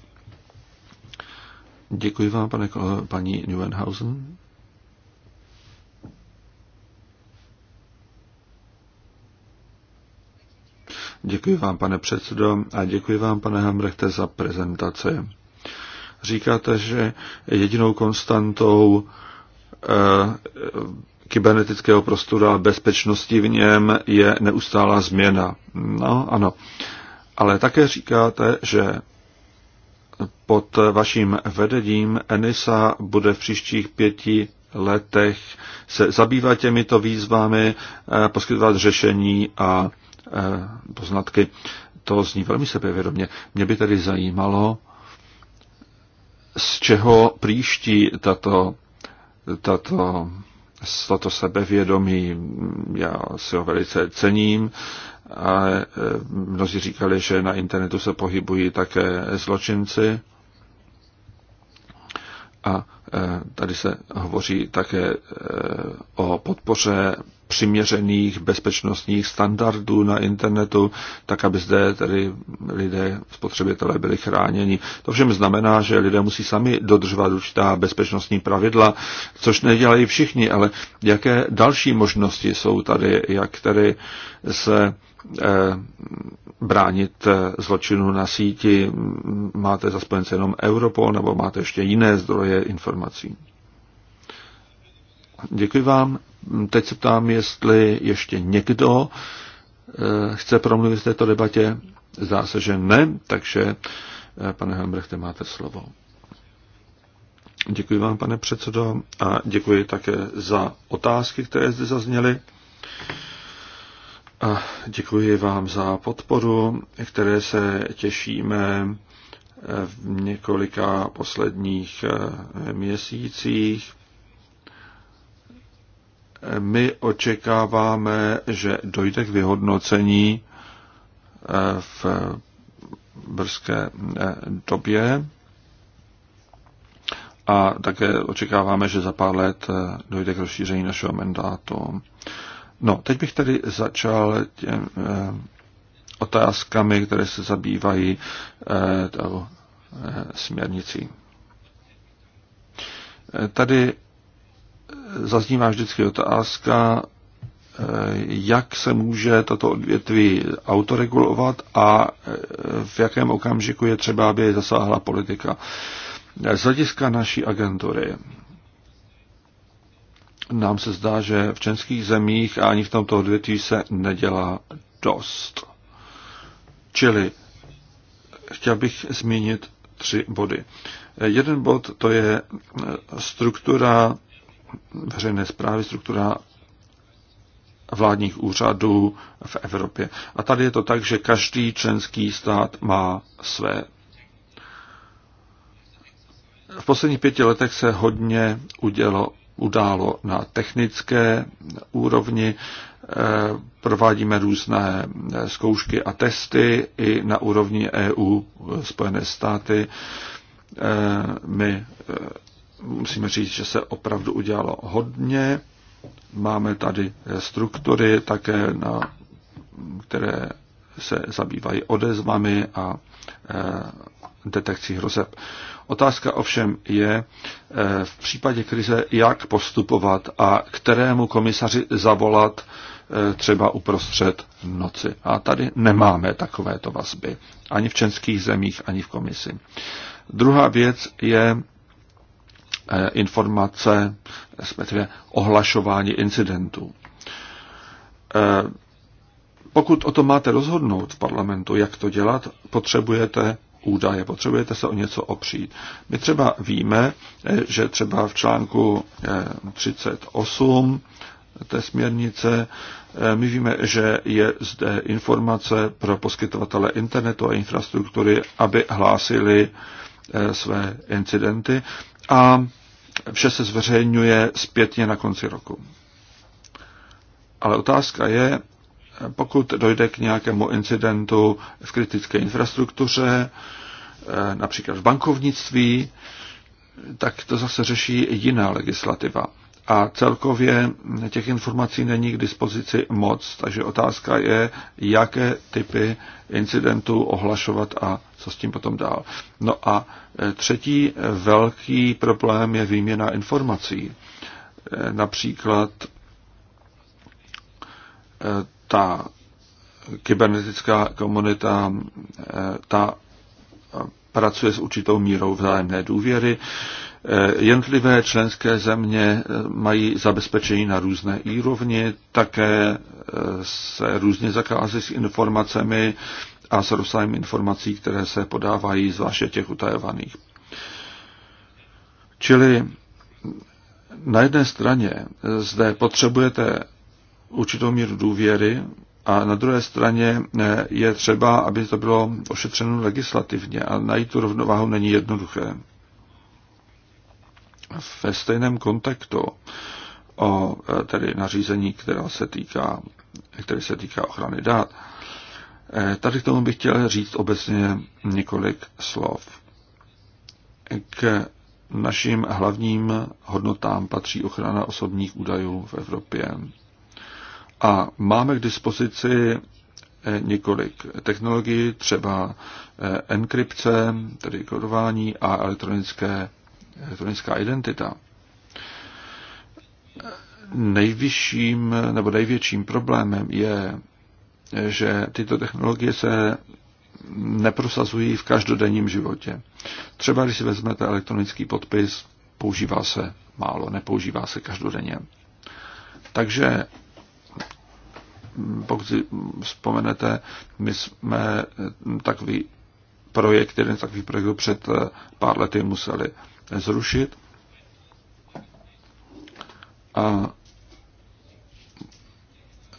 Děkuji vám, pane, paní Neuenhausen. Děkuji vám, pane předsedo, a děkuji vám, pane Hamrechte, za prezentaci. Říkáte, že jedinou konstantou eh, kybernetického prostoru a bezpečnosti v něm je neustálá změna. No, ano. Ale také říkáte, že pod vaším vedením ENISA bude v příštích pěti letech se zabývat těmito výzvami, eh, poskytovat řešení a eh, poznatky. To zní velmi sebevědomě. Mě by tedy zajímalo, z čeho příští tato, tato toto sebevědomí já si ho velice cením, ale eh, mnozí říkali, že na internetu se pohybují také zločinci a e, tady se hovoří také e, o podpoře přiměřených bezpečnostních standardů na internetu, tak aby zde tedy lidé, spotřebitelé byli chráněni. To všem znamená, že lidé musí sami dodržovat určitá bezpečnostní pravidla, což nedělají všichni, ale jaké další možnosti jsou tady, jak tedy se e, bránit eh, zločinu na síti. Máte za spojence jenom Europol nebo máte ještě jiné zdroje informací? Děkuji vám. Teď se ptám, jestli ještě někdo eh, chce promluvit v této debatě. Zdá se, že ne, takže eh, pane Helmbrechte, máte slovo. Děkuji vám, pane předsedo, a děkuji také za otázky, které zde zazněly. A děkuji vám za podporu, které se těšíme v několika posledních eh, měsících. My očekáváme, že dojde k vyhodnocení eh, v brzké eh, době a také očekáváme, že za pár let dojde k rozšíření našeho mandátu. No, teď bych tedy začal těm eh, otázkami, které se zabývají eh, tou eh, směrnicí. Eh, tady zaznívá vždycky otázka, jak se může tato odvětví autoregulovat a v jakém okamžiku je třeba, aby zasáhla politika. Z hlediska naší agentury nám se zdá, že v českých zemích a ani v tomto odvětví se nedělá dost. Čili chtěl bych zmínit tři body. Jeden bod to je struktura veřejné zprávy, struktura vládních úřadů v Evropě. A tady je to tak, že každý členský stát má své. V posledních pěti letech se hodně udělo událo na technické úrovni. Eh, provádíme různé eh, zkoušky a testy i na úrovni EU, eh, Spojené státy. My musíme říct, že se opravdu udělalo hodně. Máme tady struktury také, na, které se zabývají odezvami a detekcí hrozeb. Otázka ovšem je eh, v případě krize, jak postupovat a kterému komisaři zavolat eh, třeba uprostřed noci. A tady nemáme takovéto vazby. Ani v českých zemích, ani v komisi. Druhá věc je eh, informace, respektive ohlašování incidentů. Pokud o tom máte rozhodnout v parlamentu, jak to dělat, potřebujete údaje, potřebujete se o něco opřít. My třeba víme, eh, že třeba v článku 38 eh, té směrnice. Eh, my víme, že je zde informace pro poskytovatele internetu a infrastruktury, aby hlásili své incidenty a vše se zveřejňuje zpětně na konci roku. Ale otázka je, pokud dojde k nějakému incidentu v kritické infrastruktuře, eh, například v bankovnictví, tak to zase řeší jiná legislativa. A celkově těch informací není k dispozici moc, takže otázka je, jaké typy incidentů ohlašovat a co s tím potom dál. No a eh, třetí velký problém je výměna informací. Eh, například ta kybernetická komunita, eh, ta pracuje s určitou mírou vzájemné důvěry. Eh, jednotlivé členské země eh, mají zabezpečení na různé úrovni, také se různě zakází s informacemi a s rozsahem informací, které se podávají, zvláště těch utajovaných. Čili na jedné straně zde potřebujete určitou míru důvěry a na druhé straně eh, je třeba, aby to bylo ošetřeno legislativně a najít tu rovnováhu není jednoduché. Ve stejném kontaktu o eh, tedy nařízení, která se týká, které se týká ochrany dát, eh, tady k tomu bych chtěl říct obecně několik slov. K našim hlavním hodnotám patří ochrana osobních údajů v Evropě. A máme k dispozici eh, několik technologií, třeba eh, enkrypce, tedy kodování a elektronické, elektronická identita. Nejvyšším nebo největším problémem je, že tyto technologie se neprosazují v každodenním životě. Třeba když si vezmete elektronický podpis, používá se málo, nepoužívá se každodenně. Takže pokud si vzpomenete, my jsme takový projekt, jeden z takových projektů před eh, pár lety museli zrušit. A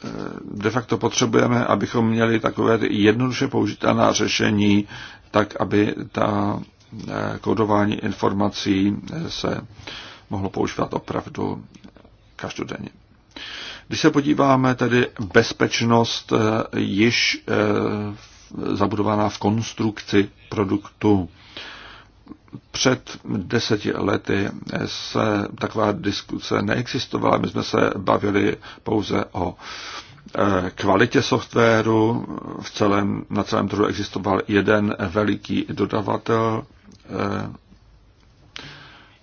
eh, de facto potřebujeme, abychom měli takové jednoduše použitelná řešení, tak aby ta eh, kodování informací se mohlo používat opravdu každodenně. Když se podíváme tedy bezpečnost eh, již eh, zabudovaná v konstrukci produktu. Před deseti lety se taková diskuse neexistovala. My jsme se bavili pouze o eh, kvalitě softwaru. V celém, na celém trhu existoval jeden veliký dodavatel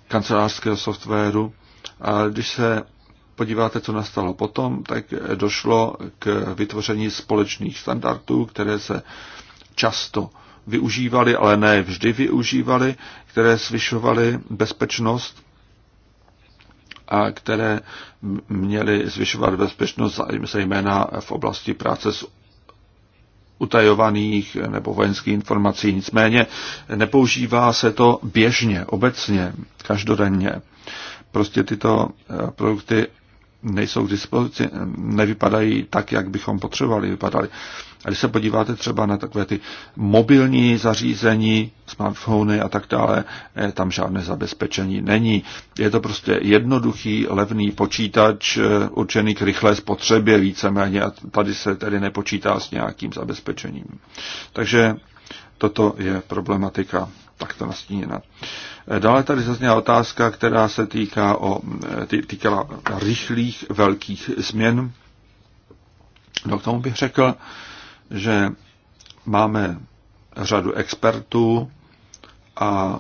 kancelářského softwaru. A když se podíváte, co nastalo potom, tak došlo k vytvoření společných standardů, které se často využívaly, ale ne vždy využívaly, které zvyšovaly bezpečnost a které měly zvyšovat bezpečnost zejména v oblasti práce s utajovaných nebo vojenských informací. Nicméně nepoužívá se to běžně, obecně, každodenně. Prostě tyto produkty nejsou k dispozici, nevypadají tak, jak bychom potřebovali vypadali. A když se podíváte třeba na takové ty mobilní zařízení, smartfony a tak dále, eh, tam žádné zabezpečení není. Je to prostě jednoduchý, levný počítač eh, určený k rychlé spotřebě víceméně a tady se tedy nepočítá s nějakým zabezpečením. Takže toto je problematika takto nastíněna. Dále tady zazněla otázka, která se týká o, tý, týkala rychlých velkých změn. No k tomu bych řekl, že máme řadu expertů a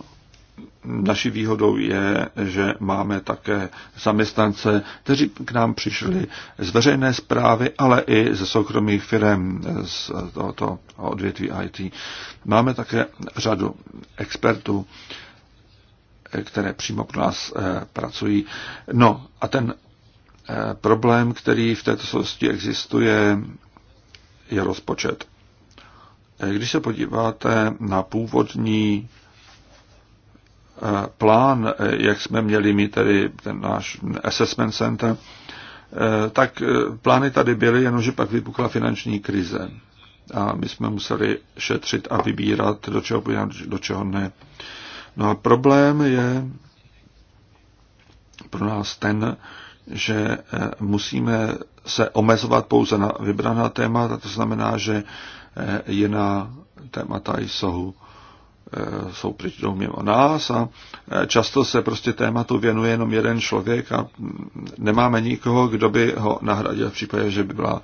naší výhodou je, že máme také zaměstnance, kteří k nám přišli z veřejné zprávy, ale i ze soukromých firm z tohoto odvětví IT. Máme také řadu expertů, které přímo pro nás eh, pracují. No a ten eh, problém, který v této souvislosti existuje, je rozpočet. Eh, když se podíváte na původní plán, eh, jak jsme měli mít tady ten náš assessment center, eh, tak eh, plány tady byly, jenomže pak vypukla finanční krize. A my jsme museli šetřit a vybírat, do čeho půjdeme, do čeho ne. No a problém je pro nás ten, že musíme se omezovat pouze na vybraná témata, to znamená, že jiná témata jsou Eh, jsou přičtou o nás a eh, často se prostě tématu věnuje jenom jeden člověk a mm, nemáme nikoho, kdo by ho nahradil v případě, že by byla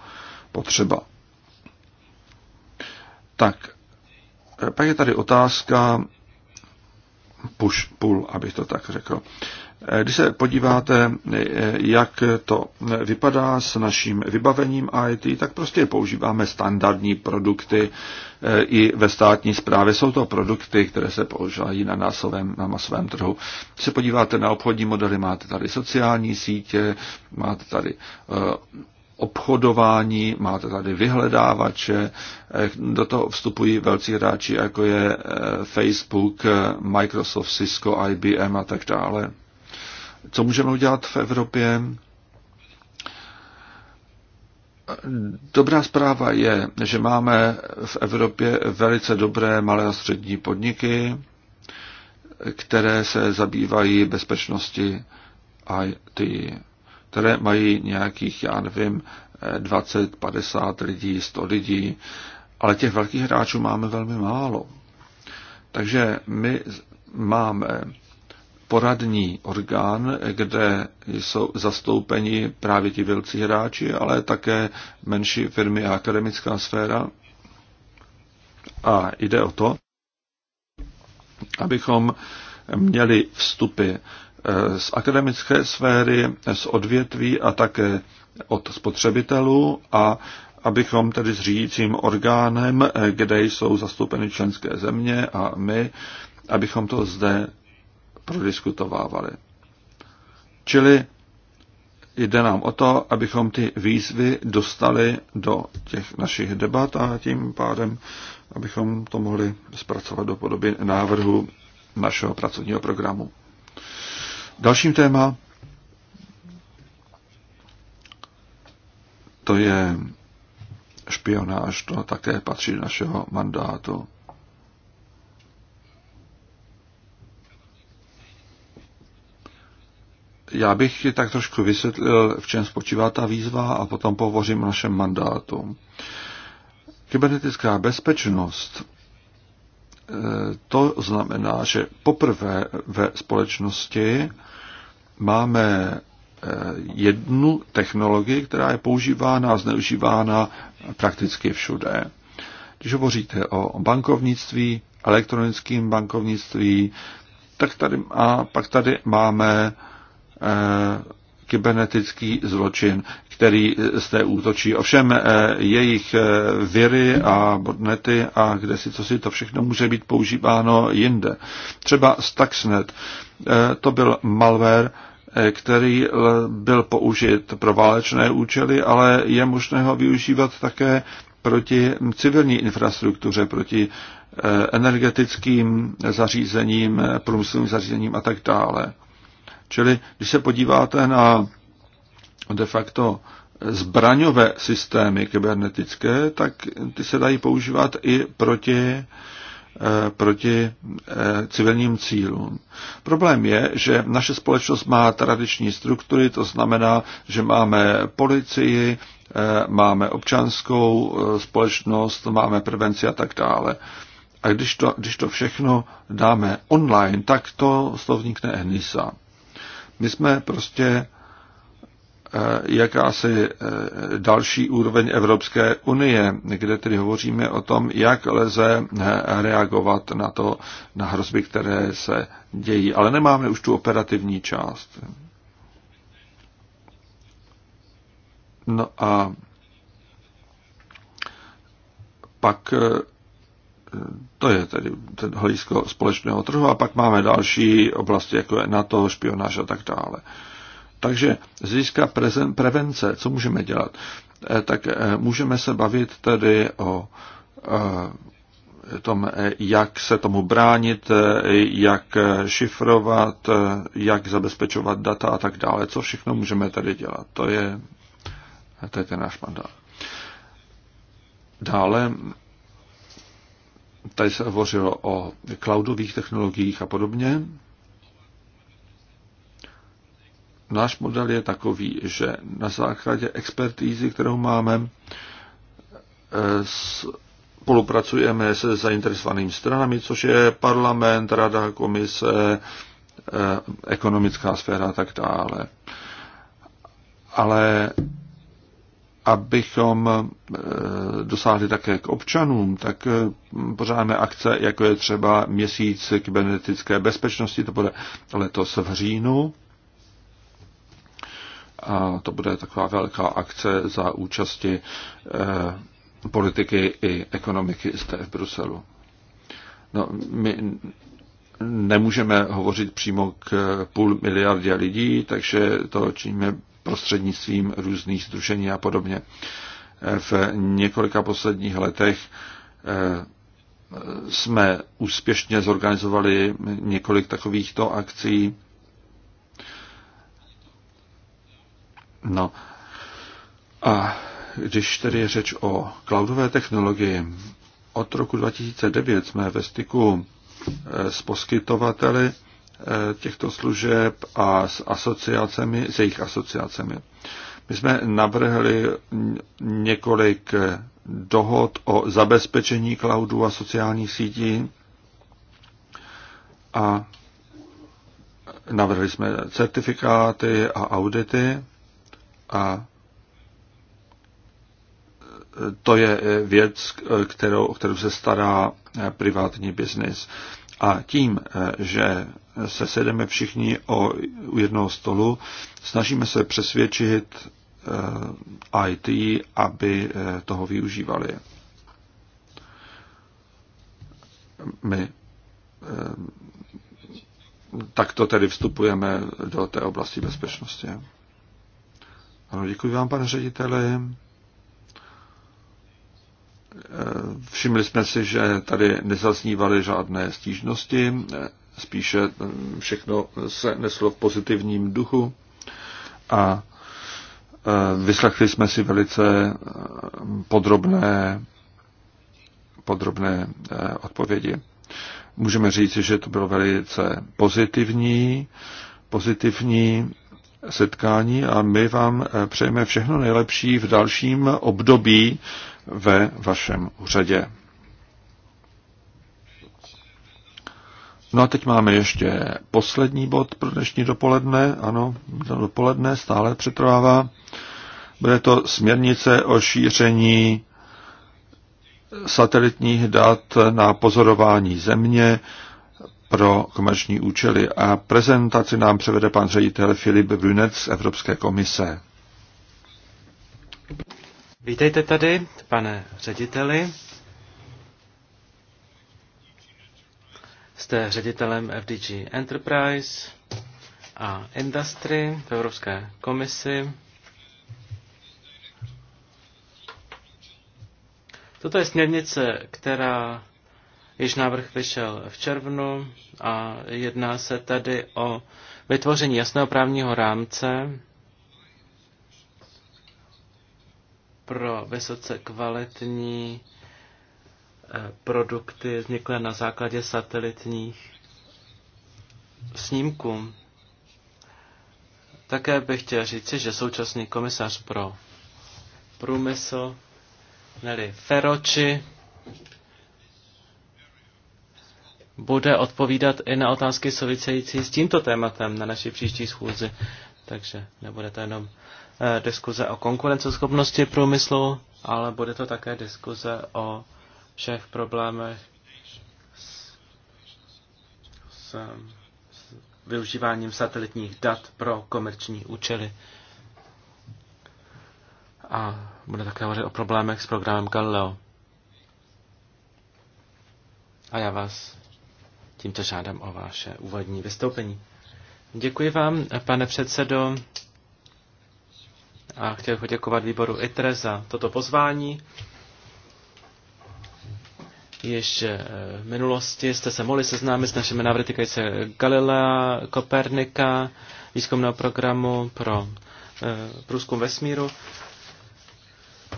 potřeba. Tak, eh, pak je tady otázka push-pull, abych to tak řekl. Eh, když se podíváte, eh, jak to eh, vypadá s naším vybavením IT, tak prostě používáme standardní produkty i ve státní správě. Jsou to produkty, které se používají na, masovém, na masovém trhu. Když se podíváte na obchodní modely, máte tady sociální sítě, máte tady obchodování, máte tady vyhledávače, do toho vstupují velcí hráči, jako je Facebook, Microsoft, Cisco, IBM a tak dále. Co můžeme udělat v Evropě? Dobrá zpráva je, že máme v Evropě velice dobré malé a střední podniky, které se zabývají bezpečnosti a ty, které mají nějakých, já nevím, 20, 50 lidí, 100 lidí, ale těch velkých hráčů máme velmi málo. Takže my máme poradní orgán, kde jsou zastoupeni právě ti velcí hráči, ale také menší firmy a akademická sféra. A jde o to, abychom měli vstupy eh, z akademické sféry, z odvětví a také od spotřebitelů a abychom tedy s řídícím orgánem, eh, kde jsou zastoupeny členské země a my, abychom to zde prodiskutovávali. Čili jde nám o to, abychom ty výzvy dostali do těch našich debat a tím pádem, abychom to mohli zpracovat do podoby návrhu našeho pracovního programu. Dalším téma to je špionáž, to také patří do našeho mandátu. Já bych tak trošku vysvětlil, v čem spočívá ta výzva a potom povořím o našem mandátu. Kybernetická bezpečnost eh, to znamená, že poprvé ve společnosti máme eh, jednu technologii, která je používána a zneužívána prakticky všude. Když hovoříte o bankovnictví, elektronickém bankovnictví, tak tady, a pak tady máme Eh, kybernetický zločin, který té útočí. Ovšem eh, jejich eh, viry a botnety a kde si co si to všechno může být používáno jinde. Třeba Stuxnet, to byl malware, který byl použit pro válečné účely, ale je možné ho využívat také proti civilní infrastruktuře, proti energetickým zařízením, průmyslovým zařízením a tak dále. Čili když se podíváte na de facto zbraňové systémy kybernetické, tak ty se dají používat i proti, eh, proti eh, civilním cílům. Problém je, že naše společnost má tradiční struktury, to znamená, že máme policii, eh, máme občanskou společnost, máme prevenci a tak dále. A když to, když to všechno dáme online, tak to slovník nehnisa. My jsme prostě eh, jakási eh, další úroveň Evropské unie, kde tedy hovoříme o tom, jak lze eh, reagovat na to, na hrozby, které se dějí. Ale nemáme už tu operativní část. No a pak to je tedy ten hledisko společného trhu a pak máme další oblasti, jako je NATO, špionáž a tak dále. Takže z hlediska prevence, co můžeme dělat? Eh, tak eh, můžeme se bavit tedy o eh, tom, jak se tomu bránit, jak šifrovat, jak zabezpečovat data a tak dále. Co všechno můžeme tady dělat? To je, to je ten náš mandát. Dále tady se hovořilo o cloudových technologiích a podobně. Náš model je takový, že na základě expertízy, kterou máme, eh, spolupracujeme se zainteresovanými stranami, což je parlament, rada, komise, eh, ekonomická sféra a tak dále. Ale abychom eh, dosáhli také k občanům, tak eh, pořádáme akce, jako je třeba měsíc kybernetické bezpečnosti, to bude letos v říjnu. A to bude taková velká akce za účasti eh, politiky i ekonomiky zde v Bruselu. No, my nemůžeme hovořit přímo k půl miliardě lidí, takže to činíme prostřednictvím různých združení a podobně. V několika posledních letech eh, jsme úspěšně zorganizovali několik takovýchto akcí. No a když tedy je řeč o cloudové technologii, od roku 2009 jsme ve styku eh, s poskytovateli Eh, těchto služeb a s asociacemi, s jejich asociacemi. My jsme navrhli několik dohod o zabezpečení cloudu a sociálních sítí a navrhli jsme certifikáty a audity a eh, to je eh, věc, kterou, kterou se stará privátní biznis. A tím, že se sedeme všichni o, u jednoho stolu, snažíme se přesvědčit eh, IT, aby eh, toho využívali. My eh, takto tedy vstupujeme do té oblasti bezpečnosti. Ano, děkuji vám, pane řediteli. Všimli jsme si, že tady nezaznívaly žádné stížnosti spíše eh, všechno se neslo v pozitivním duchu a eh, vyslechli jsme si velice eh, podrobné, podrobné odpovědi. Můžeme říci, že to bylo velice pozitivní, pozitivní setkání a my vám přejeme všechno nejlepší v dalším období ve vašem úřadě. No a teď máme ještě poslední bod pro dnešní dopoledne. Ano, to dopoledne stále přetrvává. Bude to směrnice o šíření satelitních dat na pozorování země pro komerční účely. A prezentaci nám převede pan ředitel Filip Brunec z Evropské komise. Vítejte tady, pane řediteli. Jste ředitelem FDG Enterprise a Industry v Evropské komisi. Toto je směrnice, která již návrh vyšel v červnu a jedná se tady o vytvoření jasného právního rámce pro vysoce kvalitní Eh, produkty vzniklé na základě satelitních snímků. Také bych chtěl říci, že současný komisař pro průmysl, neli Feroči, bude odpovídat i na otázky související s tímto tématem na naší příští schůzi. Takže nebude to jenom eh, diskuze o konkurenceschopnosti průmyslu, ale bude to také diskuze o všech problémech s, s využíváním satelitních dat pro komerční účely. A bude také hovořit o problémech s programem Galileo. A já vás tímto žádám o vaše úvodní vystoupení. Děkuji vám, pane předsedo, a chtěl bych poděkovat výboru ITRE za toto pozvání. Již eh, v minulosti jste se mohli seznámit s našimi návrhy týkající Galilea, Kopernika, výzkumného programu pro eh, průzkum vesmíru.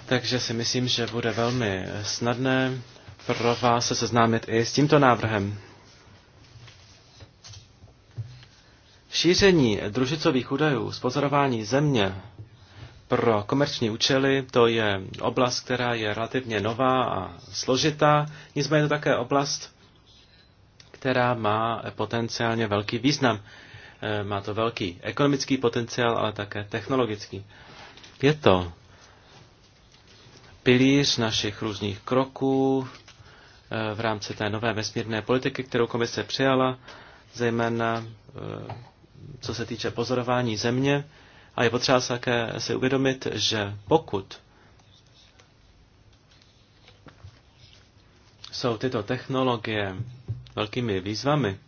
Takže si myslím, že bude velmi eh, snadné pro vás se seznámit i s tímto návrhem. Šíření družicových údajů z pozorování země pro komerční účely to je oblast, která je relativně nová a složitá, nicméně je to také oblast, která má potenciálně velký význam. Eh, má to velký ekonomický potenciál, ale také technologický. Je to pilíř našich různých kroků eh, v rámci té nové vesmírné politiky, kterou komise přijala, zejména eh, co se týče pozorování země. A je potřeba se také si uvědomit, že pokud jsou tyto technologie velkými výzvami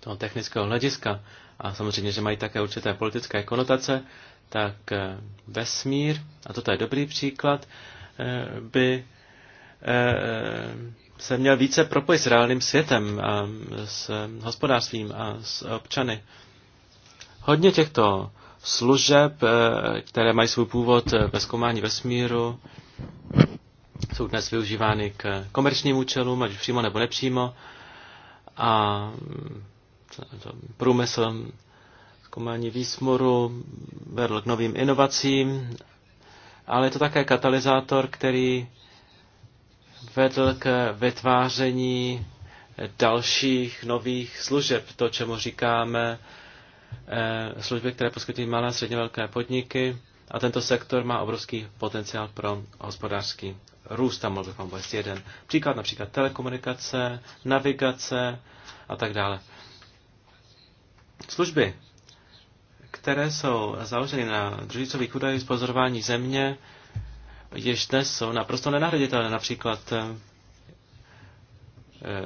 toho technického hlediska a samozřejmě, že mají také určité politické konotace, tak eh, vesmír, a toto je dobrý příklad, eh, by eh, se měl více propojit s reálným světem a s hospodářstvím a s občany. Hodně těchto služeb, eh, které mají svůj původ eh, ve zkoumání vesmíru, jsou dnes využívány k komerčním účelům, ať přímo nebo nepřímo. A mm, průmysl zkoumání výsmoru vedl k novým inovacím, ale je to také katalyzátor, který vedl k vytváření dalších nových služeb, to, čemu říkáme Eh, služby, které poskytují malé a středně velké podniky. A tento sektor má obrovský potenciál pro hospodářský růst. Tam mohl bych vám uvést jeden příklad, například telekomunikace, navigace a tak dále. Služby, které jsou založeny na družicových údajích z pozorování země, jež dnes jsou naprosto nenahraditelné. Například eh,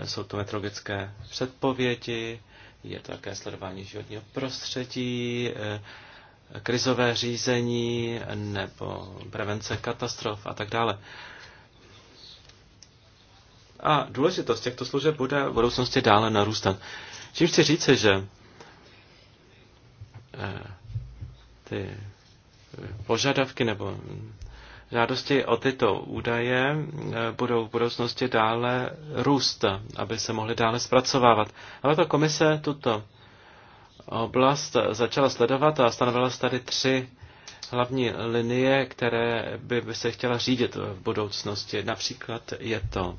jsou to metrologické předpovědi, je to také sledování životního prostředí, eh, krizové řízení nebo prevence katastrof a tak dále. A důležitost těchto služeb bude v budoucnosti dále narůstat. Čím chci říci, že eh, ty požadavky nebo Žádosti o tyto údaje e, budou v budoucnosti dále růst, aby se mohly dále zpracovávat. Ale ta komise tuto oblast začala sledovat a stanovila se tady tři hlavní linie, které by, by se chtěla řídit v budoucnosti. Například je to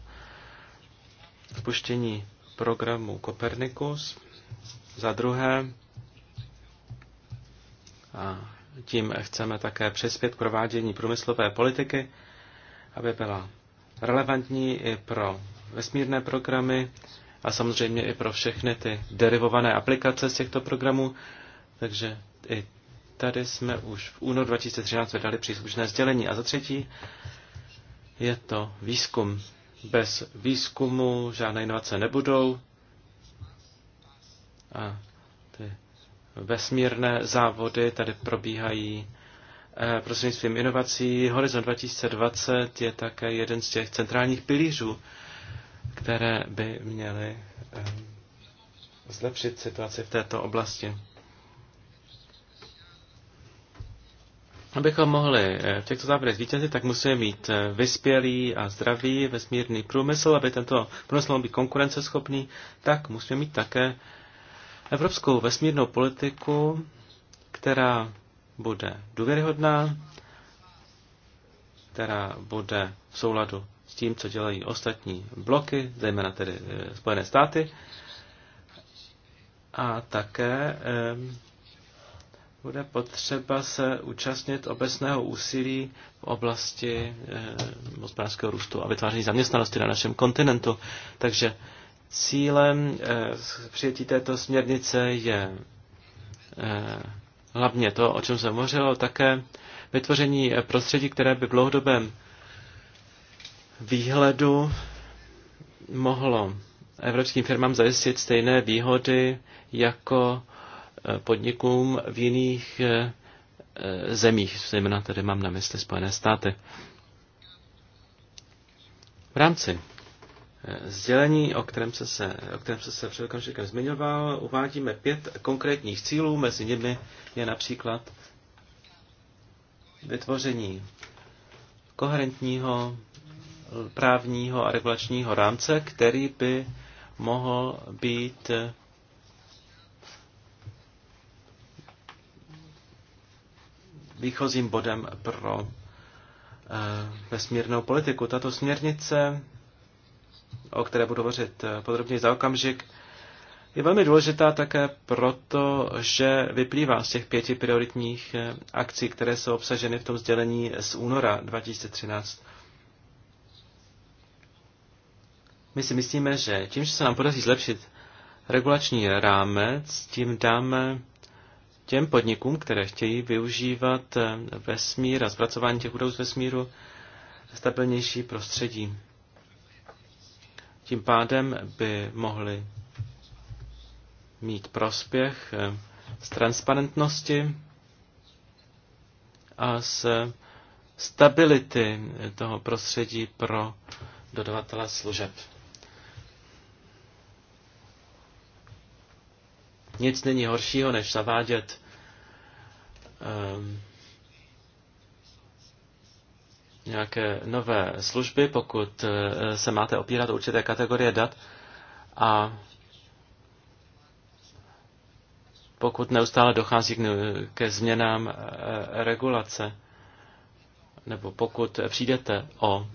spuštění programu Copernicus, za druhé a tím chceme také přispět k provádění průmyslové politiky, aby byla relevantní i pro vesmírné programy a samozřejmě i pro všechny ty derivované aplikace z těchto programů. Takže i tady jsme už v únoru 2013 vydali příslušné sdělení. A za třetí je to výzkum. Bez výzkumu žádné inovace nebudou. A vesmírné závody tady probíhají eh, prostřednictvím inovací. Horizont 2020 je také jeden z těch centrálních pilířů, které by měly eh, zlepšit situaci v této oblasti. Abychom mohli eh, v těchto závodech zvítězit, tak musíme mít vyspělý a zdravý vesmírný průmysl. Aby tento průmysl mohl být konkurenceschopný, tak musíme mít také evropskou vesmírnou politiku, která bude důvěryhodná, která bude v souladu s tím, co dělají ostatní bloky, zejména tedy eh, Spojené státy, a také eh, bude potřeba se účastnit obecného úsilí v oblasti eh, hospodářského růstu a vytváření zaměstnanosti na našem kontinentu. Takže Cílem eh, přijetí této směrnice je eh, hlavně to, o čem se hovořil, také vytvoření prostředí, které by v dlouhodobém výhledu mohlo evropským firmám zajistit stejné výhody jako eh, podnikům v jiných zemích, zejména tady mám na mysli Spojené státy. V rámci sdělení, o kterém se, se, o kterém se, se před okamžikem zmiňoval, uvádíme pět konkrétních cílů, mezi nimi je například vytvoření koherentního právního a regulačního rámce, který by mohl být výchozím bodem pro eh, vesmírnou politiku. Tato směrnice o které budu hovořit eh, podrobněji za okamžik, je velmi důležitá také proto, že vyplývá z těch pěti prioritních eh, akcí, které jsou obsaženy v tom sdělení z února 2013. My si myslíme, že tím, že se nám podaří zlepšit regulační rámec, tím dáme těm podnikům, které chtějí využívat eh, vesmír a zpracování těch údajů z vesmíru, stabilnější prostředí. Tím pádem by mohli mít prospěch eh, z transparentnosti a z stability toho prostředí pro dodavatele služeb. Nic není horšího, než zavádět um, nějaké nové služby, pokud eh, se máte opírat o určité kategorie dat a pokud neustále dochází ke změnám eh, regulace, nebo pokud přijdete o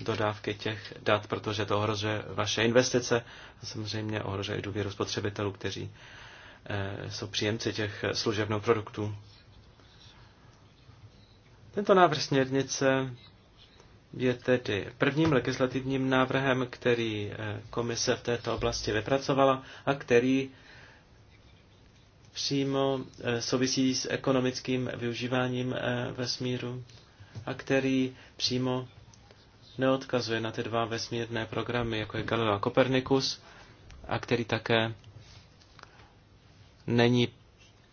dodávky těch dat, protože to ohrožuje vaše investice a samozřejmě ohrožuje i důvěru spotřebitelů, kteří eh, jsou příjemci těch služebných produktů. Tento návrh směrnice je tedy prvním legislativním návrhem, který eh, komise v této oblasti vypracovala a který přímo eh, souvisí s ekonomickým využíváním eh, vesmíru a který přímo neodkazuje na ty dva vesmírné programy, jako je Galileo a Copernicus, a který také není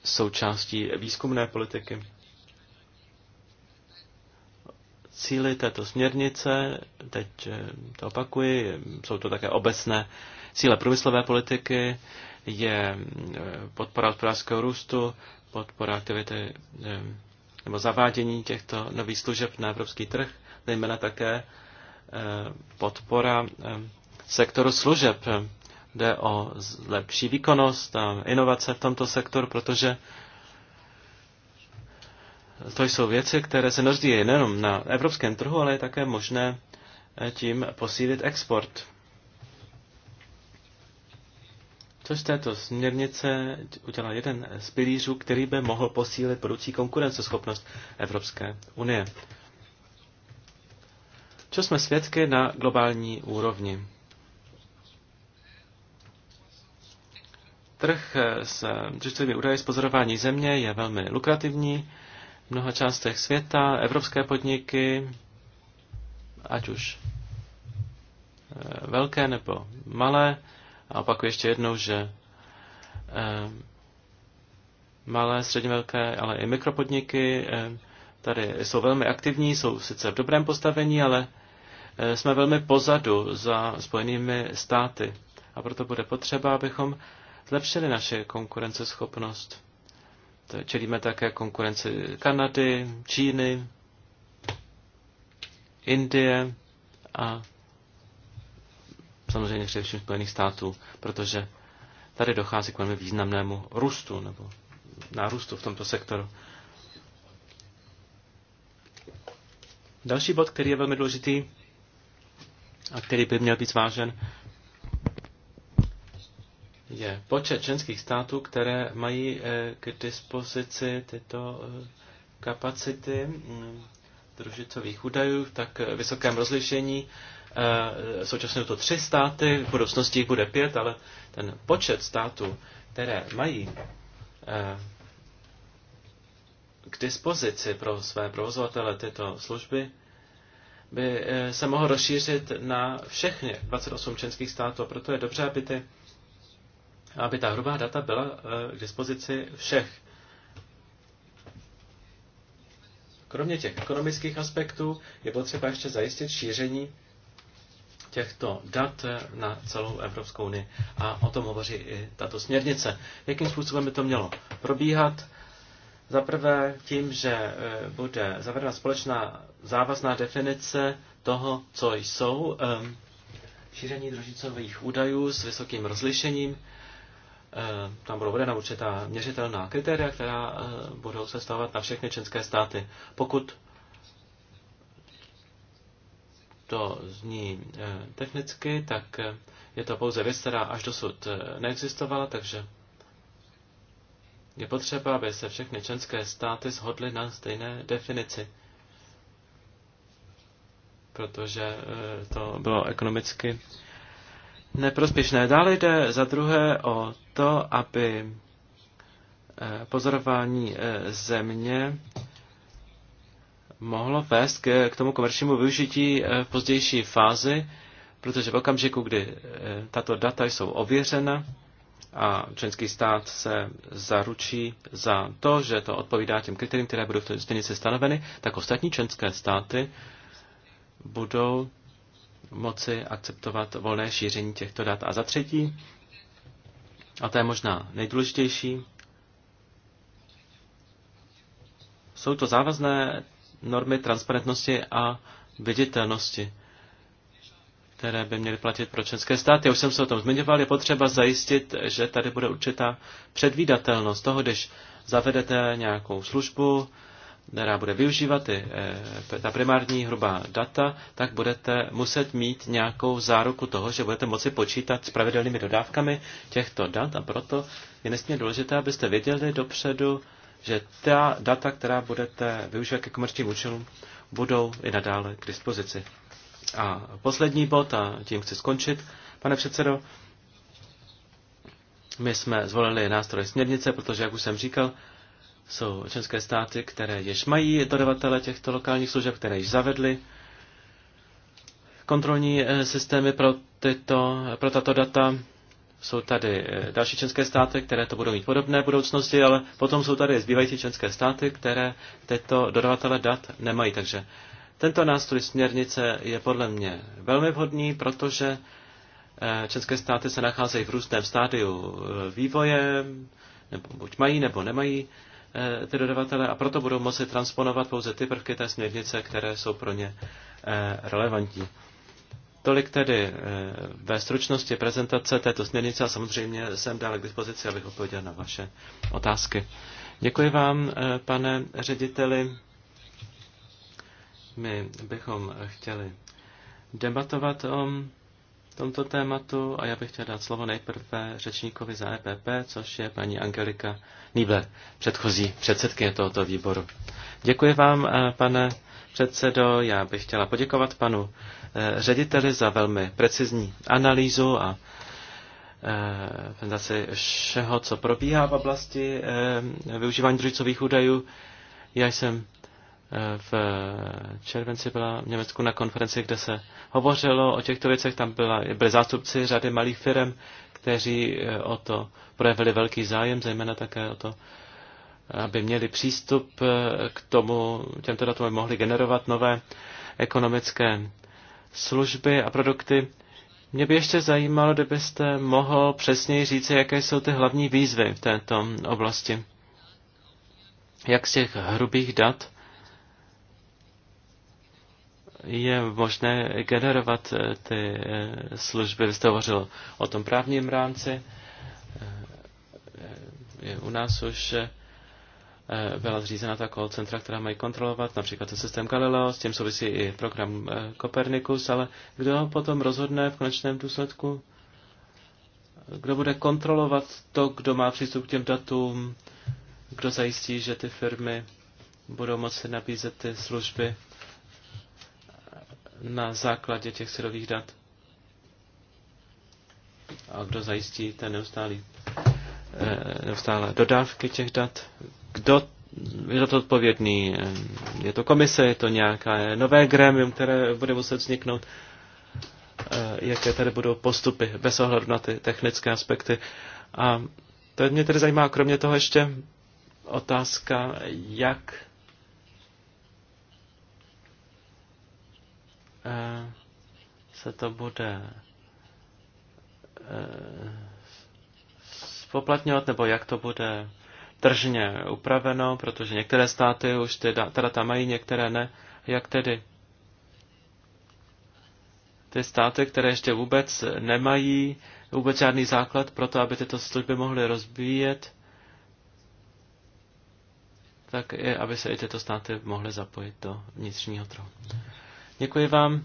součástí výzkumné politiky cíly této směrnice, teď eh, to opakuji, jsou to také obecné cíle průmyslové politiky, je eh, podpora hospodářského růstu, podpora aktivity eh, nebo zavádění těchto nových služeb na evropský trh, zejména také podpora sektoru služeb. Jde o lepší výkonnost a inovace v tomto sektoru, protože to jsou věci, které se rozvíjejí nejenom na evropském trhu, ale je také možné eh, tím posílit export. Což z této směrnice udělá jeden z pilířů, který by mohl posílit budoucí konkurenceschopnost Evropské unie. Co jsme svědky na globální úrovni? Trh eh, s družstvými údaje z pozorování země je velmi lukrativní mnoha částech světa, evropské podniky, ať už eh, velké nebo malé, a pak ještě jednou, že eh, malé, středně velké, ale i mikropodniky eh, tady jsou velmi aktivní, jsou sice v dobrém postavení, ale jsme velmi pozadu za spojenými státy. A proto bude potřeba, abychom zlepšili naše konkurenceschopnost. Čelíme také konkurenci Kanady, Číny, Indie a samozřejmě především Spojených států, protože tady dochází k velmi významnému růstu nebo nárůstu v tomto sektoru. Další bod, který je velmi důležitý a který by měl být zvážen, je počet ženských států, které mají eh, k dispozici tyto eh, kapacity mm, družicových údajů v tak eh, vysokém rozlišení. Současně to tři státy, v budoucnosti jich bude pět, ale ten počet států, které mají k dispozici pro své provozovatele tyto služby, by se mohl rozšířit na všechny 28 členských států. Proto je dobře, aby ty aby ta hrubá data byla eh, k dispozici všech. Kromě těch ekonomických aspektů je potřeba ještě zajistit šíření těchto dat eh, na celou Evropskou unii. A o tom hovoří i tato směrnice. Jakým způsobem by to mělo probíhat? Za prvé tím, že eh, bude zavedena společná závazná definice toho, co jsou ehm, šíření družicových údajů s vysokým rozlišením Eh, tam budou vedena určitá měřitelná kritéria, která eh, budou se stávat na všechny členské státy. Pokud to zní eh, technicky, tak je to pouze věc, která až dosud neexistovala, takže je potřeba, aby se všechny členské státy shodly na stejné definici, protože to bylo ekonomicky neprospěšné. Dále jde za druhé o to, aby eh, pozorování eh, země mohlo vést k, tomu komerčnímu využití eh, v pozdější fázi, protože v okamžiku, kdy tato data jsou ověřena a členský stát se zaručí za to, že to odpovídá těm kritériím, které budou v té stanoveny, tak ostatní členské státy budou moci akceptovat volné šíření těchto dat. A za třetí, a to je možná nejdůležitější, jsou to závazné normy transparentnosti a viditelnosti, které by měly platit pro české státy. Už jsem se o tom zmiňoval, je potřeba zajistit, že tady bude určitá předvídatelnost toho, když zavedete nějakou službu, která bude využívat ty, eh, ta primární hrubá data, tak budete muset mít nějakou záruku toho, že budete moci počítat s pravidelnými dodávkami těchto dat a proto je nesmírně důležité, abyste věděli dopředu, že ta data, která budete využívat ke komerčním účelům, budou i nadále k dispozici. A poslední bod, a tím chci skončit, pane předsedo, my jsme zvolili nástroj směrnice, protože, jak už jsem říkal, jsou české státy, které již mají dodavatele těchto lokálních služeb, které již zavedly kontrolní eh, systémy pro, tyto, pro tato data. Jsou tady eh, další členské státy, které to budou mít podobné v budoucnosti, ale potom jsou tady zbývající členské státy, které tyto dodavatele dat nemají. Takže tento nástroj směrnice je podle mě velmi vhodný, protože eh, české státy se nacházejí v různém stádiu vývoje, nebo buď mají, nebo nemají Eh, ty dodavatele a proto budou moci transponovat pouze ty prvky té směrnice, které jsou pro ně eh, relevantní. Tolik tedy eh, ve stručnosti prezentace této směrnice a samozřejmě jsem dále k dispozici, abych odpověděl na vaše otázky. Děkuji vám, pane řediteli. My bychom chtěli debatovat o tomto tématu a já bych chtěl dát slovo nejprve řečníkovi za EPP, což je paní Angelika Nýbler, předchozí předsedkyně tohoto výboru. Děkuji vám, eh, pane předsedo. Já bych chtěla poděkovat panu eh, řediteli za velmi precizní analýzu a eh, prezentaci všeho, co probíhá v oblasti využívání družicových údajů. Já jsem v červenci byla v Německu na konferenci, kde se hovořilo o těchto věcech. Tam byla, byly zástupci řady malých firm, kteří eh, o to projevili velký zájem, zejména také o to, aby měli přístup eh, k tomu, těmto datům mohli generovat nové ekonomické služby a produkty. Mě by ještě zajímalo, kdybyste mohl přesněji říci, jaké jsou ty hlavní výzvy v této oblasti. Jak z těch hrubých dat je možné generovat eh, ty eh, služby. Vy jste hovořil o tom právním rámci. Eh, u nás už byla zřízena ta call centra, která mají kontrolovat, například ten systém Galileo, s tím souvisí i program Copernicus, ale kdo ho potom rozhodne v konečném důsledku? Kdo bude kontrolovat to, kdo má přístup k těm datům? Kdo zajistí, že ty firmy budou moci nabízet ty služby? na základě těch syrových dat. A kdo zajistí ten neustálý, eh, neustále dodávky těch dat? Kdo je za to odpovědný? Eh, je to komise, je to nějaké eh, nové grémium, které bude muset vzniknout? Jaké tady budou postupy bez ohledu na ty technické aspekty? A to mě tedy zajímá, kromě toho ještě otázka, jak Eh, se to bude eh, spoplatňovat, nebo jak to bude tržně upraveno, protože některé státy už ty teda tam mají, některé ne. Jak tedy ty státy, které ještě vůbec nemají vůbec žádný základ pro to, aby tyto služby mohly rozbíjet, tak i aby se i tyto státy mohly zapojit do vnitřního trhu. Děkuji vám.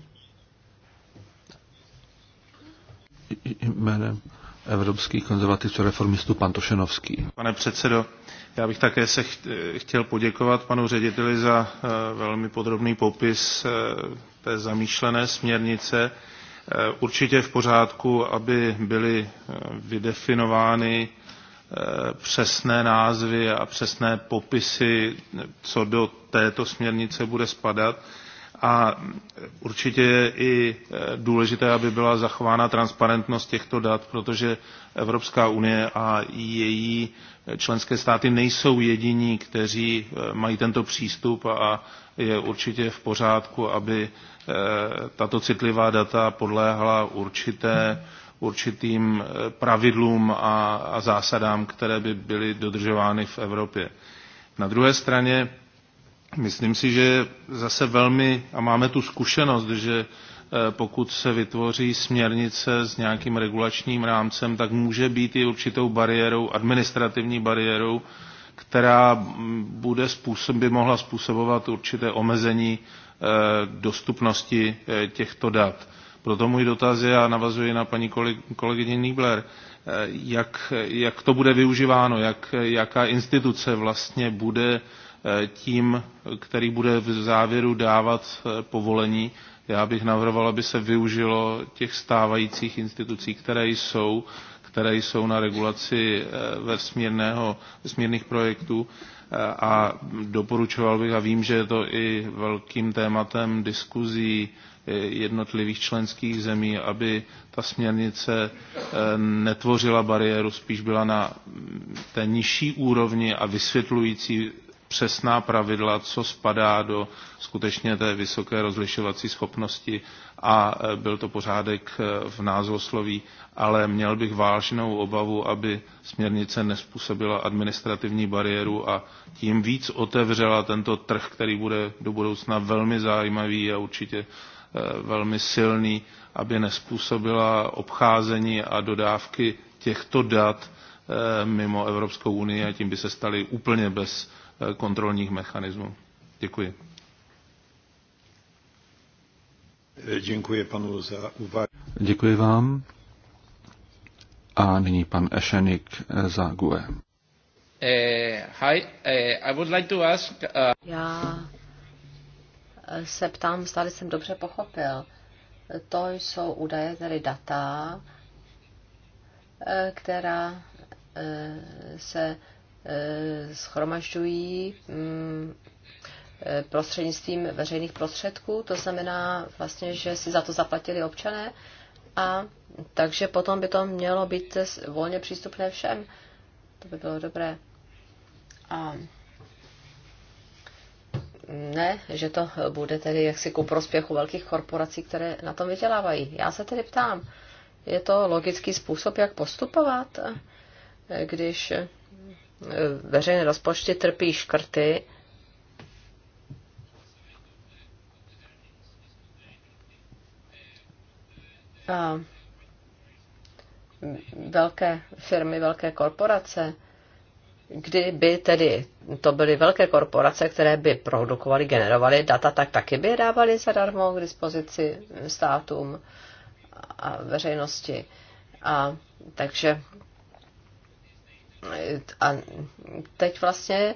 Jménem Evropských konzervativců reformistů pan Tošenovský. Pane předsedo, já bych také se chtěl poděkovat panu řediteli za eh, velmi podrobný popis eh, té zamýšlené směrnice. Eh, určitě v pořádku, aby byly vydefinovány přesné názvy a přesné popisy, co do této směrnice bude spadat a určitě je i e, důležité, aby byla zachována transparentnost těchto dat, protože Evropská unie a její členské státy nejsou jediní, kteří e, mají tento přístup a je určitě v pořádku, aby e, tato citlivá data podléhala určité, určitým pravidlům a, a zásadám, které by byly dodržovány v Evropě. Na druhé straně Myslím si, že zase velmi, a máme tu zkušenost, že eh, pokud se vytvoří směrnice s nějakým regulačním rámcem, tak může být i určitou bariérou, administrativní bariérou, která mm, bude způsob, by mohla způsobovat určité omezení eh, dostupnosti eh, těchto dat. Proto můj dotaz je, a navazuji na paní kolegyni Niebler, jak, jak to bude využíváno, jak, jaká instituce vlastně bude tím, který bude v závěru dávat eh, povolení. Já bych navrhoval, aby se využilo těch stávajících institucí, které jsou, které jsou na regulaci eh, směrného směrných projektů eh, a doporučoval bych, a vím, že je to i velkým tématem diskuzí jednotlivých členských zemí, aby ta směrnice netvořila bariéru, spíš byla na té nižší úrovni a vysvětlující přesná pravidla, co spadá do skutečně té vysoké rozlišovací schopnosti a e, byl to pořádek e, v názvosloví, ale měl bych vážnou obavu, aby směrnice nespůsobila administrativní bariéru a tím víc otevřela tento trh, který bude do budoucna velmi zajímavý a určitě e, velmi silný, aby nespůsobila obcházení a dodávky těchto dat mimo Evropskou unii a tím by se staly úplně bez Eh, kontrolních mechanismů. Děkuji. Eh, děkuji panu za úvahu. Děkuji vám. A nyní pan Ešenik eh, za GUE. Uh, hi, uh, I would like to ask, uh... Já se ptám, zda jsem dobře pochopil. To jsou údaje, tedy data, která se Eh, schromažďují mm, eh, prostřednictvím veřejných prostředků, to znamená vlastně, že si za to zaplatili občané a takže potom by to mělo být volně přístupné všem. To by bylo dobré. A ne, že to bude tedy jaksi ku prospěchu velkých korporací, které na tom vydělávají. Já se tedy ptám, je to logický způsob, jak postupovat, eh, když veřejné rozpočty trpí škrty, a velké firmy, velké korporace, kdyby tedy to byly velké korporace, které by produkovaly, generovaly data, tak taky by je dávaly zadarmo k dispozici státům a veřejnosti. A takže a teď vlastně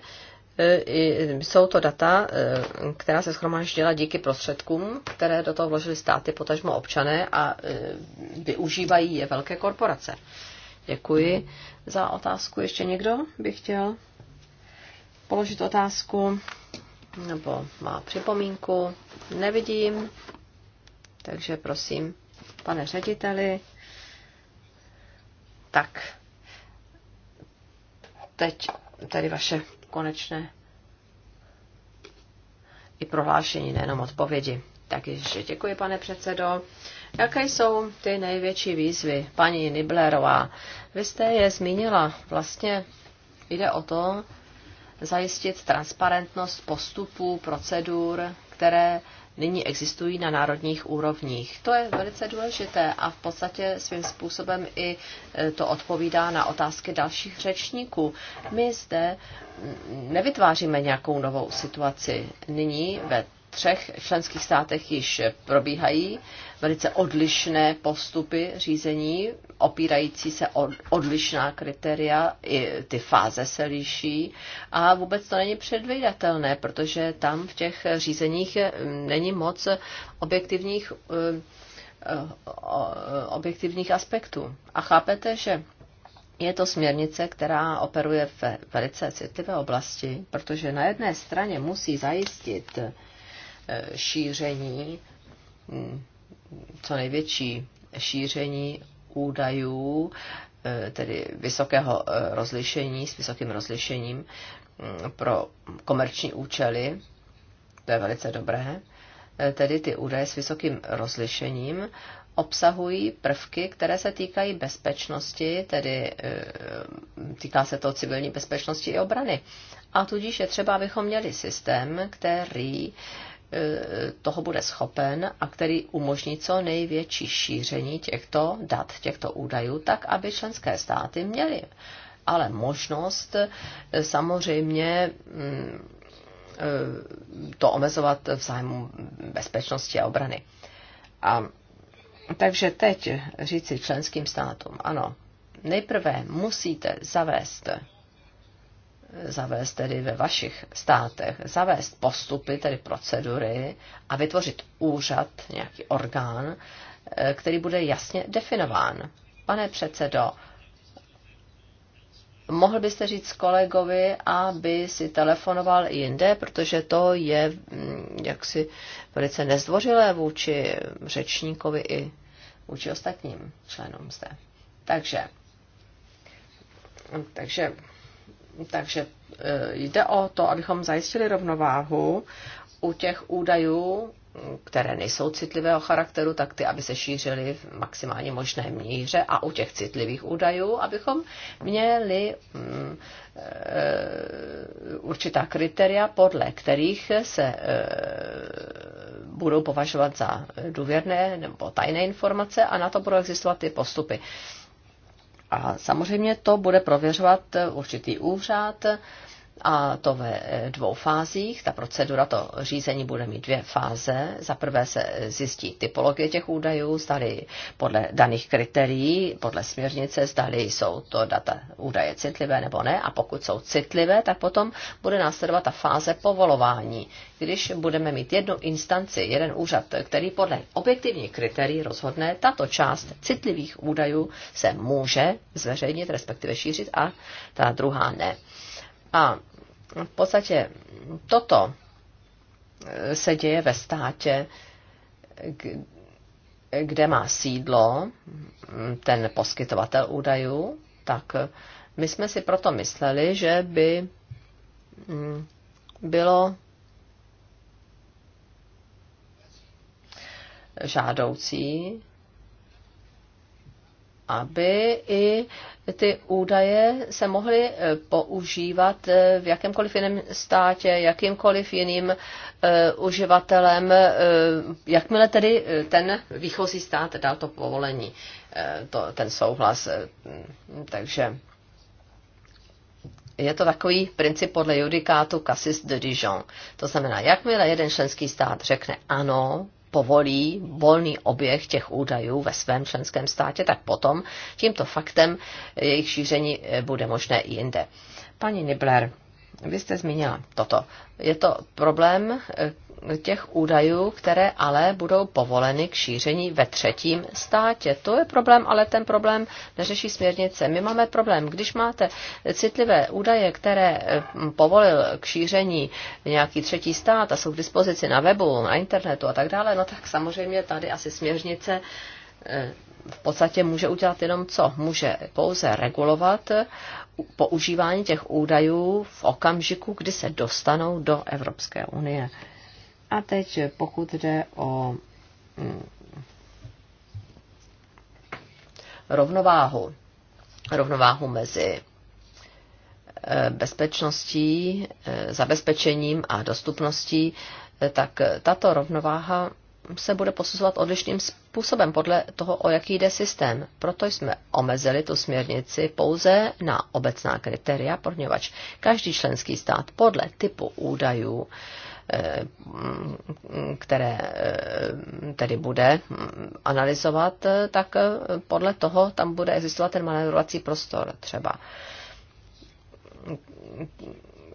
e, jsou to data, e, která se schromáždila díky prostředkům, které do toho vložili státy, potažmo občané a e, využívají je velké korporace. Děkuji za otázku. Ještě někdo by chtěl položit otázku nebo má připomínku? Nevidím. Takže prosím, pane řediteli. Tak teď tady vaše konečné i prohlášení, nejenom odpovědi. Takže děkuji, pane předsedo. Jaké jsou ty největší výzvy, paní Niblerová? Vy jste je zmínila. Vlastně jde o to zajistit transparentnost postupů, procedur, které nyní existují na národních úrovních. To je velice důležité a v podstatě svým způsobem i e, to odpovídá na otázky dalších řečníků. My zde nevytváříme nějakou novou situaci. Nyní ve třech členských státech již probíhají velice odlišné postupy řízení, opírající se o odlišná kritéria, i ty fáze se liší a vůbec to není předvídatelné, protože tam v těch řízeních eh, není moc objektivních, eh, objektivních aspektů. A chápete, že je to směrnice, která operuje ve velice citlivé oblasti, protože na jedné straně musí zajistit šíření, co největší šíření údajů, eh, tedy vysokého eh, rozlišení, s vysokým rozlišením mm, pro komerční účely. To je velice dobré. Eh, tedy ty údaje s vysokým rozlišením obsahují prvky, které se týkají bezpečnosti, tedy týká se to civilní bezpečnosti i obrany. A tudíž je třeba, abychom měli systém, který eh, toho bude schopen a který umožní co největší šíření těchto dat, těchto údajů, tak aby členské státy měly ale možnost eh, samozřejmě mm, eh, to omezovat v zájmu bezpečnosti a obrany. A takže teď říci členským státům, ano, nejprve musíte zavést zavést tedy ve vašich státech, zavést postupy, tedy procedury a vytvořit úřad, nějaký orgán, eh, který bude jasně definován. Pane předsedo, mohl byste říct kolegovi, aby si telefonoval jinde, protože to je mm, jaksi velice nezdvořilé vůči řečníkovi i vůči ostatním členům zde. Takže, takže takže e, jde o to, abychom zajistili rovnováhu u těch údajů, které nejsou citlivého charakteru, tak ty, aby se šířily v maximálně možné míře a u těch citlivých údajů, abychom měli mm, e, určitá kritéria, podle kterých se e, budou považovat za důvěrné nebo tajné informace a na to budou existovat ty postupy. A samozřejmě to bude prověřovat eh, určitý úřad, a to ve dvou fázích. Ta procedura, to řízení bude mít dvě fáze. Za prvé se zjistí typologie těch údajů, zdali podle daných kritérií, podle směrnice, zdali jsou to data údaje citlivé nebo ne. A pokud jsou citlivé, tak potom bude následovat ta fáze povolování. Když budeme mít jednu instanci, jeden úřad, který podle objektivních kritérií rozhodne, tato část citlivých údajů se může zveřejnit, respektive šířit a ta druhá ne. A v podstatě toto eh, se děje ve státě, kde má sídlo hm, ten poskytovatel údajů, tak eh, my jsme si proto mysleli, že by hm, bylo žádoucí aby i ty údaje se mohly eh, používat eh, v jakémkoliv jiném státě, jakýmkoliv jiným eh, uživatelem, jakmile tedy ten výchozí stát dal to povolení, to, ten souhlas. Takže je to takový princip podle judikátu Cassis de Dijon. To znamená, jakmile jeden členský stát řekne ano, povolí volný oběh těch údajů ve svém členském státě, tak potom tímto faktem jejich šíření eh, bude možné i jinde. Paní Nibler, vy jste zmínila toto. Je to problém eh, těch údajů, které ale budou povoleny k šíření ve třetím státě. To je problém, ale ten problém neřeší směrnice. My máme problém, když máte citlivé údaje, které eh, povolil k šíření nějaký třetí stát a jsou k dispozici na webu, na internetu a tak dále, no tak samozřejmě tady asi směrnice eh, v podstatě může udělat jenom co? Může pouze regulovat používání těch údajů v okamžiku, kdy se dostanou do Evropské unie. A teď pokud jde o mm, rovnováhu, rovnováhu mezi eh, bezpečností, eh, zabezpečením a dostupností, eh, tak tato rovnováha se bude posuzovat odlišným způsobem podle toho, o jaký jde systém. Proto jsme omezili tu směrnici pouze na obecná kritéria, poněvadž každý členský stát podle typu údajů, eh, které eh, tedy bude mm, analyzovat, eh, tak podle toho tam bude existovat ten manévrovací prostor třeba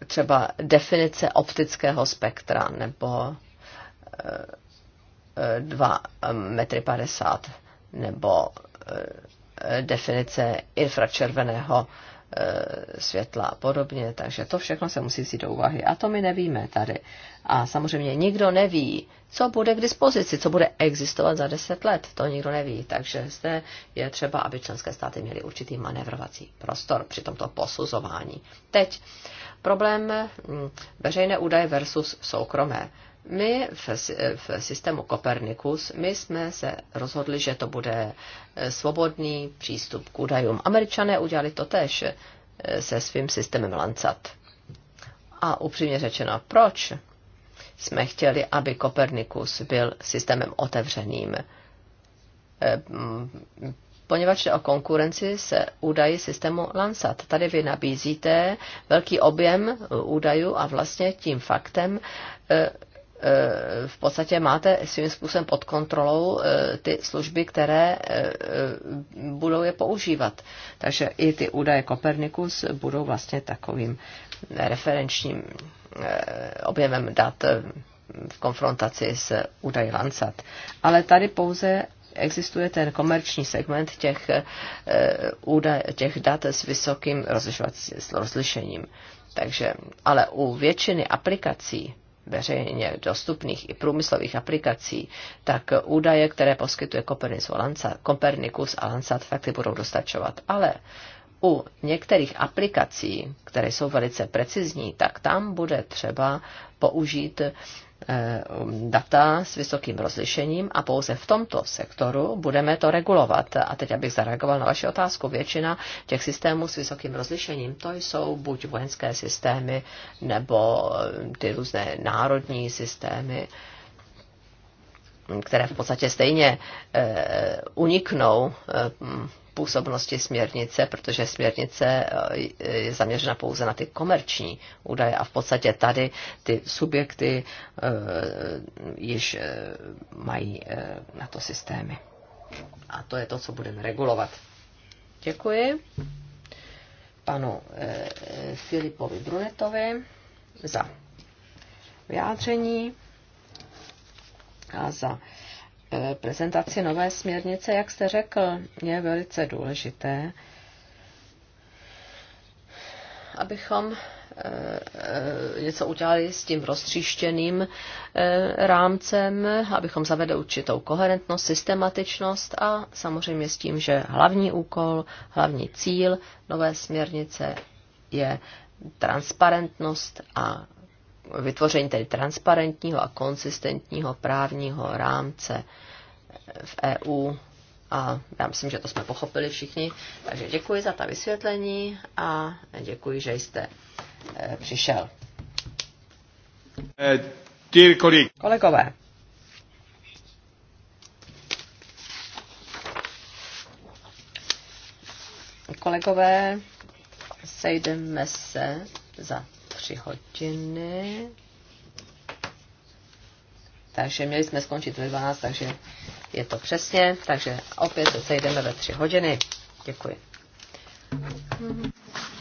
třeba definice optického spektra nebo 2 eh, metry 50 nebo eh, definice infračerveného eh, světla a podobně. Takže to všechno se musí vzít do úvahy. A to my nevíme tady. A samozřejmě nikdo neví, co bude k dispozici, co bude existovat za deset let. To nikdo neví. Takže zde je třeba, aby členské státy měly určitý manevrovací prostor při tomto posuzování. Teď problém hm, veřejné údaje versus soukromé. My v, v systému Copernicus my jsme se rozhodli, že to bude eh, svobodný přístup k údajům. Američané udělali to tež eh, se svým systémem Landsat. A upřímně řečeno, proč jsme chtěli, aby Kopernikus byl systémem otevřeným? Eh, mm, poněvadž o konkurenci se údaji systému Landsat. Tady vy nabízíte velký objem údajů a vlastně tím faktem Eh, v podstatě máte svým způsobem pod kontrolou eh, ty služby, které eh, budou je používat. Takže i ty údaje Kopernikus budou vlastně takovým referenčním objemem dat v konfrontaci s údaji Landsat. Ale tady pouze existuje ten komerční segment těch, údaj, těch dat s vysokým rozlišením. Takže, ale u většiny aplikací veřejně dostupných i průmyslových aplikací, tak údaje, které poskytuje Copernicus a Landsat, fakty budou dostačovat. Ale u některých aplikací, které jsou velice precizní, tak tam bude třeba použít Eh, data s vysokým rozlišením a pouze v tomto sektoru budeme to regulovat. A teď, abych zareagoval na vaši otázku, většina těch systémů s vysokým rozlišením, to jsou buď vojenské systémy nebo eh, ty různé národní systémy, které v podstatě stejně eh, uniknou působnosti směrnice, protože směrnice eh, je zaměřena pouze na ty komerční údaje a v podstatě tady ty subjekty eh, již eh, mají na to systémy. A to je to, co budeme regulovat. Děkuji panu Filipovi Brunetovi za vyjádření a za Eh, prezentaci nové směrnice, jak jste řekl, je velice důležité, abychom eh, něco udělali s tím roztříštěným eh, rámcem, abychom zavedli určitou koherentnost, systematičnost a samozřejmě s tím, že hlavní úkol, hlavní cíl nové směrnice je transparentnost a vytvoření tedy transparentního a konsistentního právního rámce v EU. A já myslím, že to jsme pochopili všichni. Takže děkuji za ta vysvětlení a děkuji, že jste eh, přišel. Eh, kolegové, kolegové, sejdeme se za tři hodiny. Takže měli jsme skončit ve 12, takže je to přesně. Takže opět se sejdeme ve tři hodiny. Děkuji. Mm-hmm.